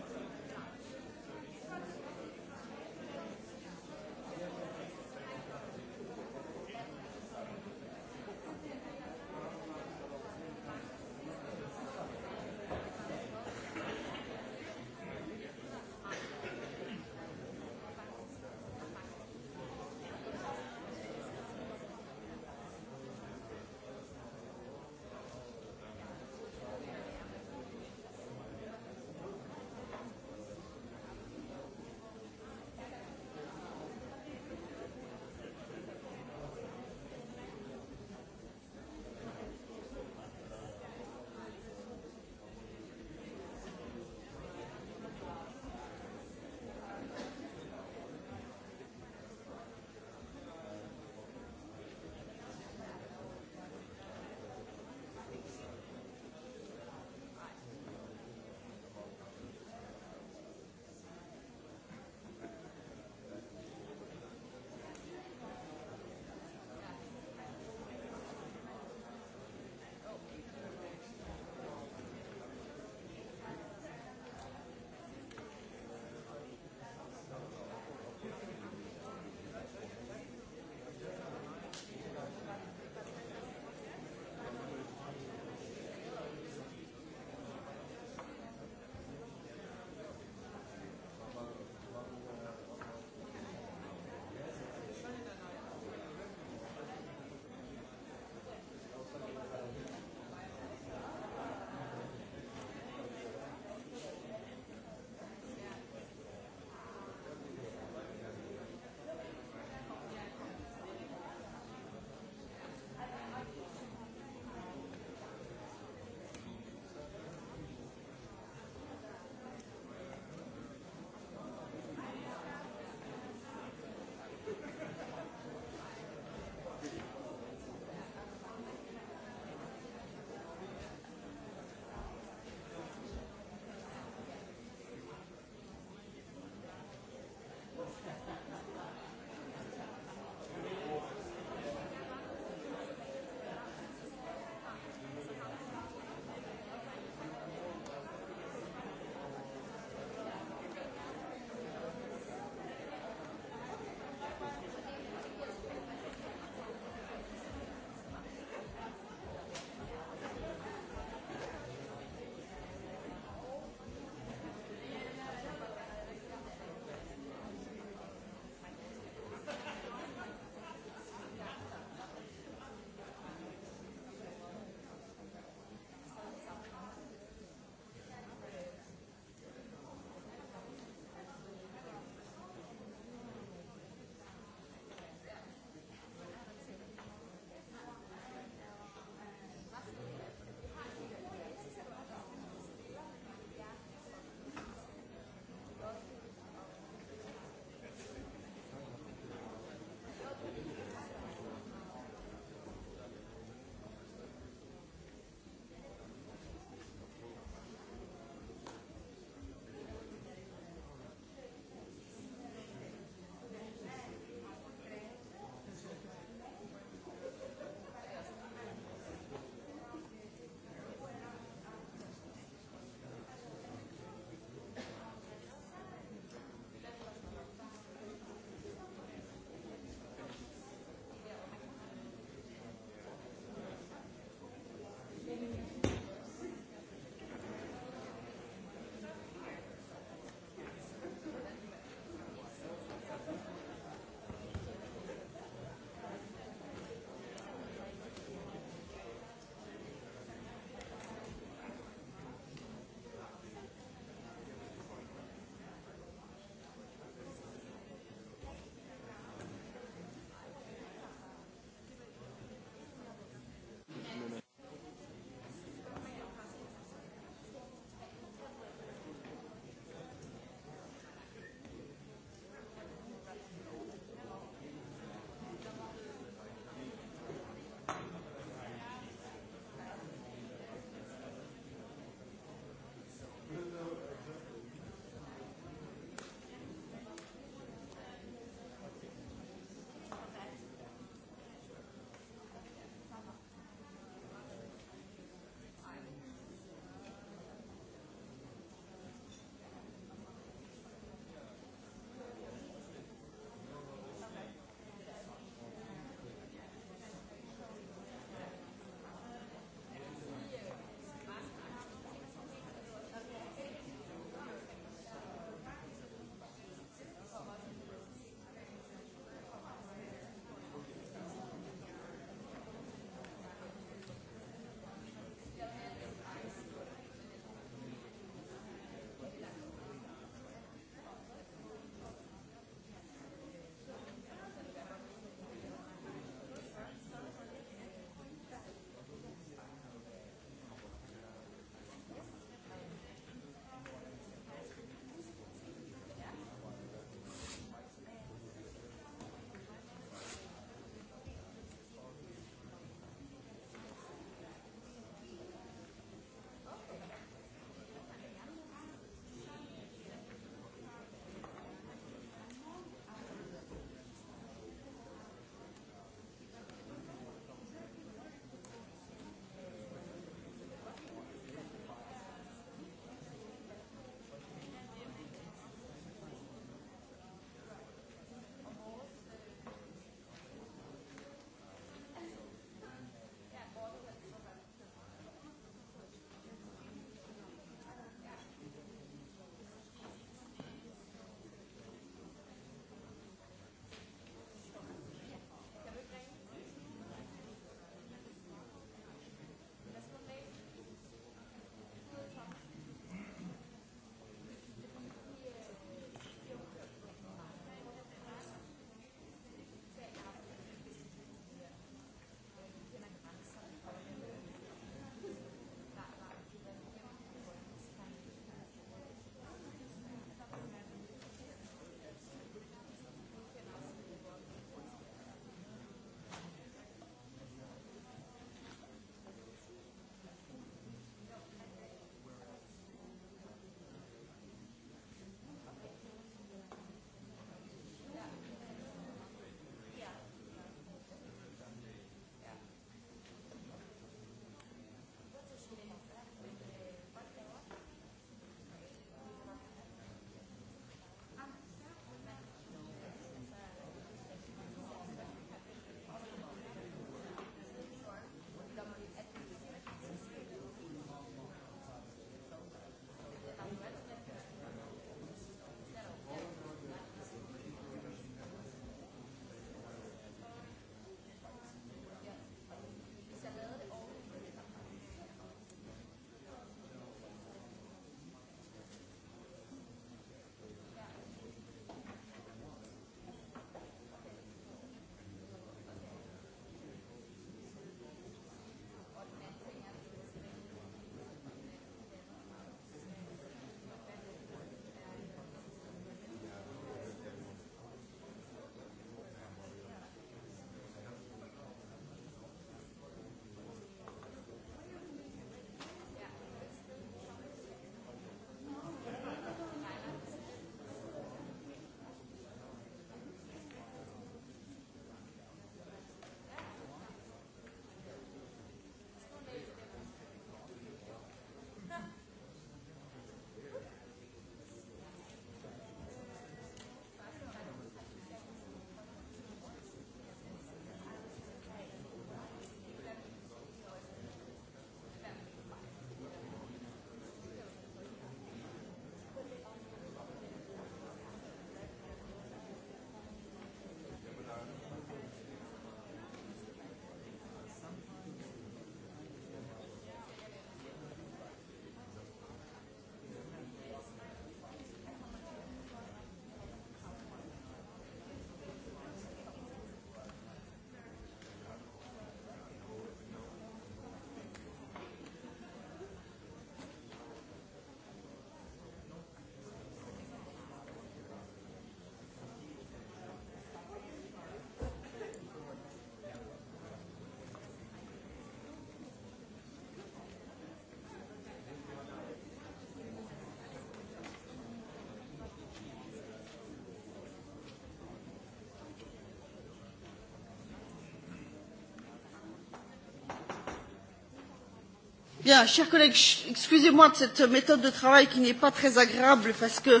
Bien, chers collègues, excusez-moi de cette méthode de travail qui n'est pas très agréable parce que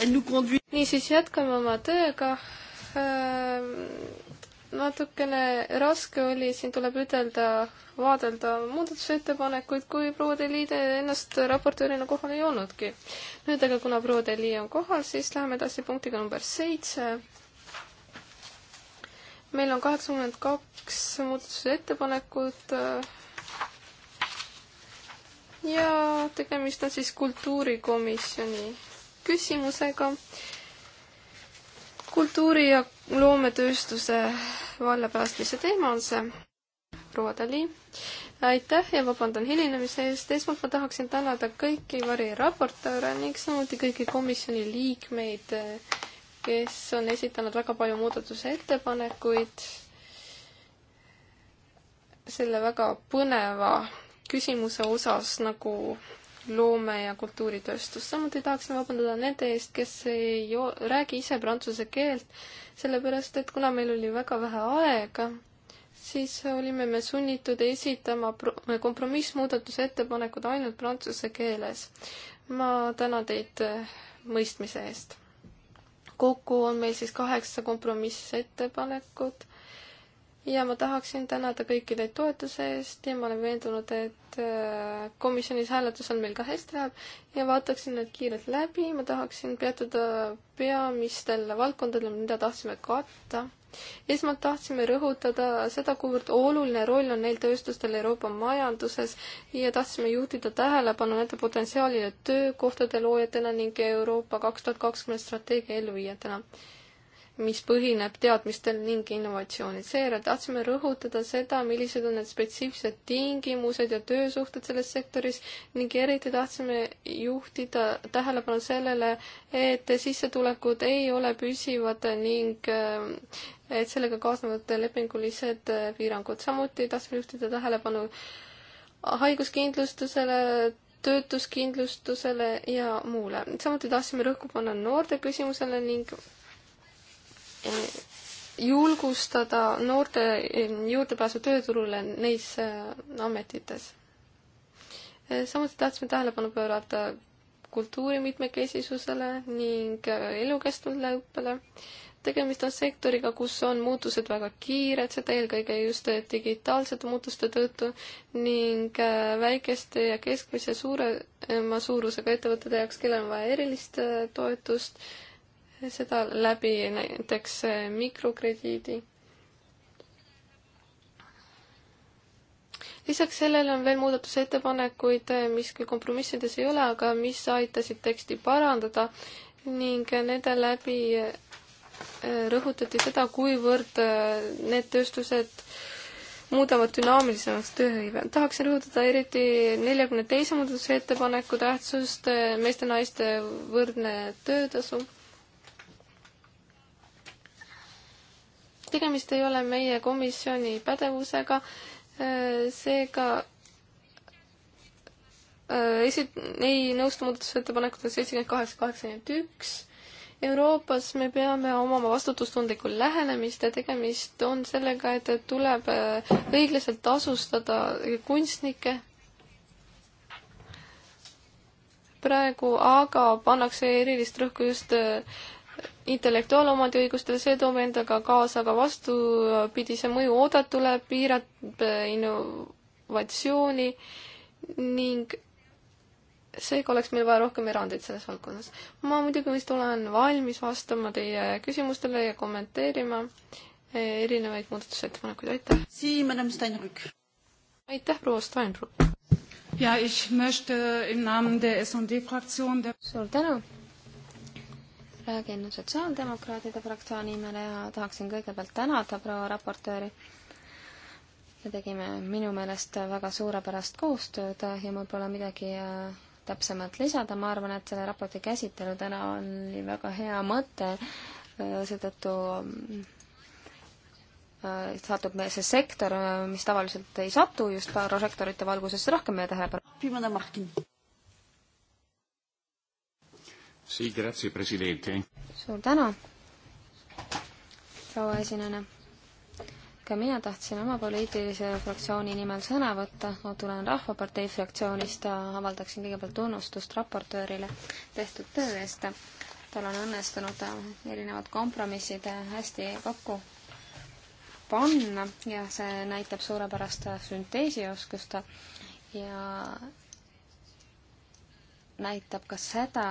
elle nous conduit. niisiis, jätkame oma tööga ähm,. natukene raske oli, siin tuleb ütelda, vaadelda muudatusettepanekuid, kui proua Deliide ennast raportöörina kohal ei olnudki. nüüd aga, kuna proua Deli on kohal, siis läheme edasi punktiga number seitse. meil on kaheksakümmend kaks muudatusettepanekut äh, ja tegemist on siis kultuurikomisjoni küsimusega. kultuuri ja loometööstuse vallapäästmise teema on see. proua Tali, aitäh ja vabandan hilinemise eest. esmalt ma tahaksin tänada kõiki variraportööre ning samuti kõiki komisjoni liikmeid, kes on esitanud väga palju muudatusettepanekuid selle väga põneva küsimuse osas nagu loome- ja kultuuritööstus. samuti tahaksin vabandada nende eest, kes ei räägi ise prantsuse keelt, sellepärast et kuna meil oli väga vähe aega, siis olime me sunnitud esitama kompromissmuudatuse ettepanekud ainult prantsuse keeles. ma tänan teid eh, mõistmise eest. kokku on meil siis kaheksa kompromissettepanekut ja ma tahaksin tänada kõiki teid toetuse eest ja ma olen veendunud, et äh, komisjonis hääletus on meil ka hästi läheb ja vaataksin need kiirelt läbi, ma tahaksin peatuda peamistel valdkondadel, mida tahtsime katta. esmalt tahtsime rõhutada seda, kuivõrd oluline roll on neil tööstustel Euroopa majanduses ja tahtsime juhtida tähelepanu nende potentsiaalile töökohtade loojatena ning Euroopa kaks tuhat kakskümmend strateegia elluviijatena mis põhineb teadmistel ning innovatsioonil. seejärel tahtsime rõhutada seda, millised on need spetsiifilised tingimused ja töösuhted selles sektoris ning eriti tahtsime juhtida tähelepanu sellele, et sissetulekud ei ole püsivad ning äh, et sellega kaasnevad lepingulised äh, piirangud. samuti tahtsime juhtida tähelepanu haiguskindlustusele, töötuskindlustusele ja muule. samuti tahtsime rõhku panna noorte küsimusele ning Eh, julgustada noorte eh, juurdepääsu tööturule neis eh, ametites. samuti tahtsime tähelepanu pöörata kultuuri mitmekesisusele ning elukestvale õppele. tegemist on sektoriga, kus on muutused väga kiired, seda eelkõige just digitaalsete muutuste tõttu ning väikeste ja keskmise suurema suurusega ettevõtete jaoks, kellel on vaja erilist toetust, seda läbi näiteks eh, mikrokrediidi. lisaks sellele on veel muudatusettepanekuid, eh, mis küll kompromissides ei ole, aga mis aitasid teksti parandada ning nende läbi eh, rõhutati seda, kuivõrd need tööstused muudavad dünaamilisemaks tööhõive. tahaksin rõhutada eriti neljakümne teise muudatusettepaneku tähtsust meeste-naiste võrdne töötasu tegemist ei ole meie komisjoni pädevusega, äh, seega äh, esi-, ei nõustu muudatusettepanekutega seitsekümmend kaheksa, kaheksakümmend üks. Euroopas me peame omama vastutustundlikku lähenemist ja tegemist on sellega, et tuleb äh, õiglaselt tasustada kunstnikke. praegu aga pannakse erilist rõhku just intellektuaalomandi õigustele, see toob endaga kaasa ka vastupidise mõju oodatule, piirab innovatsiooni ning seega oleks meil vaja rohkem erandeid selles valdkonnas. ma muidugi vist olen valmis vastama teie küsimustele ja kommenteerima erinevaid muudatusettepanekuid, aitäh! Sii, madam Steinrück! aitäh, proua Steinrück! ja ich möchte im Namen der SMD Fraktion der suur tänu! räägin Sotsiaaldemokraatide fraktsiooni nimel ja tahaksin kõigepealt tänada proua raportööri. me tegime minu meelest väga suurepärast koostööd ja mul pole midagi äh, täpsemalt lisada, ma arvan, et selle raporti käsitelu täna oli väga hea mõte, äh, seetõttu äh, satub meie see sektor, mis tavaliselt ei satu just sektorite valgusesse rohkem meie tähelepanu. Sì, grazie, presidente. suur tänu, proua esinejana. ka mina tahtsin oma poliitilise fraktsiooni nimel sõna võtta, ma tulen Rahvapartei fraktsioonist, avaldaksin kõigepealt tunnustust raportöörile tehtud töö eest. tal on õnnestunud erinevad kompromissid hästi kokku panna ja see näitab suurepärast sünteesioskust ja näitab ka seda,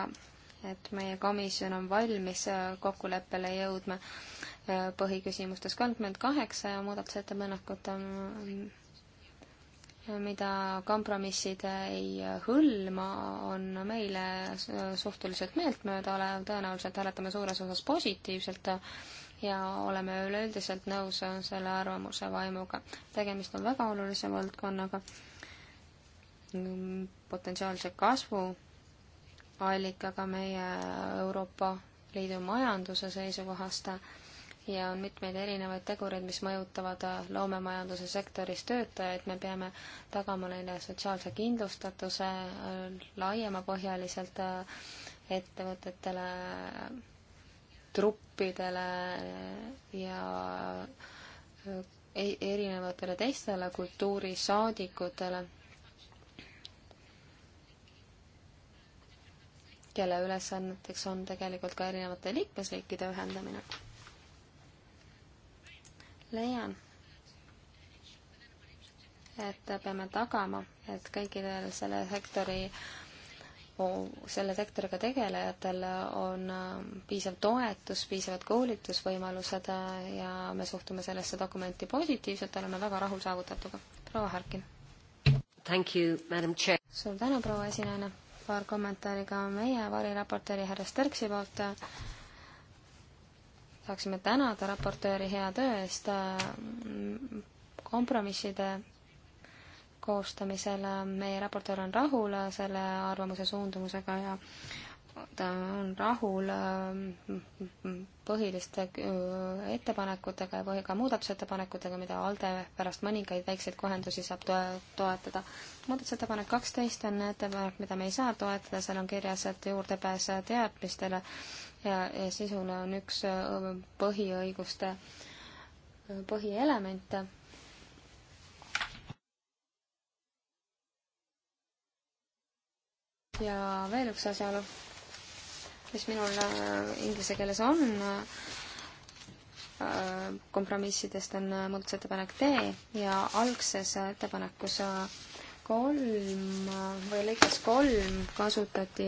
et meie komisjon on valmis äh, kokkuleppele jõudma äh, põhiküsimustes kolmkümmend kaheksa ja muudatusettepanekut on ähm, äh, mida kompromissid ei hõlma, on meile suhteliselt meeltmööda olev, tõenäoliselt hääletame suures osas positiivselt ja oleme üleüldiselt nõus selle arvamuse vaimuga. tegemist on väga olulise valdkonnaga, mm, potentsiaalse kasvu allikaga meie Euroopa Liidu majanduse seisukohast ja on mitmeid erinevaid tegureid, mis mõjutavad loomemajanduse sektoris töötajaid, me peame tagama neile sotsiaalse kindlustatuse laiemapõhjaliselt äh, ettevõtetele, truppidele ja äh, e-, erinevatele teistele kultuurisaadikutele kelle ülesanneteks on tegelikult ka erinevate liikmesriikide ühendamine. leian, et peame tagama, et kõikidel selle sektori selle sektoriga tegelejatel on ähm, piisav toetus, piisavad koolitusvõimalused äh, ja me suhtume sellesse dokumenti positiivselt, oleme väga rahul saavutatuga. proua Harkin. suur tänu, proua esinaine paar kommentaari ka meie variraportööri härra Sterksi poolt. tahaksime tänada raportööri hea töö eest äh, kompromisside koostamisel. meie raportöör on rahul selle arvamuse suundumusega ja ta on rahul ähm, põhiliste äh, ettepanekutega ja ka muudatusettepanekutega, mida ALDE pärast mõningaid väikseid kohendusi saab toetada. muudatusettepanek kaksteist on ettepanek, mida me ei saa toetada, seal on kirjas, et juurdepääs teadmistele ja, ja sisule on üks äh, põhiõiguste äh, põhielemente ja veel üks asjaolu mis minul äh, inglise keeles on. Äh, kompromissidest on äh, muudatusettepanek D ja algses ettepanekus kolm või lõikes kolm kasutati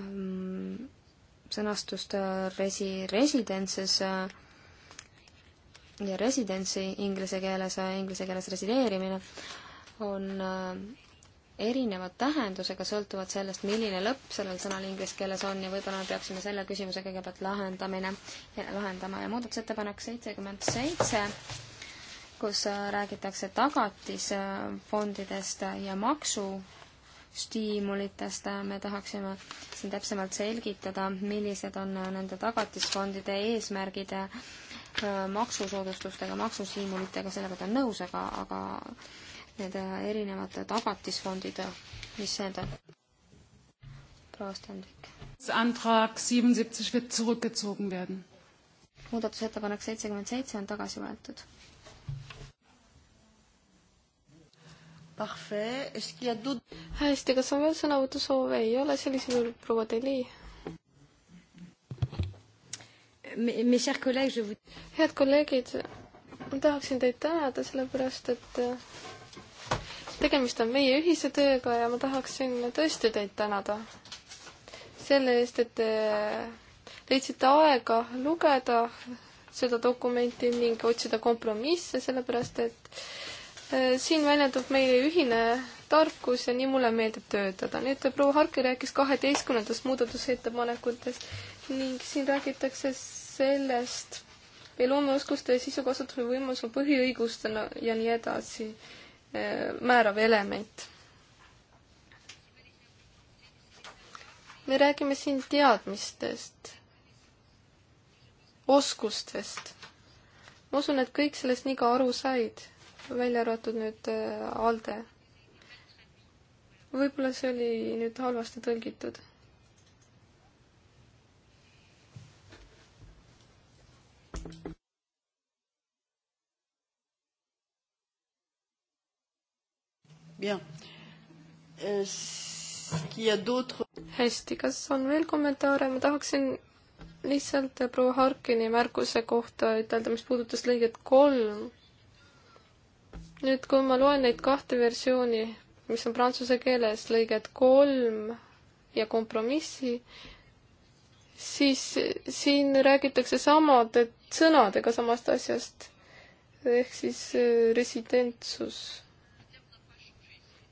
ähm, sõnastust resi-, residences ja residency inglise keeles, inglise keeles resideerimine on erinevad tähendusega, sõltuvalt sellest, milline lõpp sellel sõnal inglise keeles on ja võib-olla me peaksime selle küsimuse kõigepealt lahendamine, lahendama ja muudatusettepanek seitsekümmend seitse, kus äh, räägitakse tagatisfondidest ja maksustiimulitest, me tahaksime siin täpsemalt selgitada, millised on äh, nende tagatisfondide eesmärgid äh, maksusoodustustega, maksustiimulitega, sellega ta on nõus, aga, aga need äh, erinevad tagatisfondid, mis need on? Antrag siebensiebzig wird zurückgezogen werden. muudatusettepanek seitsekümmend seitse on tagasi võetud. hästi, kas on veel sõnavõtusoove? ei ole, sellisel juhul proua Deli. head kolleegid, ma tahaksin teid tänada, sellepärast et äh, tegemist on meie ühise tööga ja ma tahaksin tõesti teid tänada selle eest, et te leidsite aega lugeda seda dokumenti ning otsida kompromisse, sellepärast et äh, siin väljendub meie ühine tarkus ja nii mulle meeldib töötada. nüüd proua Harki rääkis kaheteistkümnendast muudatusettepanekutest ning siin räägitakse sellest ja loomeoskuste ja sisukasutuse võimalus on põhiõigustena ja nii edasi. Eh, määrav element. me räägime siin teadmistest, oskustest. ma usun, et kõik sellest nii ka aru said, välja arvatud nüüd eh, Alde. võib-olla see oli nüüd halvasti tõlgitud Euh, hästi, kas on veel kommentaare, ma tahaksin lihtsalt proua Harkini märkuse kohta ütelda, mis puudutas lõiget kolm. nüüd, kui ma loen neid kahte versiooni, mis on prantsuse keeles lõiget kolm ja kompromissi, siis siin räägitakse samade sõnadega samast asjast ehk siis äh, residentsus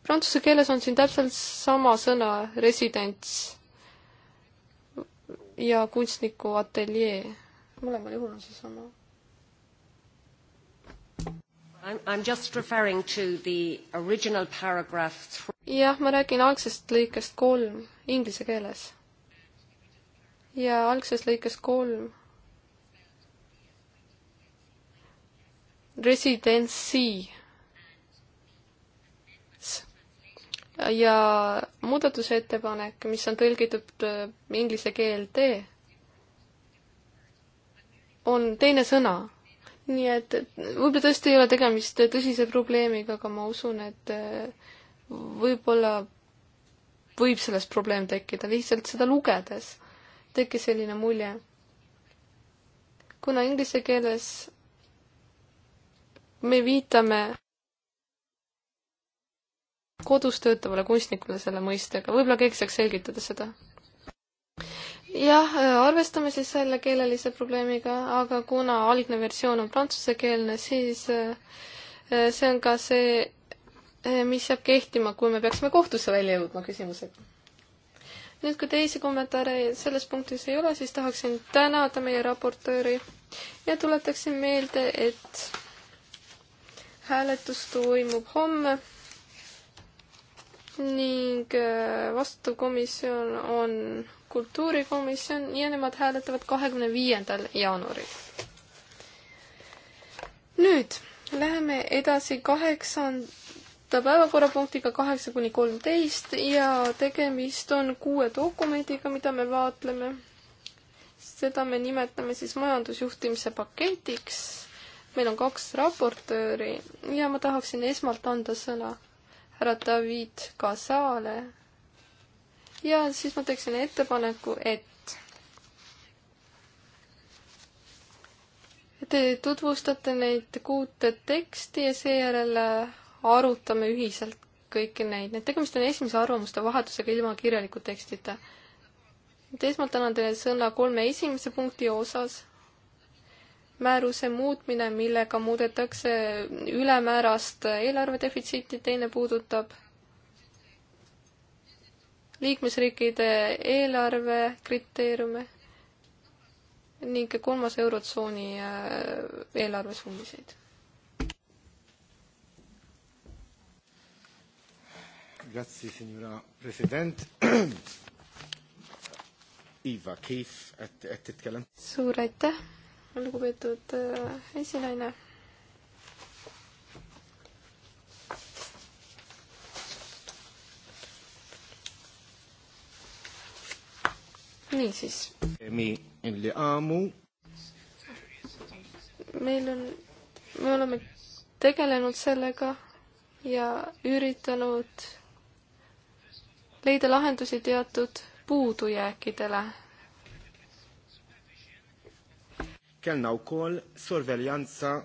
Prantsuse keeles on siin täpselt sama sõna, residents ja kunstniku ateljee. mõlemal juhul on see sama. jah, ma räägin algsest lõikest kolm inglise keeles. ja algses lõikes kolm. Residency ja muudatusettepanek, mis on tõlgitud äh, inglise keelde, on teine sõna. nii et võib-olla tõesti ei ole tegemist tõsise probleemiga, aga ma usun, et äh, võib-olla võib sellest probleem tekkida, lihtsalt seda lugedes tekkis selline mulje. kuna inglise keeles me viitame kodus töötavale kunstnikule selle mõistega, võib-olla keegi saaks selgitada seda? jah, äh, arvestame siis selle keelelise probleemiga, aga kuna algne versioon on prantsusekeelne, siis äh, äh, see on ka see, mis jääb kehtima, kui me peaksime kohtusse välja jõudma küsimusega. nüüd, kui teisi kommentaare selles punktis ei ole, siis tahaksin tänada meie raportööri ja tuletaksin meelde, et hääletus toimub homme ning äh, vastutav komisjon on kultuurikomisjon ja nemad hääletavad kahekümne viiendal jaanuaril. nüüd läheme edasi kaheksanda päevakorrapunktiga kaheksa kuni kolmteist ja tegemist on kuue dokumendiga, mida me vaatleme. seda me nimetame siis majandusjuhtimise paketiks. meil on kaks raportööri ja ma tahaksin esmalt anda sõna härra David Kasale. ja siis ma teeksin ettepaneku, et te tutvustate neid kuute teksti ja seejärel arutame ühiselt kõiki neid, nii et tegemist on esimese arvamuste vahetusega ilma kirjaliku tekstita. et esmalt annan teile sõna kolme esimese punkti osas määruse muutmine, millega muudetakse ülemäärast eelarvedefitsiiti, teine puudutab liikmesriikide eelarvekriteeriume ning kolmas Eurotsooni äh, eelarvesuuniseid. Grazie signora President. Iva Keif, et, et, et kellem. suur aitäh lugupeetud äh, esinaine. niisiis. meil on, me oleme tegelenud sellega ja üritanud leida lahendusi teatud puudujääkidele kellna wkoll sorveljanza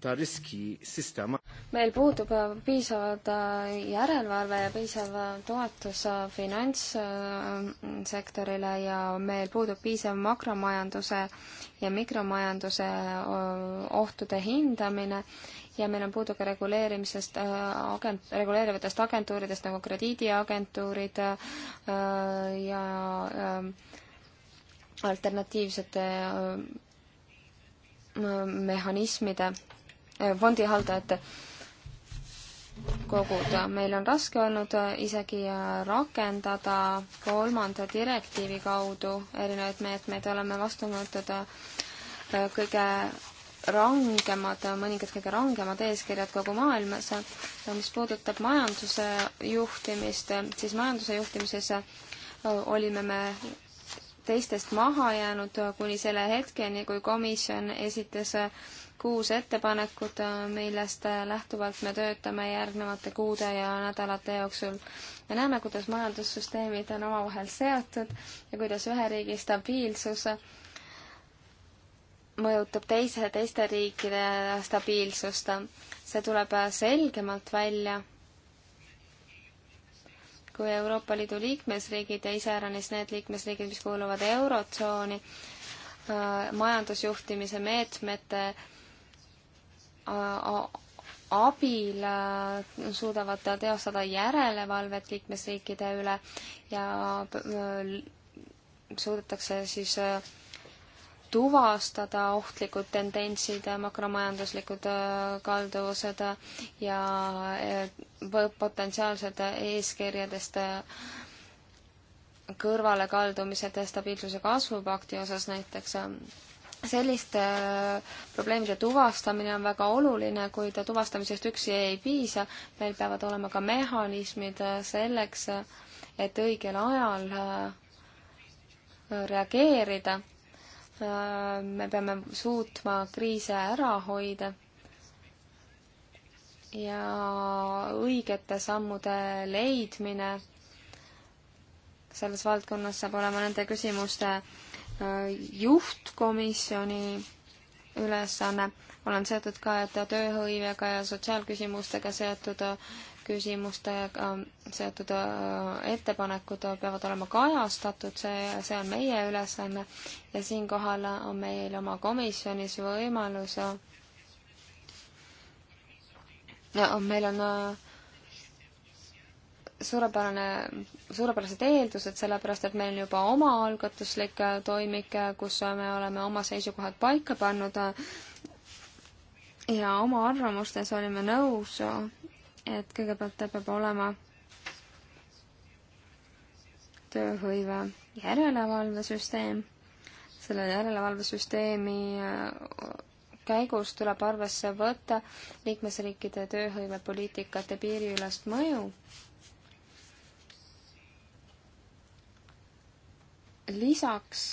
ta' riski sistema. meil puudub äh, piisavad äh, järelevalve ja piisav äh, toetus finantssektorile ja meil puudub piisav makromajanduse ja mikromajanduse ohtude hindamine ja meil on puudu ka reguleerimisest äh,, agent, reguleerivatest agentuuridest nagu krediidiagentuurid äh, ja äh, alternatiivsete äh, mehhanismide, eh, fondihaldajate kogud. meil on raske olnud eh, isegi eh, rakendada kolmanda direktiivi kaudu erinevaid meetmeid, oleme vastu võetud kõige rangemad, mõningad kõige rangemad eeskirjad kogu maailmas. mis puudutab majanduse juhtimist, siis majanduse juhtimises olime me teistest maha jäänud kuni selle hetkeni, kui komisjon esitas kuus ettepanekut, millest lähtuvalt me töötame järgnevate kuude ja nädalate jooksul. me näeme, kuidas majandussüsteemid on omavahel seotud ja kuidas ühe riigi stabiilsus mõjutab teise, teiste riikide stabiilsust. see tuleb selgemalt välja kui Euroopa Liidu liikmesriigid ja iseäranis need liikmesriigid, mis kuuluvad Eurotsooni, äh, majandusjuhtimise meetmete äh, abil äh, suudavad teostada järelevalvet liikmesriikide üle ja suudetakse siis tuvastada ohtlikud tendentsid, makromajanduslikud äh, kalduvused äh, ja äh, potentsiaalsed eeskirjadest kõrvalekaldumised stabiilsuse kasvupakti osas näiteks selliste probleemide tuvastamine on väga oluline, kuid tuvastamisest üksi ei piisa. meil peavad olema ka mehhanismid selleks, et õigel ajal reageerida Äh, me peame suutma kriise ära hoida ja õigete sammude leidmine selles valdkonnas saab olema nende küsimuste äh, juhtkomisjoni ülesanne. olen seotud ka tööhõivega ja sotsiaalküsimustega seotud äh, küsimustega seotud äh, ettepanekud peavad olema kajastatud, see, see on meie ülesanne ja siinkohal on meil oma komisjonis võimalus, äh, meil on äh, suurepärane, suurepärased eeldused, sellepärast et meil on juba omaalgatuslik toimik, kus me oleme oma seisukohad paika pannud ja oma arvamustes olime nõus et kõigepealt ta peab olema tööhõive järelevalvesüsteem. selle järelevalvesüsteemi äh, käigus tuleb arvesse võtta liikmesriikide tööhõivepoliitikate piiriülest mõju. lisaks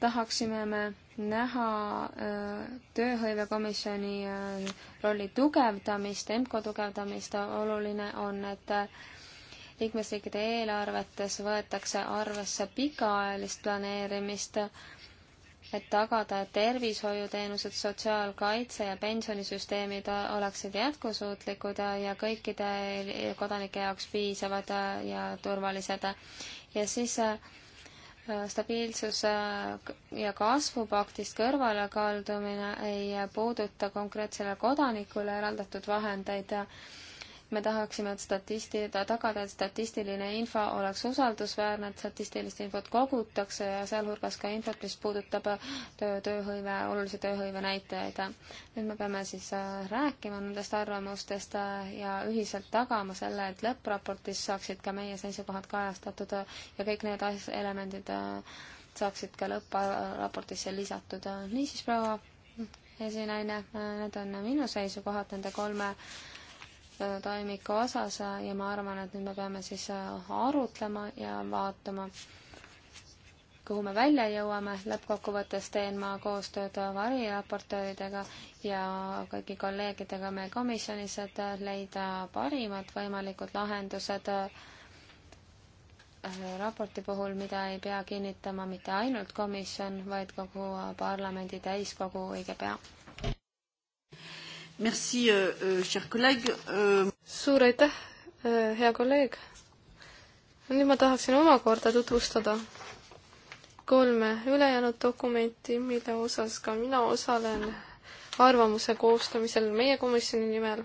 tahaksime me näha äh, tööhõivekomisjoni äh, rolli tugevdamist, EMKO tugevdamist, oluline on, et äh, liikmesriikide eelarvetes võetakse arvesse pikaajalist planeerimist, et tagada, et tervishoiuteenused, sotsiaalkaitse ja pensionisüsteemid oleksid jätkusuutlikud ja, ja kõikide kodanike jaoks piisavad ja turvalised. ja siis äh, stabiilsus- ja kasvupaktist kõrvalekaldumine ei puuduta konkreetsele kodanikule eraldatud vahendeid me tahaksime, et statisti-, tagada, et statistiline info oleks usaldusväärne, et statistilist infot kogutakse ja sealhulgas ka infot, mis puudutab töö, tööhõive, olulise tööhõive näitajaid. nüüd me peame siis äh, rääkima nendest arvamustest äh, ja ühiselt tagama selle, et lõppraportis saaksid ka meie seisukohad kajastatud äh, ja kõik need elemendid saaksid ka lõppraportisse lisatud. niisiis, proua esinaine, need on minu seisukohad nende kolme toimiku osas ja ma arvan, et nüüd me peame siis äh, arutlema ja vaatama, kuhu me välja jõuame. lõppkokkuvõttes teen ma koostööd variraportööridega ja kõigi kolleegidega meie komisjonis, et äh, leida parimad võimalikud lahendused äh, raporti puhul, mida ei pea kinnitama mitte ainult komisjon, vaid kogu parlamendi täiskogu õige pea. Merci, euh, euh, cher kolleeg. Euh, suur aitäh, äh, hea kolleeg. nüüd ma tahaksin omakorda tutvustada kolme ülejäänud dokumenti, mille osas ka mina osalen arvamuse koostamisel meie komisjoni nimel.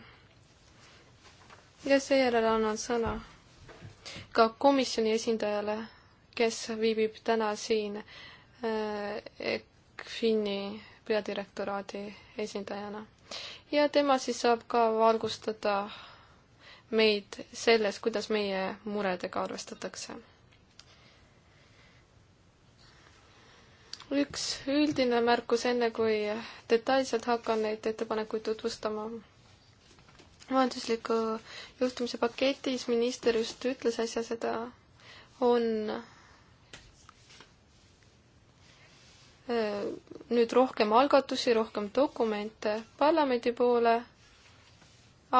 ja seejärel annan sõna ka komisjoni esindajale, kes viibib täna siin äh, ECFIN-i peadirektoraadi esindajana ja tema siis saab ka valgustada meid selles, kuidas meie muredega arvestatakse. üks üldine märkus, enne kui detailselt hakkan neid ettepanekuid tutvustama. majandusliku juhtimise paketis minister just ütles äsja seda, on nüüd rohkem algatusi, rohkem dokumente parlamendi poole,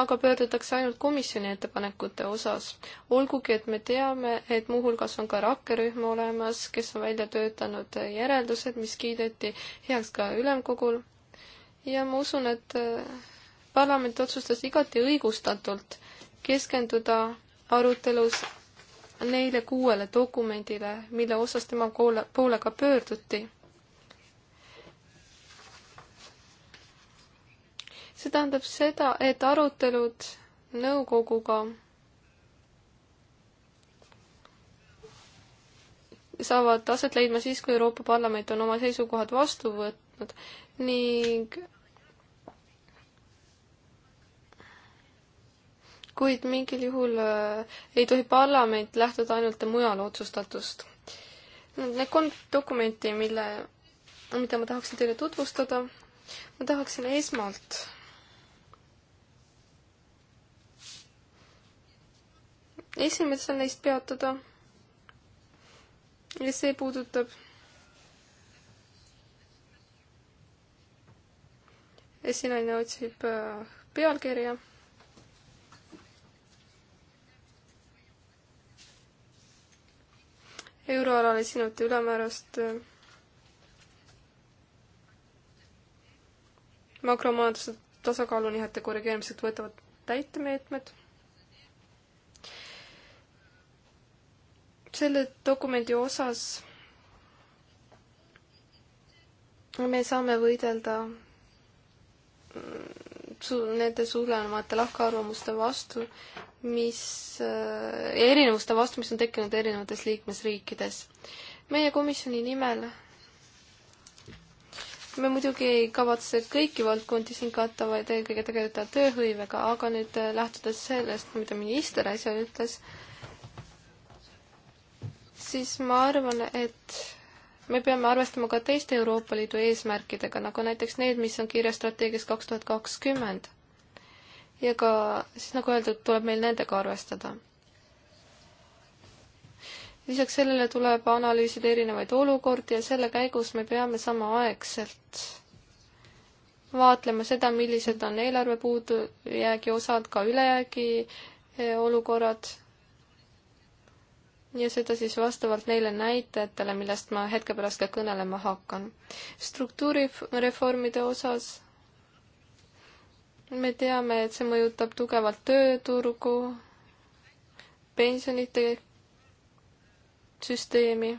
aga pöördutakse ainult komisjoni ettepanekute osas. olgugi, et me teame, et muuhulgas on ka rakkerühm olemas, kes on välja töötanud järeldused, mis kiideti heaks ka ülemkogul. ja ma usun, et äh, parlament otsustas igati õigustatult keskenduda arutelus neile kuuele dokumendile, mille osas tema poole, poole ka pöörduti see tähendab seda, et arutelud nõukoguga saavad aset leidma siis, kui Euroopa Parlament on oma seisukohad vastu võtnud ning kuid mingil juhul äh, ei tohi parlament lähtuda ainult mujal otsustatust. Need kolm dokumenti, mille, mida ma tahaksin teile tutvustada, ma tahaksin esmalt esimesel neist peatuda. ja see puudutab esinaine otsib äh, pealkirja. euroalal esinevate ülemäärast äh, makromajanduse tasakaalunihete korrigeerimised võtavad täitemeetmed selle dokumendi osas me saame võidelda mm, su-, nende suuremate lahkarvamuste vastu, mis äh,, erinevuste vastu, mis on tekkinud erinevates liikmesriikides. meie komisjoni nimel me muidugi ei kavatse kõiki valdkondi siin katta, vaid eelkõige tegeleda tööhõivega, aga nüüd äh, lähtudes sellest, mida minister äsja ütles äh,, siis ma arvan, et me peame arvestama ka teiste Euroopa Liidu eesmärkidega, nagu näiteks need, mis on kirjas strateegias kaks tuhat kakskümmend. ja ka siis, nagu öeldud, tuleb meil nendega arvestada. lisaks sellele tuleb analüüsida erinevaid olukordi ja selle käigus me peame samaaegselt vaatlema seda, millised on eelarve puudujäägi osad, ka ülejäägi eh, olukorrad ja seda siis vastavalt neile näitajatele, millest ma hetke pärast ka kõnelema hakkan. struktuurireformide osas me teame, et see mõjutab tugevalt tööturgu, pensionite süsteemi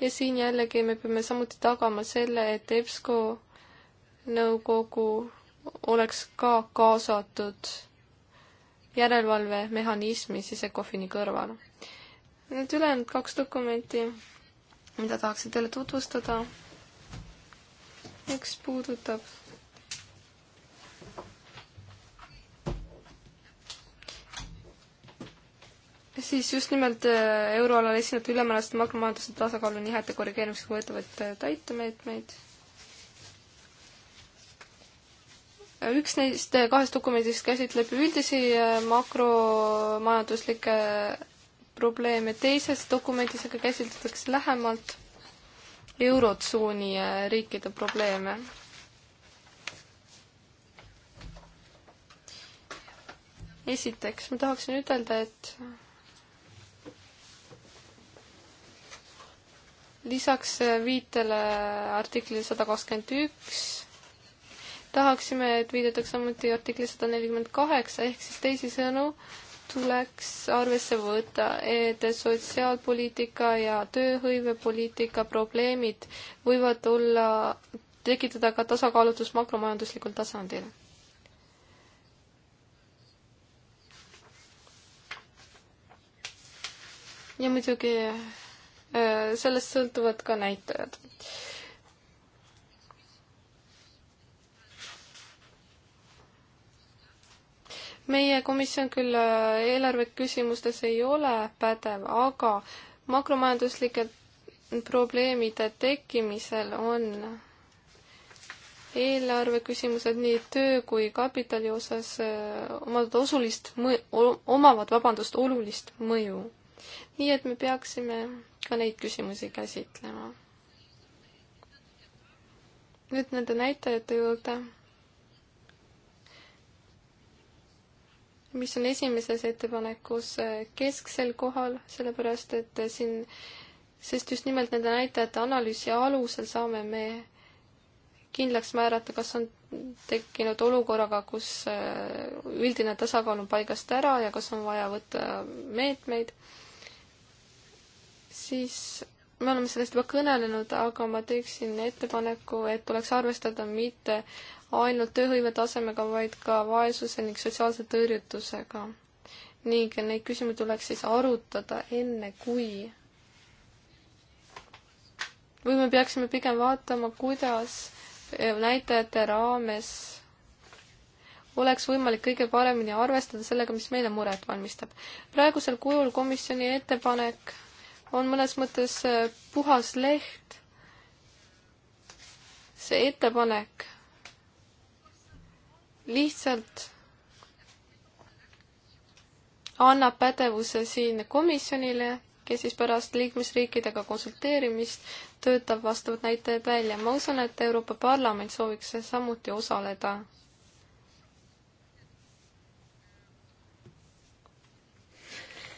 ja siin jällegi me peame samuti tagama selle, et EBSCO nõukogu oleks ka kaasatud järelevalvemehhanismi sisekofini kõrval Need ülejäänud kaks dokumenti, mida tahaksin teile tutvustada, üks puudutab siis just nimelt äh, euroalal esinevate ülemääraste makromajanduse tasakaalu nihete korrigeerimiseks võetavaid äh, täitemeetmeid. Äh, üks neist kahest dokumendist käsitleb üldisi makromajanduslikke probleeme, teises dokumendis aga käsitletakse lähemalt eurotsooni äh, riikide probleeme. esiteks ma tahaksin ütelda, et lisaks viitele artiklile sada kakskümmend üks tahaksime, et viidataks samuti artikli sada nelikümmend kaheksa ehk siis teisisõnu tuleks arvesse võtta, et sotsiaalpoliitika ja tööhõivepoliitika probleemid võivad olla, tekitada ka tasakaalutust makromajanduslikul tasandil. ja muidugi äh, sellest sõltuvad ka näitajad meie komisjon küll äh, eelarve küsimustes ei ole pädev, aga makromajanduslike probleemide tekkimisel on eelarve küsimused nii töö kui kapitali osas äh, omavad osulist mõju, omavad, vabandust, olulist mõju. nii et me peaksime ka neid küsimusi käsitlema. nüüd nende näitajate juurde mis on esimeses ettepanekus äh, kesksel kohal, sellepärast et äh, siin, sest just nimelt nende näitajate analüüsi alusel saame me kindlaks määrata, kas on tekkinud olukorraga, kus äh, üldine tasakaal on paigast ära ja kas on vaja võtta meetmeid, siis me oleme sellest juba kõnelenud, aga ma teeksin ettepaneku, et tuleks arvestada mitte ainult tööhõive tasemega, vaid ka vaesuse ning sotsiaalse tõrjutusega. ning neid küsimusi tuleks siis arutada enne, kui või me peaksime pigem vaatama, kuidas eh, näitajate raames oleks võimalik kõige paremini arvestada sellega, mis meile muret valmistab. praegusel kujul komisjoni ettepanek on mõnes mõttes eh, puhas leht. see ettepanek lihtsalt annab pädevuse siin komisjonile, kes siis pärast liikmesriikidega konsulteerimist töötab vastavad näitajad välja. ma usun, et Euroopa Parlament sooviks samuti osaleda.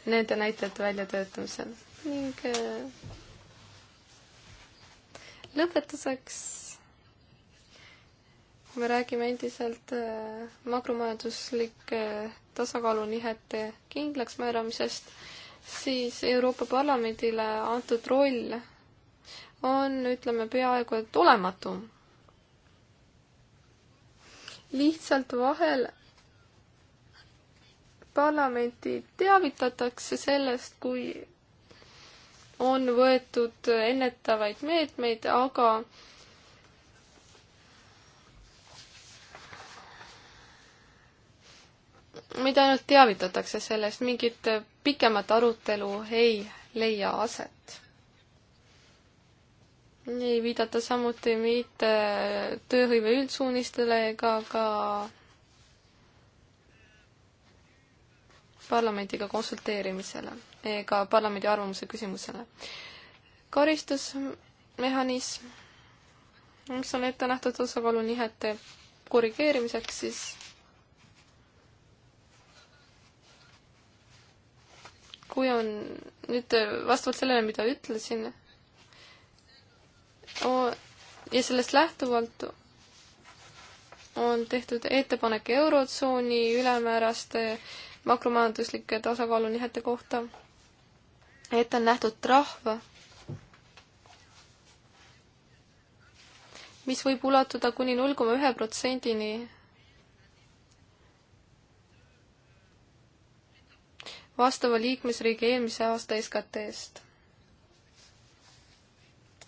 Nende näitajate väljatöötamisel ning äh, lõpetuseks me räägime endiselt äh, makromajanduslike äh, tasakaalunihete kindlaksmääramisest, siis Euroopa Parlamendile antud roll on, ütleme, peaaegu et olematu. lihtsalt vahel parlamenti teavitatakse sellest, kui on võetud ennetavaid meetmeid, aga mida ainult teavitatakse sellest, mingit pikemat arutelu ei leia aset. ei viidata samuti mitte tööhõive üldsuunistele ega ka parlamendiga konsulteerimisele ega parlamendi arvamuse küsimusele. karistusmehhanism, mis on ette nähtud osakaalu nihete korrigeerimiseks, siis kui on nüüd vastavalt sellele, mida ütlesin, ja sellest lähtuvalt on tehtud ettepanek Eurotsooni ülemääraste makromajanduslike tasakaalunihete kohta, et on nähtud trahv, mis võib ulatuda kuni null koma ühe protsendini vastava liikmesriigi eelmise aasta SKT-st.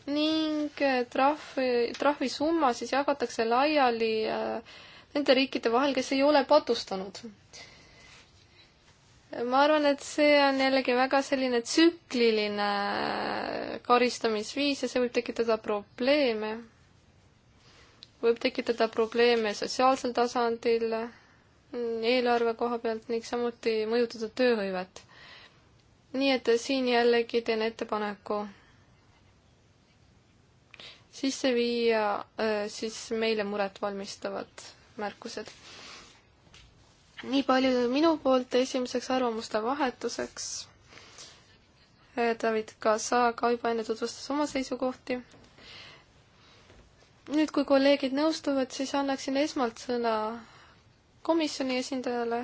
ning äh, trahv, trahvisumma siis jagatakse laiali äh, nende riikide vahel, kes ei ole patustanud. ma arvan, et see on jällegi väga selline tsükliline äh, karistamisviis ja see võib tekitada probleeme võib tekitada probleeme sotsiaalsel tasandil, eelarve koha pealt ning samuti mõjutada tööhõivet. nii et siin jällegi teen ettepaneku sisse viia äh, siis meile muret valmistavad märkused. nii palju minu poolt esimeseks arvamuste vahetuseks. Äh, David Kasa ka juba enne tutvustas oma seisukohti. nüüd, kui kolleegid nõustuvad, siis annaksin esmalt sõna komisjoni esindajale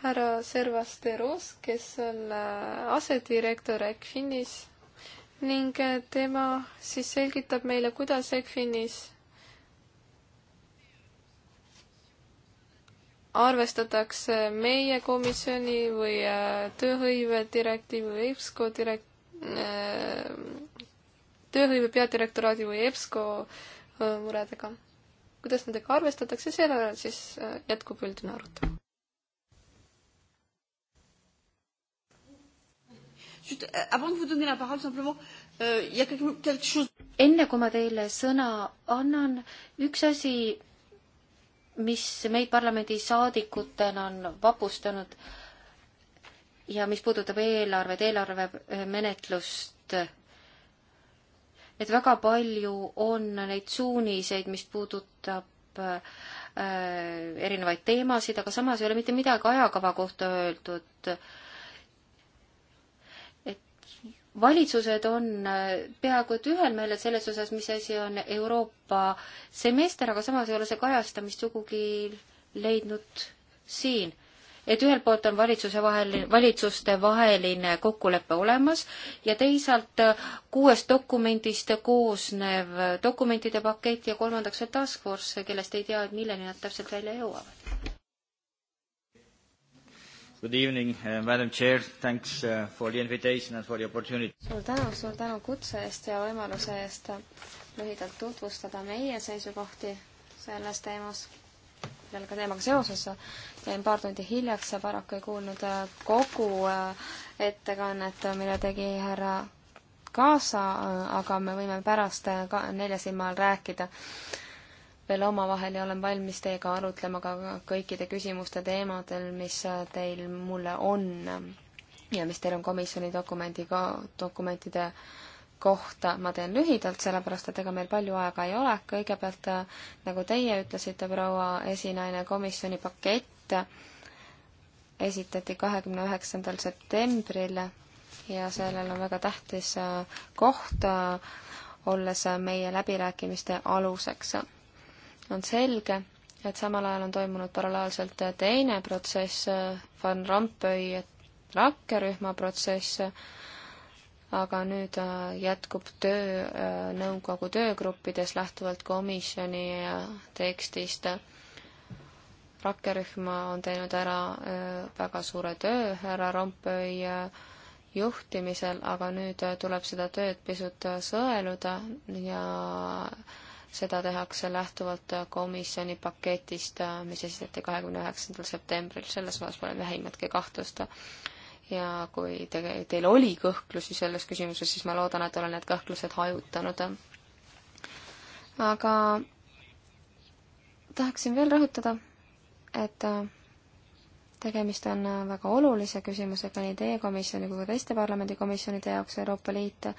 härra Servas Teros, kes on äh, asedirektor ECFINis ning äh, tema siis selgitab meile, kuidas ECFINis arvestatakse meie komisjoni või äh, tööhõive direktiivi või EBSCO direkt-, tööhõive peadirektoraadi või EBSCO muredega kuidas nendega arvestatakse, sellele siis äh, jätkub üldine arutelu. Euh, euh, enne kui ma teile sõna annan, üks asi, mis meid parlamendisaadikutena on vapustanud ja mis puudutab eelarvet, eelarvemenetlust et väga palju on neid suuniseid, mis puudutab äh, erinevaid teemasid, aga samas ei ole mitte midagi ajakava kohta öeldud. et valitsused on äh, peaaegu et ühel meelel selles osas, mis asi on Euroopa semester, aga samas ei ole see kajastamist sugugi leidnud siin et ühelt poolt on valitsuse vahel, valitsuste vaheline kokkulepe olemas ja teisalt äh, kuuest dokumendist koosnev dokumentide pakett ja kolmandaks veel task force, kellest ei tea, et milleni nad täpselt välja jõuavad. Good evening uh,, madam chair, thanks uh, for the invitation and for the opportunity. suur tänu, suur tänu kutse eest ja võimaluse eest lühidalt tutvustada meie seisukohti selles teemas sellega teemaga seoses jäin paar tundi hiljaks ja paraku ei kuulnud äh, kogu äh, ettekannet, mille tegi härra Kaasa, äh, aga me võime pärast ka nelja silma all rääkida veel omavahel ja olen valmis teiega arutlema ka kõikide küsimuste teemadel, mis teil mulle on ja mis teil on komisjoni dokumendiga, dokumentide kohta ma teen lühidalt, sellepärast et ega meil palju aega ei ole, kõigepealt äh, nagu teie ütlesite, proua esinaine, komisjoni pakett esitati kahekümne üheksandal septembril ja sellel on väga tähtis äh, koht, äh, olles meie läbirääkimiste aluseks. on selge, et samal ajal on toimunud paralleelselt teine protsess, Van Rompuy rakkerühma protsess, aga nüüd äh, jätkub töö äh, nõukogu töögruppides lähtuvalt komisjoni äh, tekstist. rakkerühm on teinud ära väga suure töö härra Rompuy juhtimisel, aga nüüd tuleb seda tööd pisut sõeluda ja seda tehakse lähtuvalt komisjoni paketist, mis esitati kahekümne üheksandal septembril, selles osas pole vähimatki kahtlust ja kui te, teil oli kõhklusi selles küsimuses, siis ma loodan, et olen need kõhklused hajutanud. aga tahaksin veel rõhutada, et tegemist on väga olulise küsimusega nii teie komisjoni kui ka teiste parlamendikomisjonide jaoks Euroopa Liit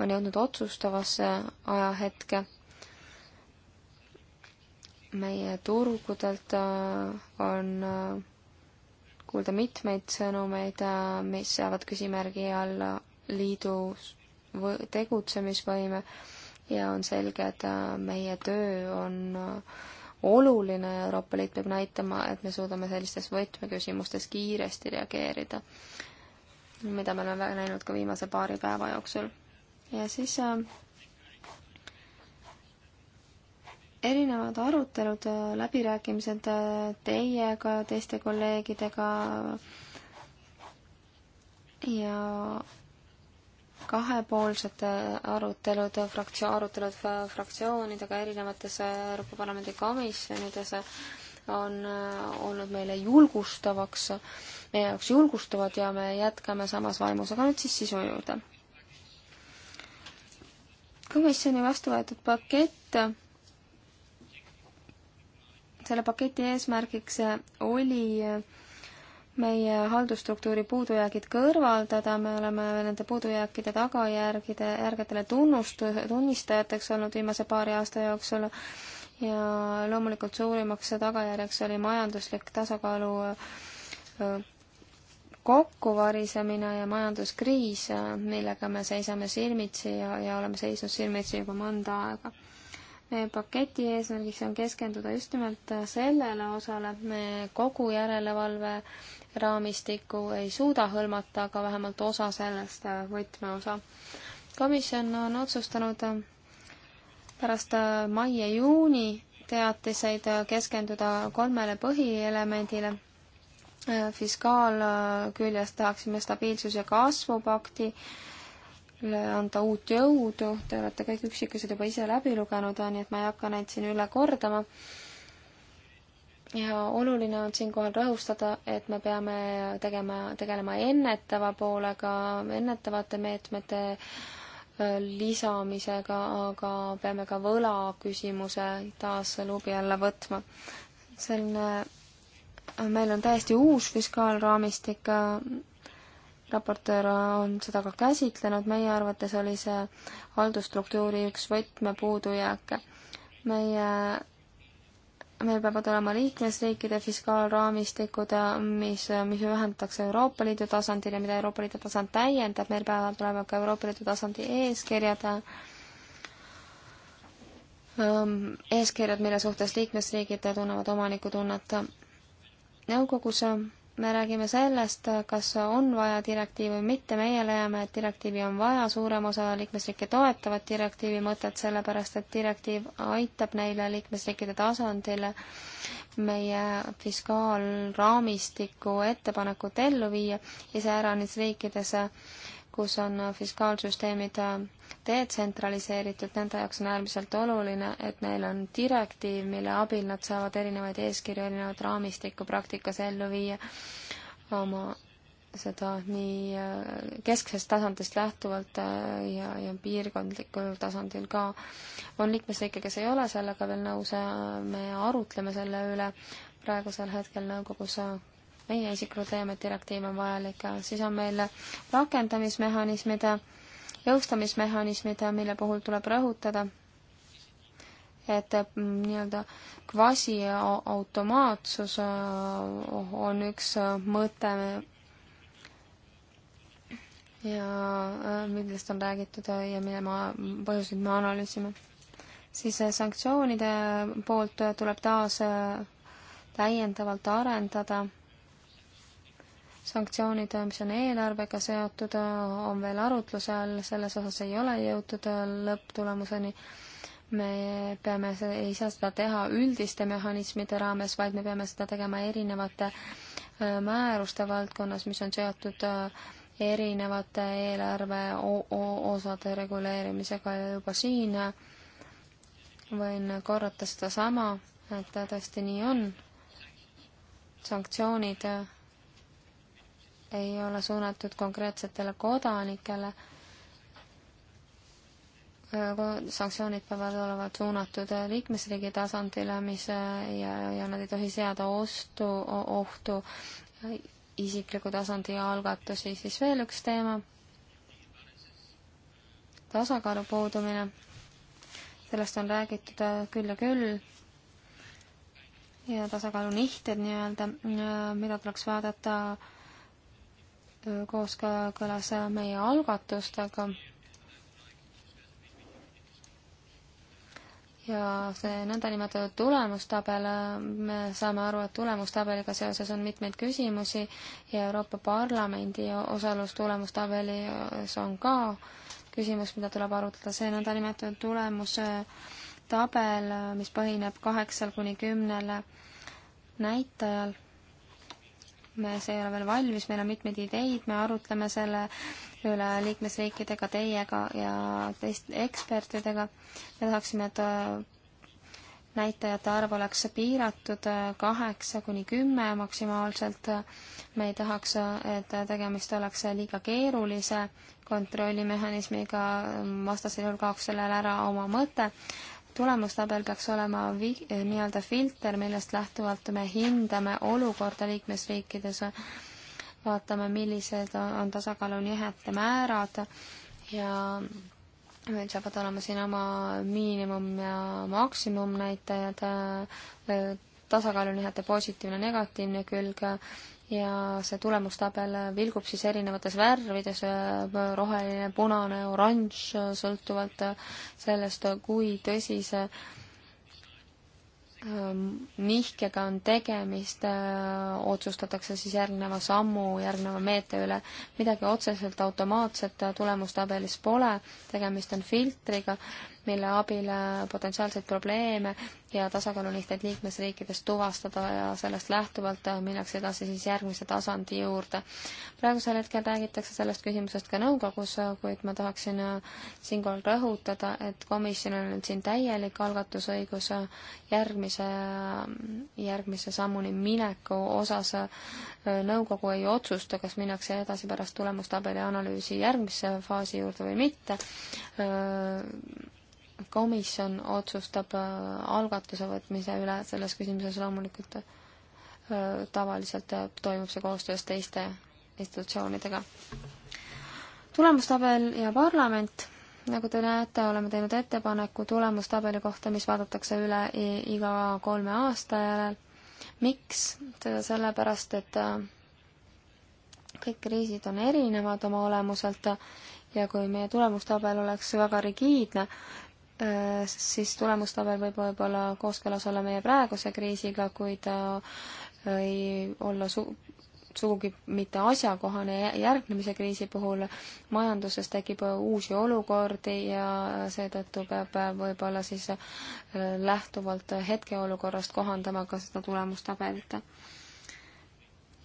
on jõudnud otsustavasse ajahetke meie turgudelt on kuulda mitmeid sõnumeid, äh, mis seavad küsimärgi alla liidu tegutsemisvõime ja on selge, et äh, meie töö on äh, oluline, Euroopa Liit peab näitama, et me suudame sellistes võtmeküsimustes kiiresti reageerida, mida me oleme näinud ka viimase paari päeva jooksul. ja siis äh, erinevad arutelud, äh, läbirääkimised äh, teiega, teiste kolleegidega ja kahepoolsed äh, arutelud, fraktsioon, arutelud fraktsioonidega erinevates Euroopa Parlamendi komisjonides on olnud meile julgustavaks, meie jaoks julgustavad ja me jätkame samas vaimus, aga nüüd siis sisu juurde. komisjoni vastu võetud pakett selle paketi eesmärgiks oli meie haldusstruktuuri puudujäägid kõrvaldada, me oleme nende puudujääkide tagajärgide, järgedele tunnust-, tunnistajateks olnud viimase paari aasta jooksul ja loomulikult suurimaks tagajärjeks oli majanduslik tasakaalu äh, kokkuvarisemine ja majanduskriis, äh, millega me seisame silmitsi ja, ja oleme seisnud silmitsi juba mõnda aega meie paketi eesmärgiks on keskenduda just nimelt äh, sellele osale, et me kogu järelevalve raamistikku ei suuda hõlmata, aga vähemalt osa sellest äh, võtmeosa. komisjon on otsustanud äh, pärast mai ja juuni teatiseid keskenduda kolmele põhielemendile. fiskaalküljest tahaksime stabiilsus- ja kasvupakti üle anda uut jõudu, te olete kõik üksikasjad juba ise läbi lugenud, nii et ma ei hakka neid siin üle kordama. ja oluline on siinkohal rõhustada, et me peame tegema, tegelema ennetava poolega, ennetavate meetmete äh, lisamisega, aga peame ka võlaküsimuse taas luubi alla võtma. see on, äh, meil on täiesti uus fiskaalraamistik äh, raportöör on seda ka käsitlenud, meie arvates oli see haldusstruktuuri üks võtmepuudujääke. meie, meil peavad olema liikmesriikide fiskaalraamistikud, mis, mis ühendatakse Euroopa Liidu tasandil ja mida Euroopa Liidu tasand täiendab, meil peavad olema ka Euroopa Liidu tasandi eeskirjad, ähm, eeskirjad, mille suhtes liikmesriigid tunnevad omanikutunnet nõukogus me räägime sellest, kas on vaja direktiivi või mitte, meie leiame, et direktiivi on vaja, suurem osa liikmesriike toetavad direktiivi mõtet, sellepärast et direktiiv aitab neile liikmesriikide tasandil meie fiskaalraamistiku ettepanekut ellu viia, iseäranis riikides, kus on fiskaalsüsteemid äh, detsentraliseeritud, nende jaoks on äärmiselt oluline, et neil on direktiiv, mille abil nad saavad erinevaid eeskirju, erinevat raamistikku praktikas ellu viia oma seda nii äh, kesksest tasandist lähtuvalt äh, ja, ja piirkondlikul tasandil ka. on liikmesriike, kes ei ole sellega veel nõus, me arutleme selle üle praegusel hetkel nõukogus meie isikuteeme direktiiv on vajalik, siis on meil rakendamismehhanismid, jõustamismehhanismid, mille puhul tuleb rõhutada, et mm, nii-öelda kvasiautomaatsus äh, on üks äh, mõte ja äh, millest on räägitud ja mille ma, põhjuseid me analüüsime. siis sanktsioonide poolt tuleb taas täiendavalt arendada sanktsioonid, mis on eelarvega seotud, on veel arutluse all, selles osas ei ole jõutud äh, lõpptulemuseni. me peame, ei saa seda teha üldiste mehhanismide raames, vaid me peame seda tegema erinevate äh, määruste valdkonnas, mis on seotud äh, erinevate eelarve osade reguleerimisega ja juba siin võin korrata sedasama, et tõesti nii on. sanktsioonid ei ole suunatud konkreetsetele kodanikele, sanktsioonid peavad olema suunatud liikmesriigi tasandile, mis ja, ja nad ei tohi seada ostu, ohtu isikliku tasandi algatusi, siis veel üks teema, tasakaalu puudumine, sellest on räägitud küll ja küll, ja tasakaalu nihted nii-öelda, mida tuleks vaadata äh, kooskõlas meie algatustega. ja see nõndanimetatud tulemustabel, me saame aru, et tulemustabeliga seoses on mitmeid küsimusi ja Euroopa Parlamendi osalus tulemustabelis on ka küsimus, mida tuleb arutleda, see nõndanimetatud tulemustabel, mis põhineb kaheksal kuni kümnele näitajal me, see ei ole veel valmis, meil on mitmeid ideid, me arutleme selle üle liikmesriikidega, teiega ja teist ekspertidega. me tahaksime, et äh, näitajate arv oleks piiratud äh, kaheksa kuni kümme maksimaalselt. me ei tahaks, äh, et tegemist oleks liiga keerulise kontrollimehhanismiga, vastasel juhul kaoks sellel ära oma mõte tulemustabel peaks olema eh, nii-öelda filter, millest lähtuvalt me hindame olukorda liikmesriikides, vaatame, millised on tasakaalunihete määrad ja meil saavad olema siin oma miinimum- ja maksimumnäitajad, eh, tasakaalunihete positiivne, negatiivne külg ja see tulemustabel vilgub siis erinevates värvides, äh, roheline, punane, oranž, sõltuvalt äh, sellest, kui tõsise ähm, nihkega on tegemist, äh, otsustatakse siis järgneva sammu, järgneva meete üle. midagi otseselt automaatset tulemustabelis pole, tegemist on filtriga mille abil äh, potentsiaalseid probleeme ja tasakaalulihteid liikmesriikides tuvastada ja sellest lähtuvalt äh, minnakse edasi siis järgmise tasandi juurde. praegusel hetkel räägitakse sellest küsimusest ka nõukogus, äh, kuid ma tahaksin siinkohal rõhutada, et komisjonil on siin täielik algatusõigus järgmise, järgmise sammuni mineku osas. nõukogu ei otsusta, kas minnakse edasi pärast tulemustabeli analüüsi järgmisse faasi juurde või mitte komisjon otsustab äh, algatuse võtmise üle selles küsimuses loomulikult äh, tavaliselt äh, toimub see koostöös teiste institutsioonidega. tulemustabel ja parlament, nagu te näete, oleme teinud ettepaneku tulemustabeli kohta, mis vaadatakse üle iga kolme aasta järel. miks? seda sellepärast, et kõik kriisid on erinevad oma olemuselt ja kui meie tulemustabel oleks väga rigiidne, Äh, siis tulemustabel võib võib-olla kooskõlas olla meie praeguse kriisiga, kui ta äh, ei olla su-, sugugi mitte asjakohane järgnemise kriisi puhul. majanduses tekib äh, uusi olukordi ja seetõttu peab võib-olla siis lähtuvalt hetkeolukorrast kohandama ka seda tulemustabelit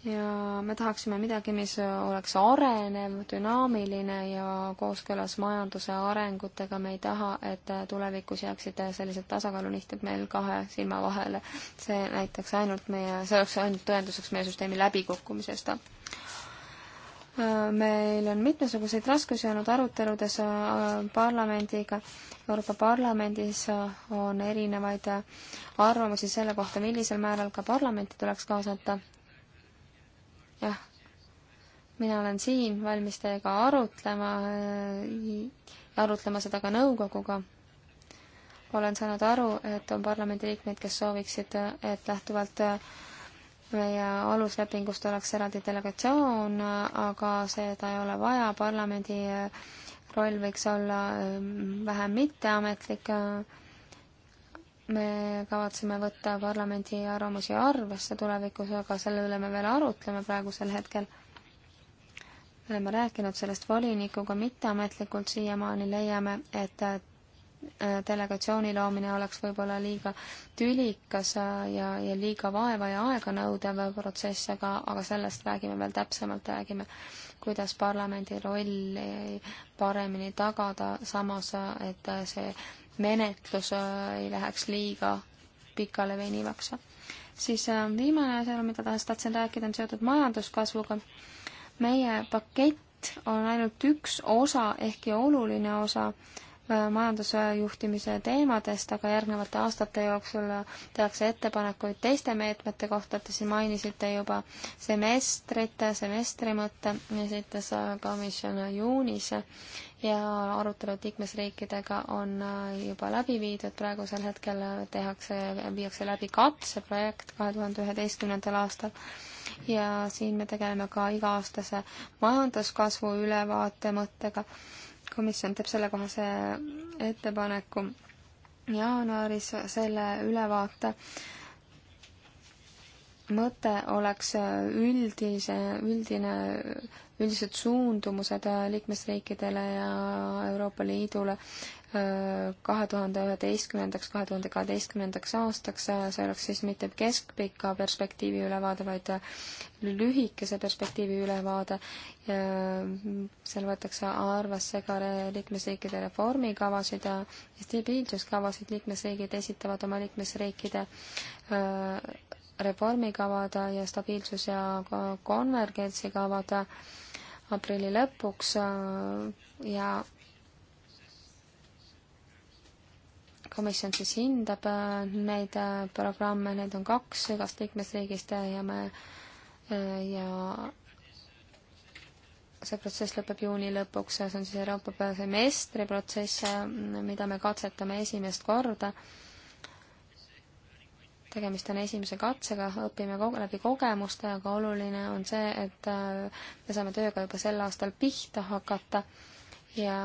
ja me tahaksime midagi, mis oleks arenev, dünaamiline ja kooskõlas majanduse arengutega, me ei taha, et tulevikus jääksid sellised tasakaalunihted meil kahe silma vahele. see näitaks ainult meie, see oleks ainult tõenduseks meie süsteemi läbikukkumisest. meil on mitmesuguseid raskusi olnud aruteludes äh, parlamendiga, Euroopa Parlamendis on erinevaid arvamusi selle kohta, millisel määral ka parlamenti tuleks kaasata jah, mina olen siin valmis teiega arutlema, äh, arutlema seda ka nõukoguga. olen saanud aru, et on parlamendiliikmeid, kes sooviksid, et lähtuvalt äh, meie aluslepingust oleks eraldi delegatsioon, aga seda ei ole vaja, parlamendi äh, roll võiks olla vähem mitteametlik me kavatseme võtta parlamendi arvamusi arvesse tulevikus, aga selle üle me veel arutleme praegusel hetkel. me oleme rääkinud sellest volinikuga mitteametlikult, siiamaani leiame, et äh, delegatsiooni loomine oleks võib-olla liiga tülikas ja, ja liiga vaeva ja aeganõudev protsess, aga, aga sellest räägime veel täpsemalt, räägime, kuidas parlamendi rolli paremini tagada, samas et äh, see menetlus äh, ei läheks liiga pikale venivaks. siis äh, viimane asja, mida tahtsin rääkida, on seotud majanduskasvuga. meie pakett on ainult üks osa, ehkki oluline osa äh, majanduse juhtimise teemadest, aga järgnevate aastate jooksul tehakse ettepanekuid teiste meetmete kohta, te siin mainisite juba semestrite, semestri mõtte, esitas komisjon juunis ja arutelud liikmesriikidega on äh, juba läbi viidud, praegusel hetkel tehakse, viiakse läbi katseprojekt kahe tuhande üheteistkümnendal aastal ja siin me tegeleme ka iga-aastase majanduskasvu ülevaate mõttega. komisjon teeb sellekohase ettepaneku jaanuaris selle ülevaate äh, mõte oleks äh, üldise, üldine, üldised suundumused äh, liikmesriikidele ja Euroopa Liidule äh, kahe tuhande üheteistkümnendaks, kahe tuhande kaheteistkümnendaks aastaks, see oleks siis mitte keskpika perspektiivi ülevaade, vaid lühikese perspektiivi ülevaade. seal võetakse arvesse ka liikmesriikide reformikavasid ja stabiilsuskavasid, liikmesriigid esitavad oma liikmesriikide reformikavad ja stabiilsus- ja konvergentsikavad aprilli lõpuks ja komisjon siis hindab neid programme, neid on kaks igast liikmesriigist ja me ja see protsess lõpeb juuni lõpuks ja see on siis Euroopa semestri protsess, mida me katsetame esimest korda tegemist on esimese katsega, õpime kogu, läbi kogemuste, aga oluline on see, et äh, me saame tööga juba sel aastal pihta hakata ja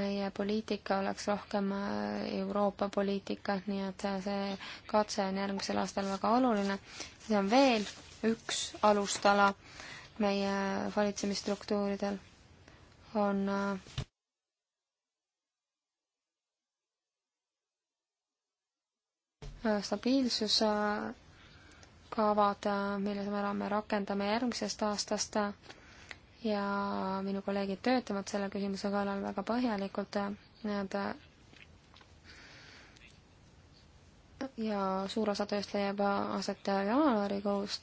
meie poliitika oleks rohkem äh, Euroopa poliitika, nii et see katse on järgmisel aastal väga oluline. siis on veel üks alustala meie valitsemisstruktuuridel, on äh, Äh, stabiilsuskavad, äh, mille me oleme, rakendame järgmisest aastast ja minu kolleegid töötavad selle küsimuse kallal väga põhjalikult, äh, nad ja suur osa tööst leiab aset jaanuarikuus,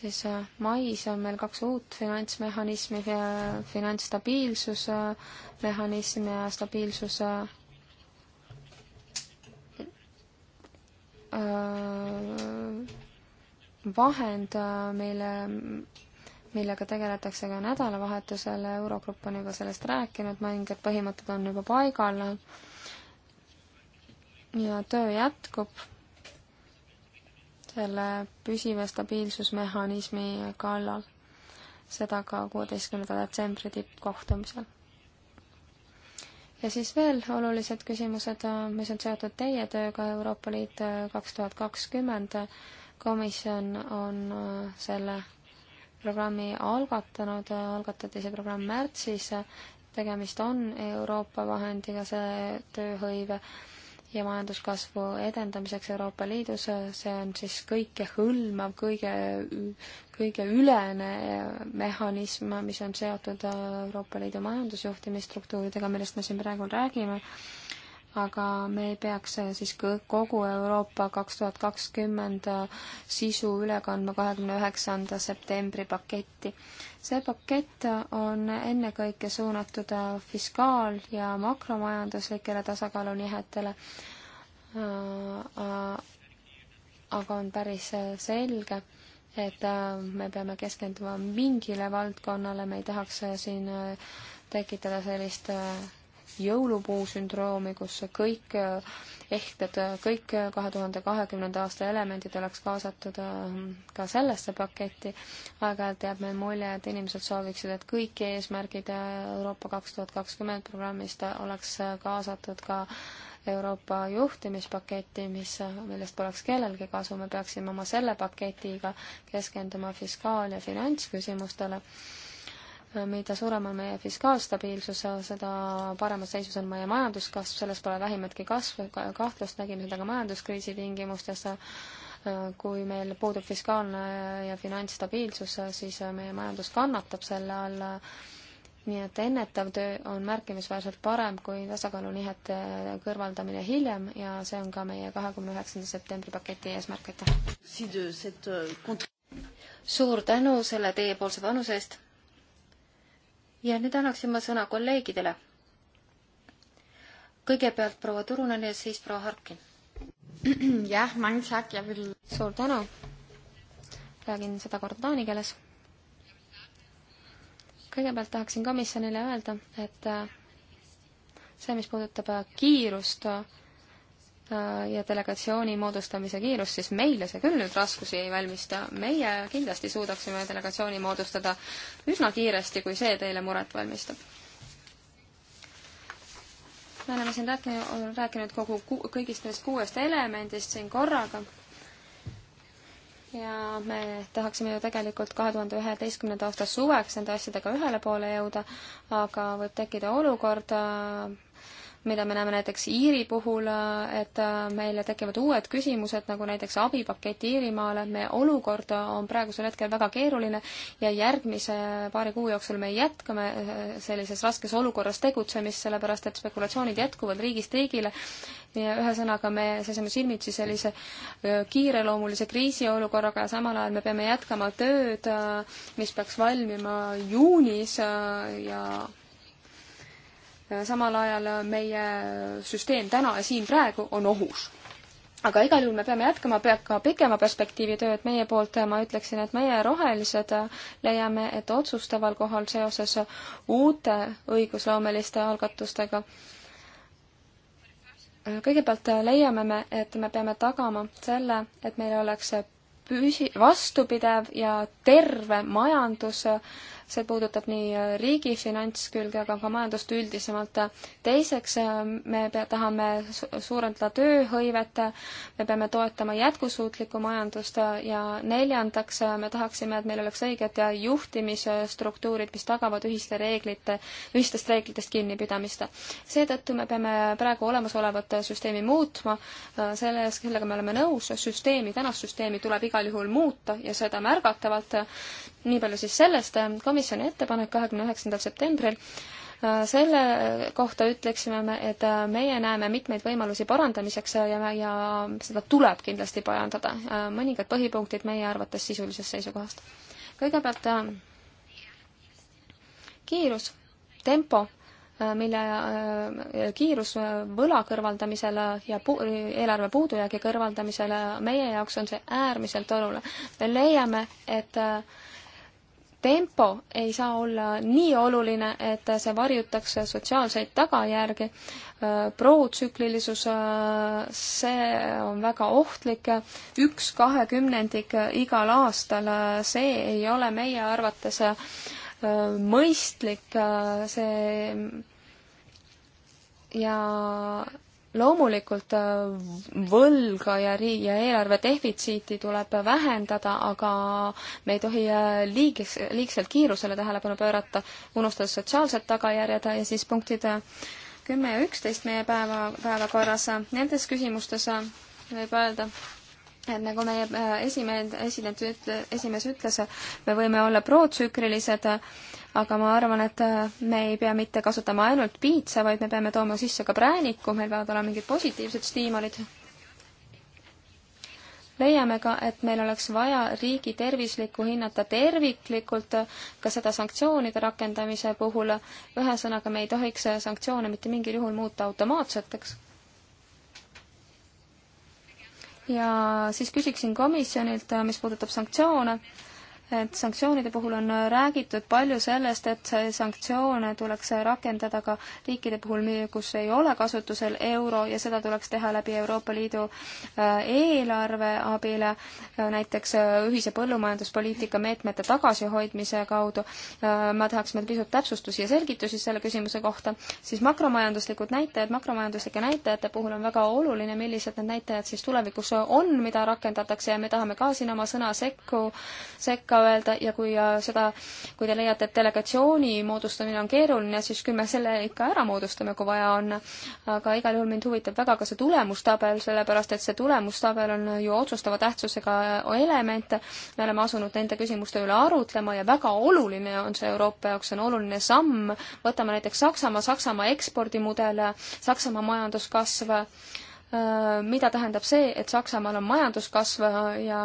siis mais on meil kaks uut finantsmehhanismi, finantsstabiilsusmehhanism ja stabiilsus Äh, vahend, äh, mille, millega tegeletakse ka nädalavahetusel, Eurogrupp on juba sellest rääkinud, mõningad põhimõtted on juba paigal ja töö jätkub selle püsiva stabiilsusmehhanismi kallal, seda ka kuueteistkümnenda detsembri tippkohtumisel ja siis veel olulised küsimused, äh, mis on seotud teie tööga Euroopa Liit äh, kaks tuhat kakskümmend. komisjon on äh, selle programmi algatanud, algatati see programm märtsis. tegemist on Euroopa vahendiga, see tööhõive ja majanduskasvu edendamiseks Euroopa Liidus, see on siis kõike hõlmav, kõige, kõige ülene mehhanism, mis on seotud Euroopa Liidu majandusjuhtimisstruktuuridega, millest me siin praegu räägime aga me ei peaks siis kogu Euroopa kaks tuhat kakskümmend sisu üle kandma kahekümne üheksanda septembri paketti see pakett on ennekõike suunatud fiskaal- ja makromajanduslikele tasakaalunihetele, äh, aga on päris selge, et äh, me peame keskenduma mingile valdkonnale, me ei tahaks äh, siin tekitada sellist jõulupuu sündroomi, kus kõik ehted, eh, kõik kahe tuhande kahekümnenda aasta elemendid oleks kaasatud eh, ka sellesse paketti. aeg-ajalt jääb meil mulje, et inimesed sooviksid, et kõik eesmärgid eh, Euroopa kaks tuhat kakskümmend programmist oleks kaasatud ka Euroopa juhtimispaketti, mis, millest poleks kellelgi kasu, me peaksime oma selle paketiga keskenduma fiskaal- ja finantsküsimustele mida suurem on meie fiskaalstabiilsus, seda paremas seisus on meie majanduskasv, selles pole vähimatki kasv, kahtlust, nägime seda ka majanduskriisi tingimustes, kui meil puudub fiskaalne ja finantsstabiilsus, siis meie majandus kannatab selle all, nii et ennetav töö on märkimisväärselt parem kui tasakaalunihete kõrvaldamine hiljem ja see on ka meie kahekümne üheksanda septembri paketi eesmärk, aitäh! Euh, suur tänu selle teiepoolse panuse eest! ja nüüd annaksin ma sõna kolleegidele. kõigepealt proua Turunen ja siis proua Harkin. jah, suur tänu. räägin sedakorda taani keeles. kõigepealt tahaksin komisjonile öelda, et äh, see, mis puudutab äh, kiirust, Äh, ja delegatsiooni moodustamise kiirus, siis meile see küll nüüd raskusi ei valmista. meie kindlasti suudaksime delegatsiooni moodustada üsna kiiresti, kui see teile muret valmistab. me oleme siin rääkinud, rääkinud kogu, kõigist neist kuuest elemendist siin korraga. ja me tahaksime ju tegelikult kahe tuhande üheteistkümnenda aasta suveks nende asjadega ühele poole jõuda, aga võib tekkida olukord, äh, mida me näeme näiteks Iiri puhul, et äh, meile tekivad uued küsimused, nagu näiteks abipakett Iirimaale, meie olukord on praegusel hetkel väga keeruline ja järgmise paari kuu jooksul me jätkame äh, sellises raskes olukorras tegutsemist, sellepärast et spekulatsioonid jätkuvad riigist riigile ja ühesõnaga me seisame silmitsi sellise äh, kiireloomulise kriisiolukorraga ja samal ajal me peame jätkama tööd, mis peaks valmima juunis ja samal ajal meie süsteem täna ja siin praegu on ohus. aga igal juhul me peame jätkama ka pikema perspektiivi tööd meie poolt, ma ütleksin, et meie rohelised leiame, et otsustaval kohal seoses uute õigusloomeliste algatustega kõigepealt leiame me, et me peame tagama selle, et meil oleks püsi-, vastupidev ja terve majandus see puudutab nii äh, riigi finantskülge, aga ka majandust üldisemalt. teiseks, äh, me pea, tahame suurendada tööhõivet, me peame toetama jätkusuutlikku majandust äh, ja neljandaks, me tahaksime, et meil oleks õiged juhtimisstruktuurid, mis tagavad ühiste reeglite, ühistest reeglitest kinnipidamist. seetõttu me peame praegu olemasolevat süsteemi muutma, selles, sellega me oleme nõus, süsteemi, tänast süsteemi tuleb igal juhul muuta ja seda märgatavalt nii palju siis sellest, komisjoni ettepanek kahekümne üheksandal septembril, äh, selle kohta ütleksime me, et äh, meie näeme mitmeid võimalusi parandamiseks äh, ja, ja seda tuleb kindlasti parandada. mõningad põhipunktid meie arvates sisulisest seisukohast. kõigepealt kiirus, tempo mille kiirus võla kõrvaldamisel ja pu eelarve puudujäägi kõrvaldamisel meie jaoks on see äärmiselt oluline. me leiame, et tempo ei saa olla nii oluline, et see varjutaks sotsiaalseid tagajärgi. protsüklilisus, see on väga ohtlik. üks kahekümnendik igal aastal, see ei ole meie arvates mõistlik, see ja loomulikult äh, võlga ja riigi ja eelarve defitsiiti tuleb vähendada, aga me ei tohi äh, liigiks, liigselt kiirusele tähelepanu pöörata, unustades sotsiaalsed tagajärjed ja siis punktid äh, kümme ja üksteist meie päeva, päevakorras. Nendes küsimustes võib öelda, et nagu meie äh, esimene, esident ütle, esimees ütles, me võime olla protsüklilised, aga ma arvan, et äh, me ei pea mitte kasutama ainult piitsa, vaid me peame tooma sisse ka prääniku, meil peavad olema mingid positiivsed stiimulid. leiame ka, et meil oleks vaja riigi tervislikku hinnata terviklikult ka seda sanktsioonide rakendamise puhul. ühesõnaga, me ei tohiks sanktsioone mitte mingil juhul muuta automaatseteks ja siis küsiksin komisjonilt, mis puudutab sanktsioone et sanktsioonide puhul on räägitud palju sellest, et sanktsioone tuleks rakendada ka riikide puhul, kus ei ole kasutusel euro ja seda tuleks teha läbi Euroopa Liidu äh, eelarve abile, äh, näiteks äh, ühise põllumajanduspoliitika meetmete tagasihoidmise kaudu. ma tahaks meil pisut täpsustusi ja selgitusi selle küsimuse kohta, siis makromajanduslikud näitajad, makromajanduslike näitajate puhul on väga oluline, millised need näitajad siis tulevikus on, mida rakendatakse ja me tahame ka siin oma sõna sekku, sekka öelda ja kui äh, seda, kui te leiate, et delegatsiooni moodustamine on keeruline, siis küll me selle ikka ära moodustame, kui vaja on. aga igal juhul mind huvitab väga ka see tulemustabel, sellepärast et see tulemustabel on ju otsustava tähtsusega äh, element. me oleme asunud nende küsimuste üle arutlema ja väga oluline on see Euroopa jaoks, see on oluline samm. võtame näiteks Saksamaa, Saksamaa ekspordimudel, Saksamaa majanduskasv Äh, mida tähendab see, et Saksamaal on majanduskasv äh, ja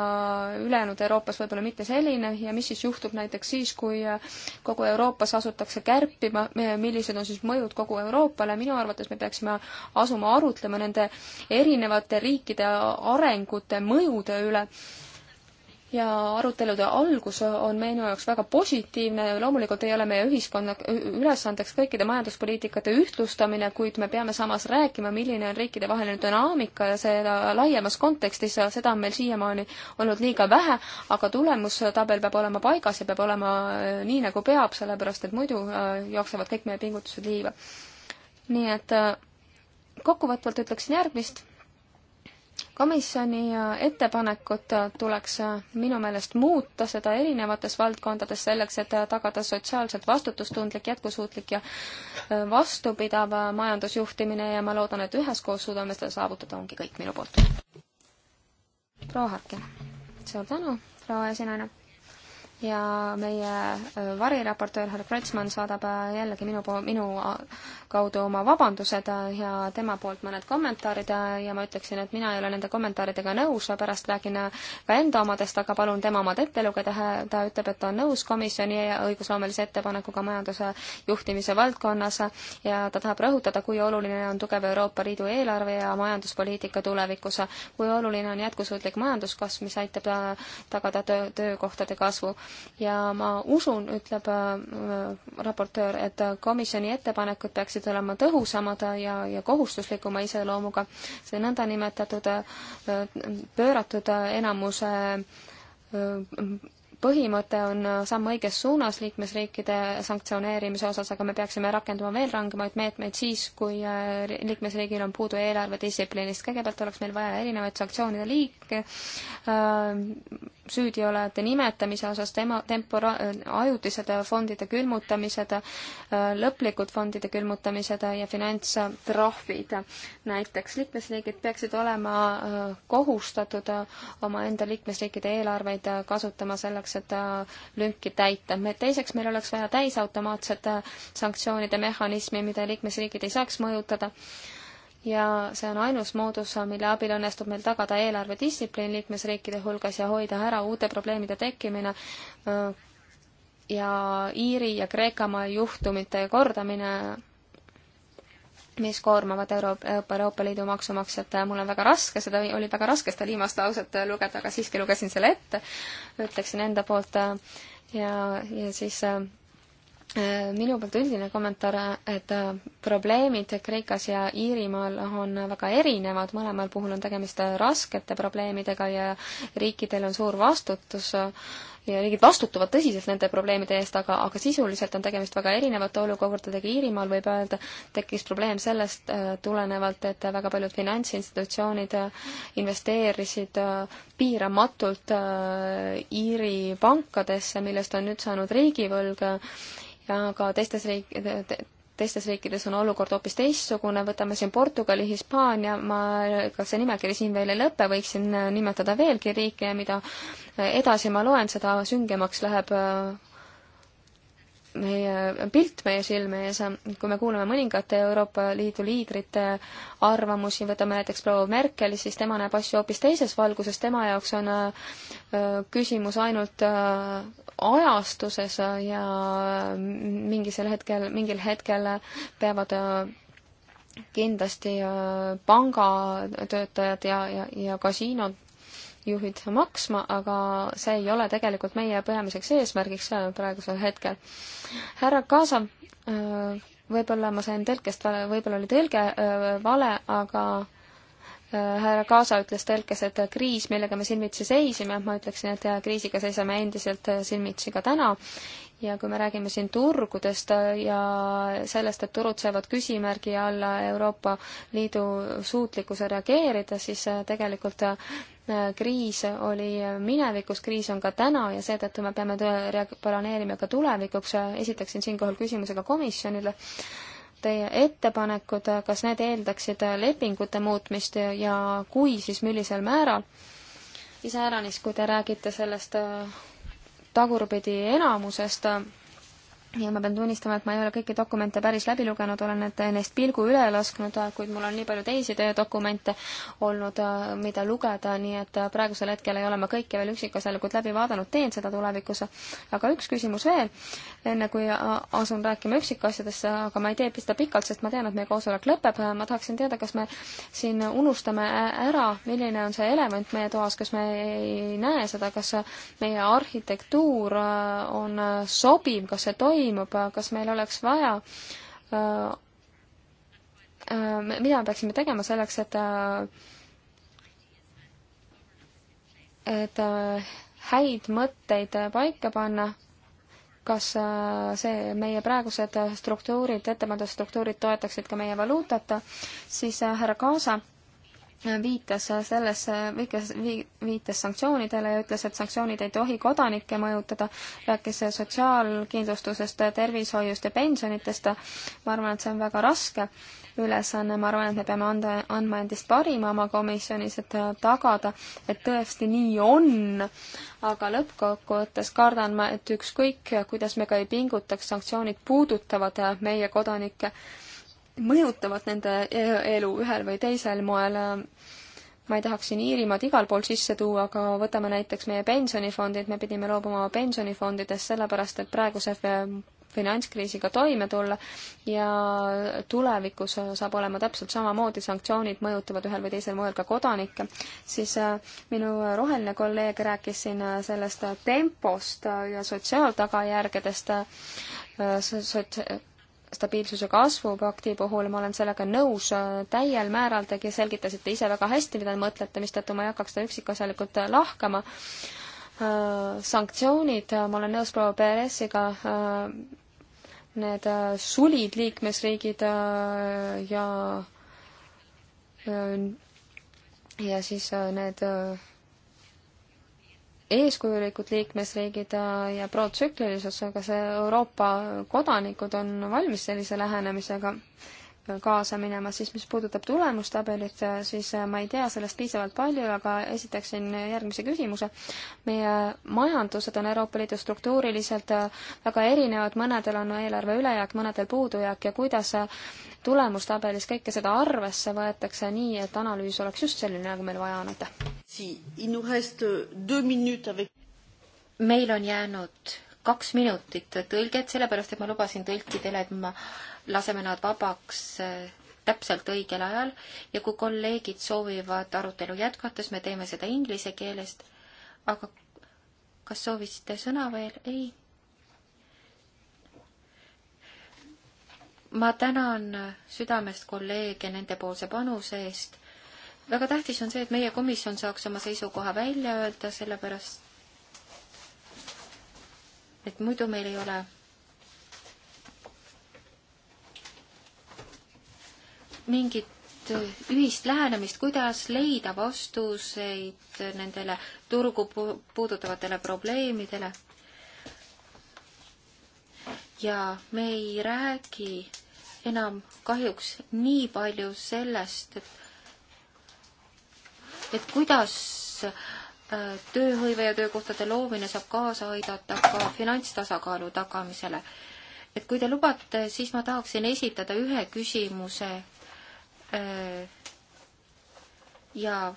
ülejäänud Euroopas võib-olla mitte selline ja mis siis juhtub näiteks siis, kui äh, kogu Euroopas asutakse kärpima, millised on siis mõjud kogu Euroopale, minu arvates me peaksime asuma arutlema nende erinevate riikide arengute mõjude üle ja arutelude algus on meie jaoks väga positiivne, loomulikult ei ole meie ühiskonna ülesandeks kõikide majanduspoliitikate ühtlustamine, kuid me peame samas rääkima, milline on riikidevaheline dünaamika ja seda laiemas kontekstis, seda on meil siiamaani olnud liiga vähe, aga tulemustabel peab olema paigas ja peab olema äh, nii, nagu peab, sellepärast et muidu äh, jooksevad kõik meie pingutused liiva. nii et äh, kokkuvõtvalt ütleksin järgmist komisjoni äh, ettepanekut äh, tuleks äh, minu meelest muuta seda erinevates valdkondades selleks, et tagada sotsiaalselt vastutustundlik, jätkusuutlik ja vastupidav majandusjuhtimine ja ma loodan, et üheskoos suudame seda saavutada, ongi kõik minu poolt. proua Harkin, suur tänu, proua esinaine ja meie äh, variraportöör härra Kreutzmann saadab äh, jällegi minu, minu äh, kaudu oma vabandused ja tema poolt mõned kommentaarid ja ma ütleksin, et mina ei ole nende kommentaaridega nõus, pärast räägin ka enda omadest, aga palun tema omad ette lugeda. ta ütleb, et ta on nõus komisjoni õigusloomelise ettepanekuga majanduse juhtimise valdkonnas ja ta tahab rõhutada, kui oluline on tugev Euroopa Liidu eelarve ja majanduspoliitika tulevikus. kui oluline on jätkusuutlik majanduskasv, mis aitab tagada töö, töökohtade kasvu ja ma usun, ütleb äh, raportöör, et komisjoni ettepanekud peaksid olema tõhusamad ja, ja kohustuslikuma iseloomuga. see nõndanimetatud äh, pööratud enamuse äh, põhimõte on samm õiges suunas liikmesriikide sanktsioneerimise osas, aga me peaksime rakendama veel rangemaid meetmeid siis, kui liikmesriigil on puudu eelarvedistsiplinist. kõigepealt oleks meil vaja erinevaid sanktsioonide liik-, raske äh, süüdiolejate nimetamise osas, tema tempora-, ajutised fondide külmutamised, äh, lõplikud fondide külmutamised ja finantstrahvid. näiteks liikmesriigid peaksid olema äh, kohustatud omaenda liikmesriikide eelarveid kasutama selleks, et lünki täita. me, teiseks meil oleks vaja täisautomaatset sanktsioonide mehhanismi, mida liikmesriigid ei saaks mõjutada ja see on ainus moodus, mille abil õnnestub meil tagada eelarvedistsipliin liikmesriikide hulgas ja hoida ära uute probleemide tekkimine ja Iiri ja Kreekamaa juhtumite kordamine, mis koormavad Euroopa, Euroopa Liidu maksumaksjat. mul on väga raske, seda oli väga raske seda viimast lauset lugeda, aga siiski lugesin selle ette, ütleksin enda poolt ja, ja siis Äh, minu poolt üldine kommentaar, et äh, probleemid Kreekas ja Iirimaal on väga erinevad, mõlemal puhul on tegemist äh, raskete probleemidega ja riikidel on suur vastutus ja riigid vastutavad tõsiselt nende probleemide eest, aga, aga sisuliselt on tegemist väga erinevate olukordadega. Iirimaal võib öelda, tekkis probleem sellest tulenevalt, et väga paljud finantsinstitutsioonid investeerisid piiramatult Iiri pankadesse, millest on nüüd saanud riigivõlg ja ka teistes riik-, teistes riikides on olukord hoopis teistsugune, võtame siin Portugali, Hispaania, ma, ega see nimekiri siin veel ei lõpe, võiksin nimetada veelgi riike ja mida edasi ma loen, seda süngemaks läheb äh, meie pilt meie silme ees, kui me kuulame mõningate Euroopa Liidu liidrite arvamusi, võtame näiteks proua Merkeli, siis tema näeb asju hoopis teises valguses, tema jaoks on äh, küsimus ainult äh, ajastuses ja mingisel hetkel, mingil hetkel peavad äh, kindlasti äh, pangatöötajad ja, ja, ja kasiinod juhid maksma, aga see ei ole tegelikult meie peamiseks eesmärgiks äh, praegusel hetkel. härra Kaasa, võib-olla ma sain tõlkest vale, võib-olla oli tõlge vale, aga härra Kaasa ütles telkes, et kriis, millega me silmitsi seisime, ma ütleksin, et kriisiga seisame endiselt äh, silmitsi ka täna, ja kui me räägime siin turgudest äh, ja sellest, et turud saavad küsimärgi alla Euroopa Liidu suutlikkuse reageerida, siis äh, tegelikult kriis oli minevikus, kriis on ka täna ja seetõttu me peame planeerima ka tulevikuks. esitaksin siinkohal küsimuse ka komisjonile teie ettepanekud, kas need eeldaksid lepingute muutmist ja kui, siis millisel määral? iseäranis, kui te räägite sellest äh, tagurpidi enamusest, ja ma pean tunnistama, et ma ei ole kõiki dokumente päris läbi lugenud, olen need, neist pilgu üle lasknud, kuid mul on nii palju teisi töödokumente olnud, äh, mida lugeda, nii et äh, praegusel hetkel ei ole ma kõike veel üksikasjalikult läbi vaadanud, teen seda tulevikus. aga üks küsimus veel, enne kui äh, asun rääkima üksikasjadesse, aga ma ei tee seda pikalt, sest ma tean, et meie koosolek lõpeb, ma tahaksin teada, kas me siin unustame ära, milline on see element meie toas, kas me ei näe seda, kas meie arhitektuur on sobiv, kas see toimib, toimub, kas meil oleks vaja äh, äh, mida me peaksime tegema selleks, et äh, et häid mõtteid paika panna, kas see, meie praegused struktuurid, ette pandud struktuurid toetaksid ka meie valuutat, siis härra Kaasa viitas sellesse, viitas sanktsioonidele ja ütles, et sanktsioonid ei tohi kodanikke mõjutada, rääkis sotsiaalkindlustusest, tervishoiust ja pensionitest. ma arvan, et see on väga raske ülesanne, ma arvan, et me peame anda, andma endist parima oma komisjonis, et tagada, et tõesti nii on, aga lõppkokkuvõttes kardan ma, et ükskõik, kuidas me ka ei pingutaks, sanktsioonid puudutavad meie kodanikke mõjutavad nende e- elu ühel või teisel moel. ma ei tahaks siin Iirimaad igal pool sisse tuua, aga võtame näiteks meie pensionifondid, me pidime loobuma pensionifondidest sellepärast, et praeguse finantskriisiga toime tulla ja tulevikus saab olema täpselt samamoodi, sanktsioonid mõjutavad ühel või teisel moel ka kodanikke, siis äh, minu roheline kolleeg rääkis siin äh, sellest tempost ja sotsiaaltagajärgedest, äh, sot-, stabiilsuse kasvupakti puhul ma olen sellega nõus äh, täiel määral, te selgitasite ise väga hästi, mida te mõtlete, mistõttu ma ei hakkaks seda üksikasjalikult äh, lahkama. Äh, sanktsioonid, ma olen nõus proua PRS-iga, need sulid liikmesriigid ja ja siis need eeskujulikud liikmesriigid ja protsüklilisus, aga see Euroopa kodanikud on valmis sellise lähenemisega kaasa minema, siis mis puudutab tulemustabelit, äh, siis äh, ma ei tea sellest piisavalt palju, aga esitaksin järgmise küsimuse. meie majandused on Euroopa Liidus struktuuriliselt äh, väga erinevad, mõnedel on eelarve ülejääk, mõnedel puudujääk ja kuidas tulemustabelis kõike seda arvesse võetakse nii, et analüüs oleks just selline, nagu meil vaja on, aitäh! meil on jäänud kaks minutit tõlget, sellepärast et ma lubasin tõlkidele, et ma laseme nad vabaks eh, täpselt õigel ajal ja kui kolleegid soovivad arutelu jätkata, siis me teeme seda inglise keelest. aga kas soovisite sõna veel? ei. ma tänan südamest kolleege nendepoolse panuse eest. väga tähtis on see, et meie komisjon saaks oma seisukoha välja öelda, sellepärast et muidu meil ei ole mingit äh, ühist lähenemist, kuidas leida vastuseid nendele turgu puudutavatele probleemidele. ja me ei räägi enam kahjuks nii palju sellest, et et kuidas äh, tööhõive ja töökohtade loomine saab kaasa aidata ka finantstasakaalu tagamisele. et kui te lubate, siis ma tahaksin esitada ühe küsimuse Äh, ja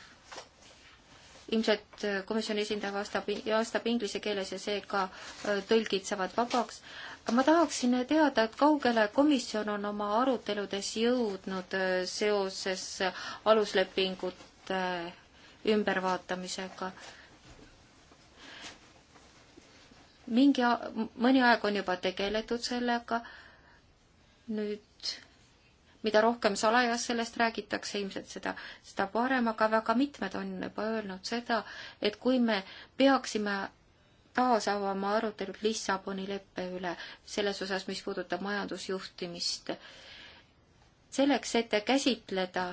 ilmselt äh, komisjoni esindaja vastab, vastab inglise keeles ja seega äh, tõlgid saavad vabaks. ma tahaksin teada, et kaugele komisjon on oma aruteludes jõudnud seoses aluslepingute ümbervaatamisega? mingi, mõni aeg on juba tegeletud sellega, nüüd mida rohkem salajas sellest räägitakse ilmselt seda, seda parem, aga väga mitmed on juba öelnud seda, et kui me peaksime taas avama arutelud Lissaboni leppe üle selles osas, mis puudutab majandusjuhtimist, selleks, et käsitleda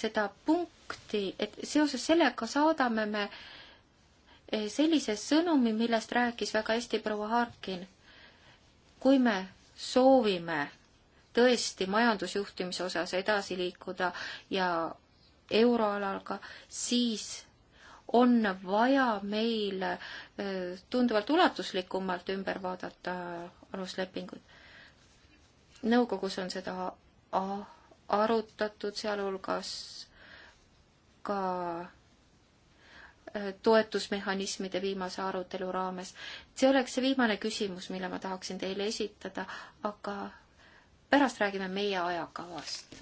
seda punkti, et seoses sellega saadame me eh, sellise sõnumi, millest rääkis väga hästi proua Harkin. kui me soovime tõesti majandusjuhtimise osas edasi liikuda ja euroalaga, siis on vaja meil tunduvalt ulatuslikumalt ümber vaadata aluslepingud. nõukogus on seda arutatud, sealhulgas ka toetusmehhanismide viimase arutelu raames. see oleks see viimane küsimus, mille ma tahaksin teile esitada, aga pärast räägime meie ajakavast.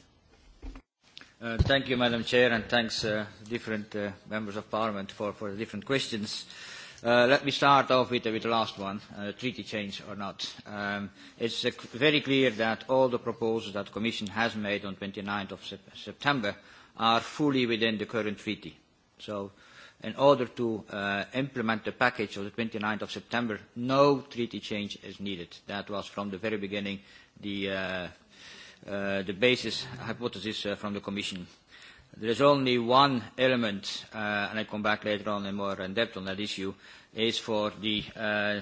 Uh, thank you, Madam Chair, and thanks uh, different uh, members of Parliament for, for the different questions. Uh, let me start off with, uh, with the last one, uh, treaty change or not. Um, it's uh, very clear that all the proposals that the Commission has made on 29th of sep September are fully within the current treaty. So in order to uh, implement the package of the 29th of September, no treaty change is needed. That was from the very beginning the, uh, uh, the basis hypothesis uh, from the Commission. There is only one element, uh, and I come back later on in more in depth on that issue, is for the, uh,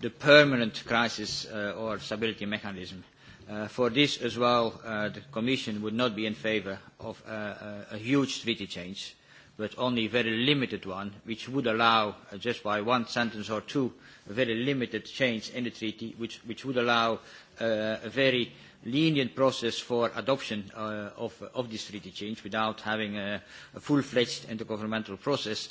the permanent crisis uh, or stability mechanism. Uh, for this as well, uh, the Commission would not be in favour of uh, a, a huge treaty change. Uh, but only a very limited one, which would allow, uh, just by one sentence or two, a very limited change in the treaty, which, which would allow uh, a very lenient process for adoption uh, of, of this treaty change without having a, a full-fledged intergovernmental process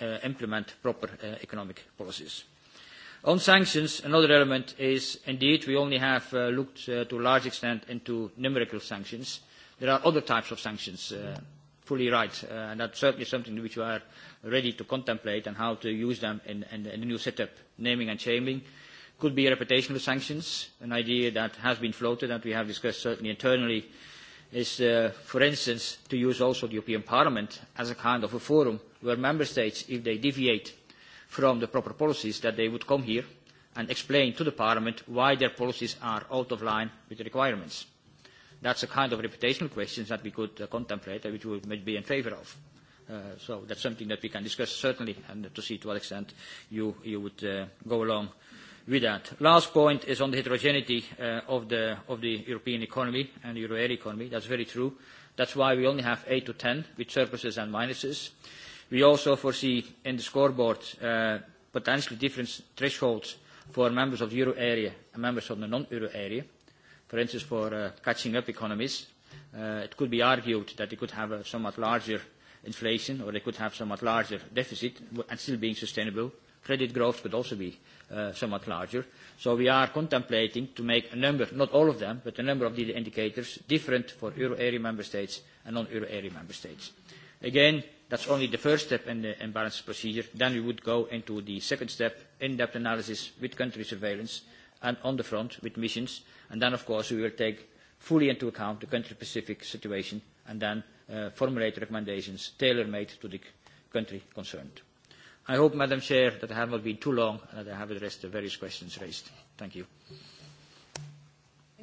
uh, implement proper uh, economic policies. On sanctions, another element is indeed we only have uh, looked uh, to a large extent into numerical sanctions. There are other types of sanctions, uh, fully right, uh, and that's certainly something which we are ready to contemplate and how to use them in, in, in the new setup. Naming and shaming could be reputational sanctions, an idea that has been floated and we have discussed certainly internally is, uh, for instance, to use also the European Parliament as a kind of a forum where member states, if they deviate from the proper policies, that they would come here and explain to the Parliament why their policies are out of line with the requirements. That's a kind of reputational question that we could uh, contemplate and uh, which we would be in favour of. Uh, so that's something that we can discuss certainly and to see to what extent you, you would uh, go along with that. Last point is on the heterogeneity uh, of, the, of the European economy and the euro area economy. That's very true. That's why we only have 8 to 10 with surpluses and minuses. Uh, We also foresee in the scoreboard uh, potentially different thresholds for members of the euro area and members of the non-euro area. For instance, for uh, catching up economies, uh, it could be argued that they could have a somewhat larger inflation or they could have somewhat larger deficit and still being sustainable. Credit growth could also be uh, somewhat larger. So we are contemplating to make a number, not all of them, but a number of the indicators different for euro area member states and non-euro area member states. Again, That's only the first step in the imbalance procedure. Then we would go into the second step, in-depth analysis with country surveillance and on the front with missions. And then, of course, we will take fully into account the country-specific situation and then uh, formulate recommendations tailor-made to the country concerned. I hope, Madam Chair, that I have not been too long and that I have addressed the various questions raised. Thank you. Mm -hmm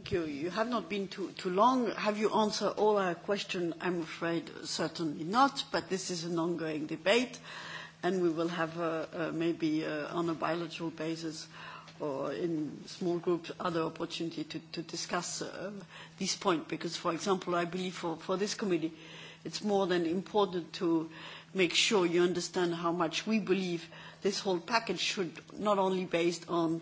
think you, you have not been too, too long. Have you answered all our questions? I'm afraid certainly not, but this is an ongoing debate, and we will have uh, uh, maybe uh, on a bilateral basis or in small groups other opportunity to, to discuss uh, this point, because, for example, I believe for, for this committee, it's more than important to make sure you understand how much we believe this whole package should not only based on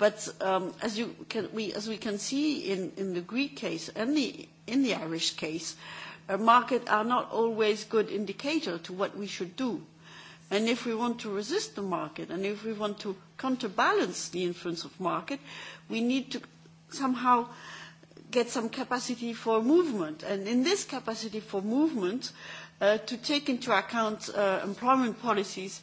But um, as, you can, we, as we can see in, in the Greek case and the, in the Irish case, uh, markets are not always good indicator to what we should do. And if we want to resist the market and if we want to counterbalance the influence of market, we need to somehow get some capacity for movement. And in this capacity for movement, uh, to take into account uh, employment policies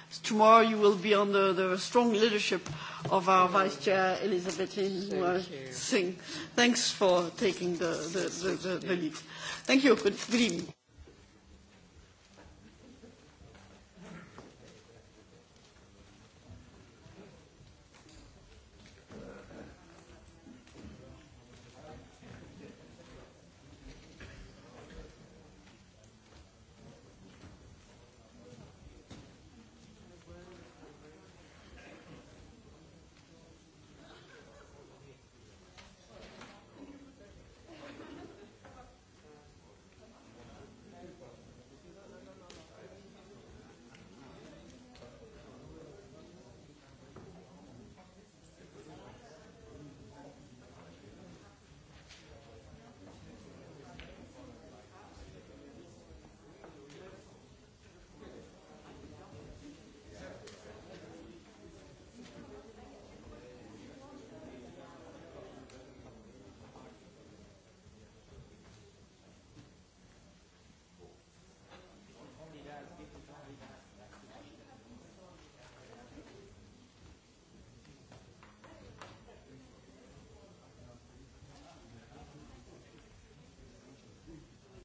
Tomorrow you will be under the strong leadership of our Vice Chair, Elizabeth Lin, who I sing. Thanks for taking the, the, the, the, the lead. Thank you. Good, good evening.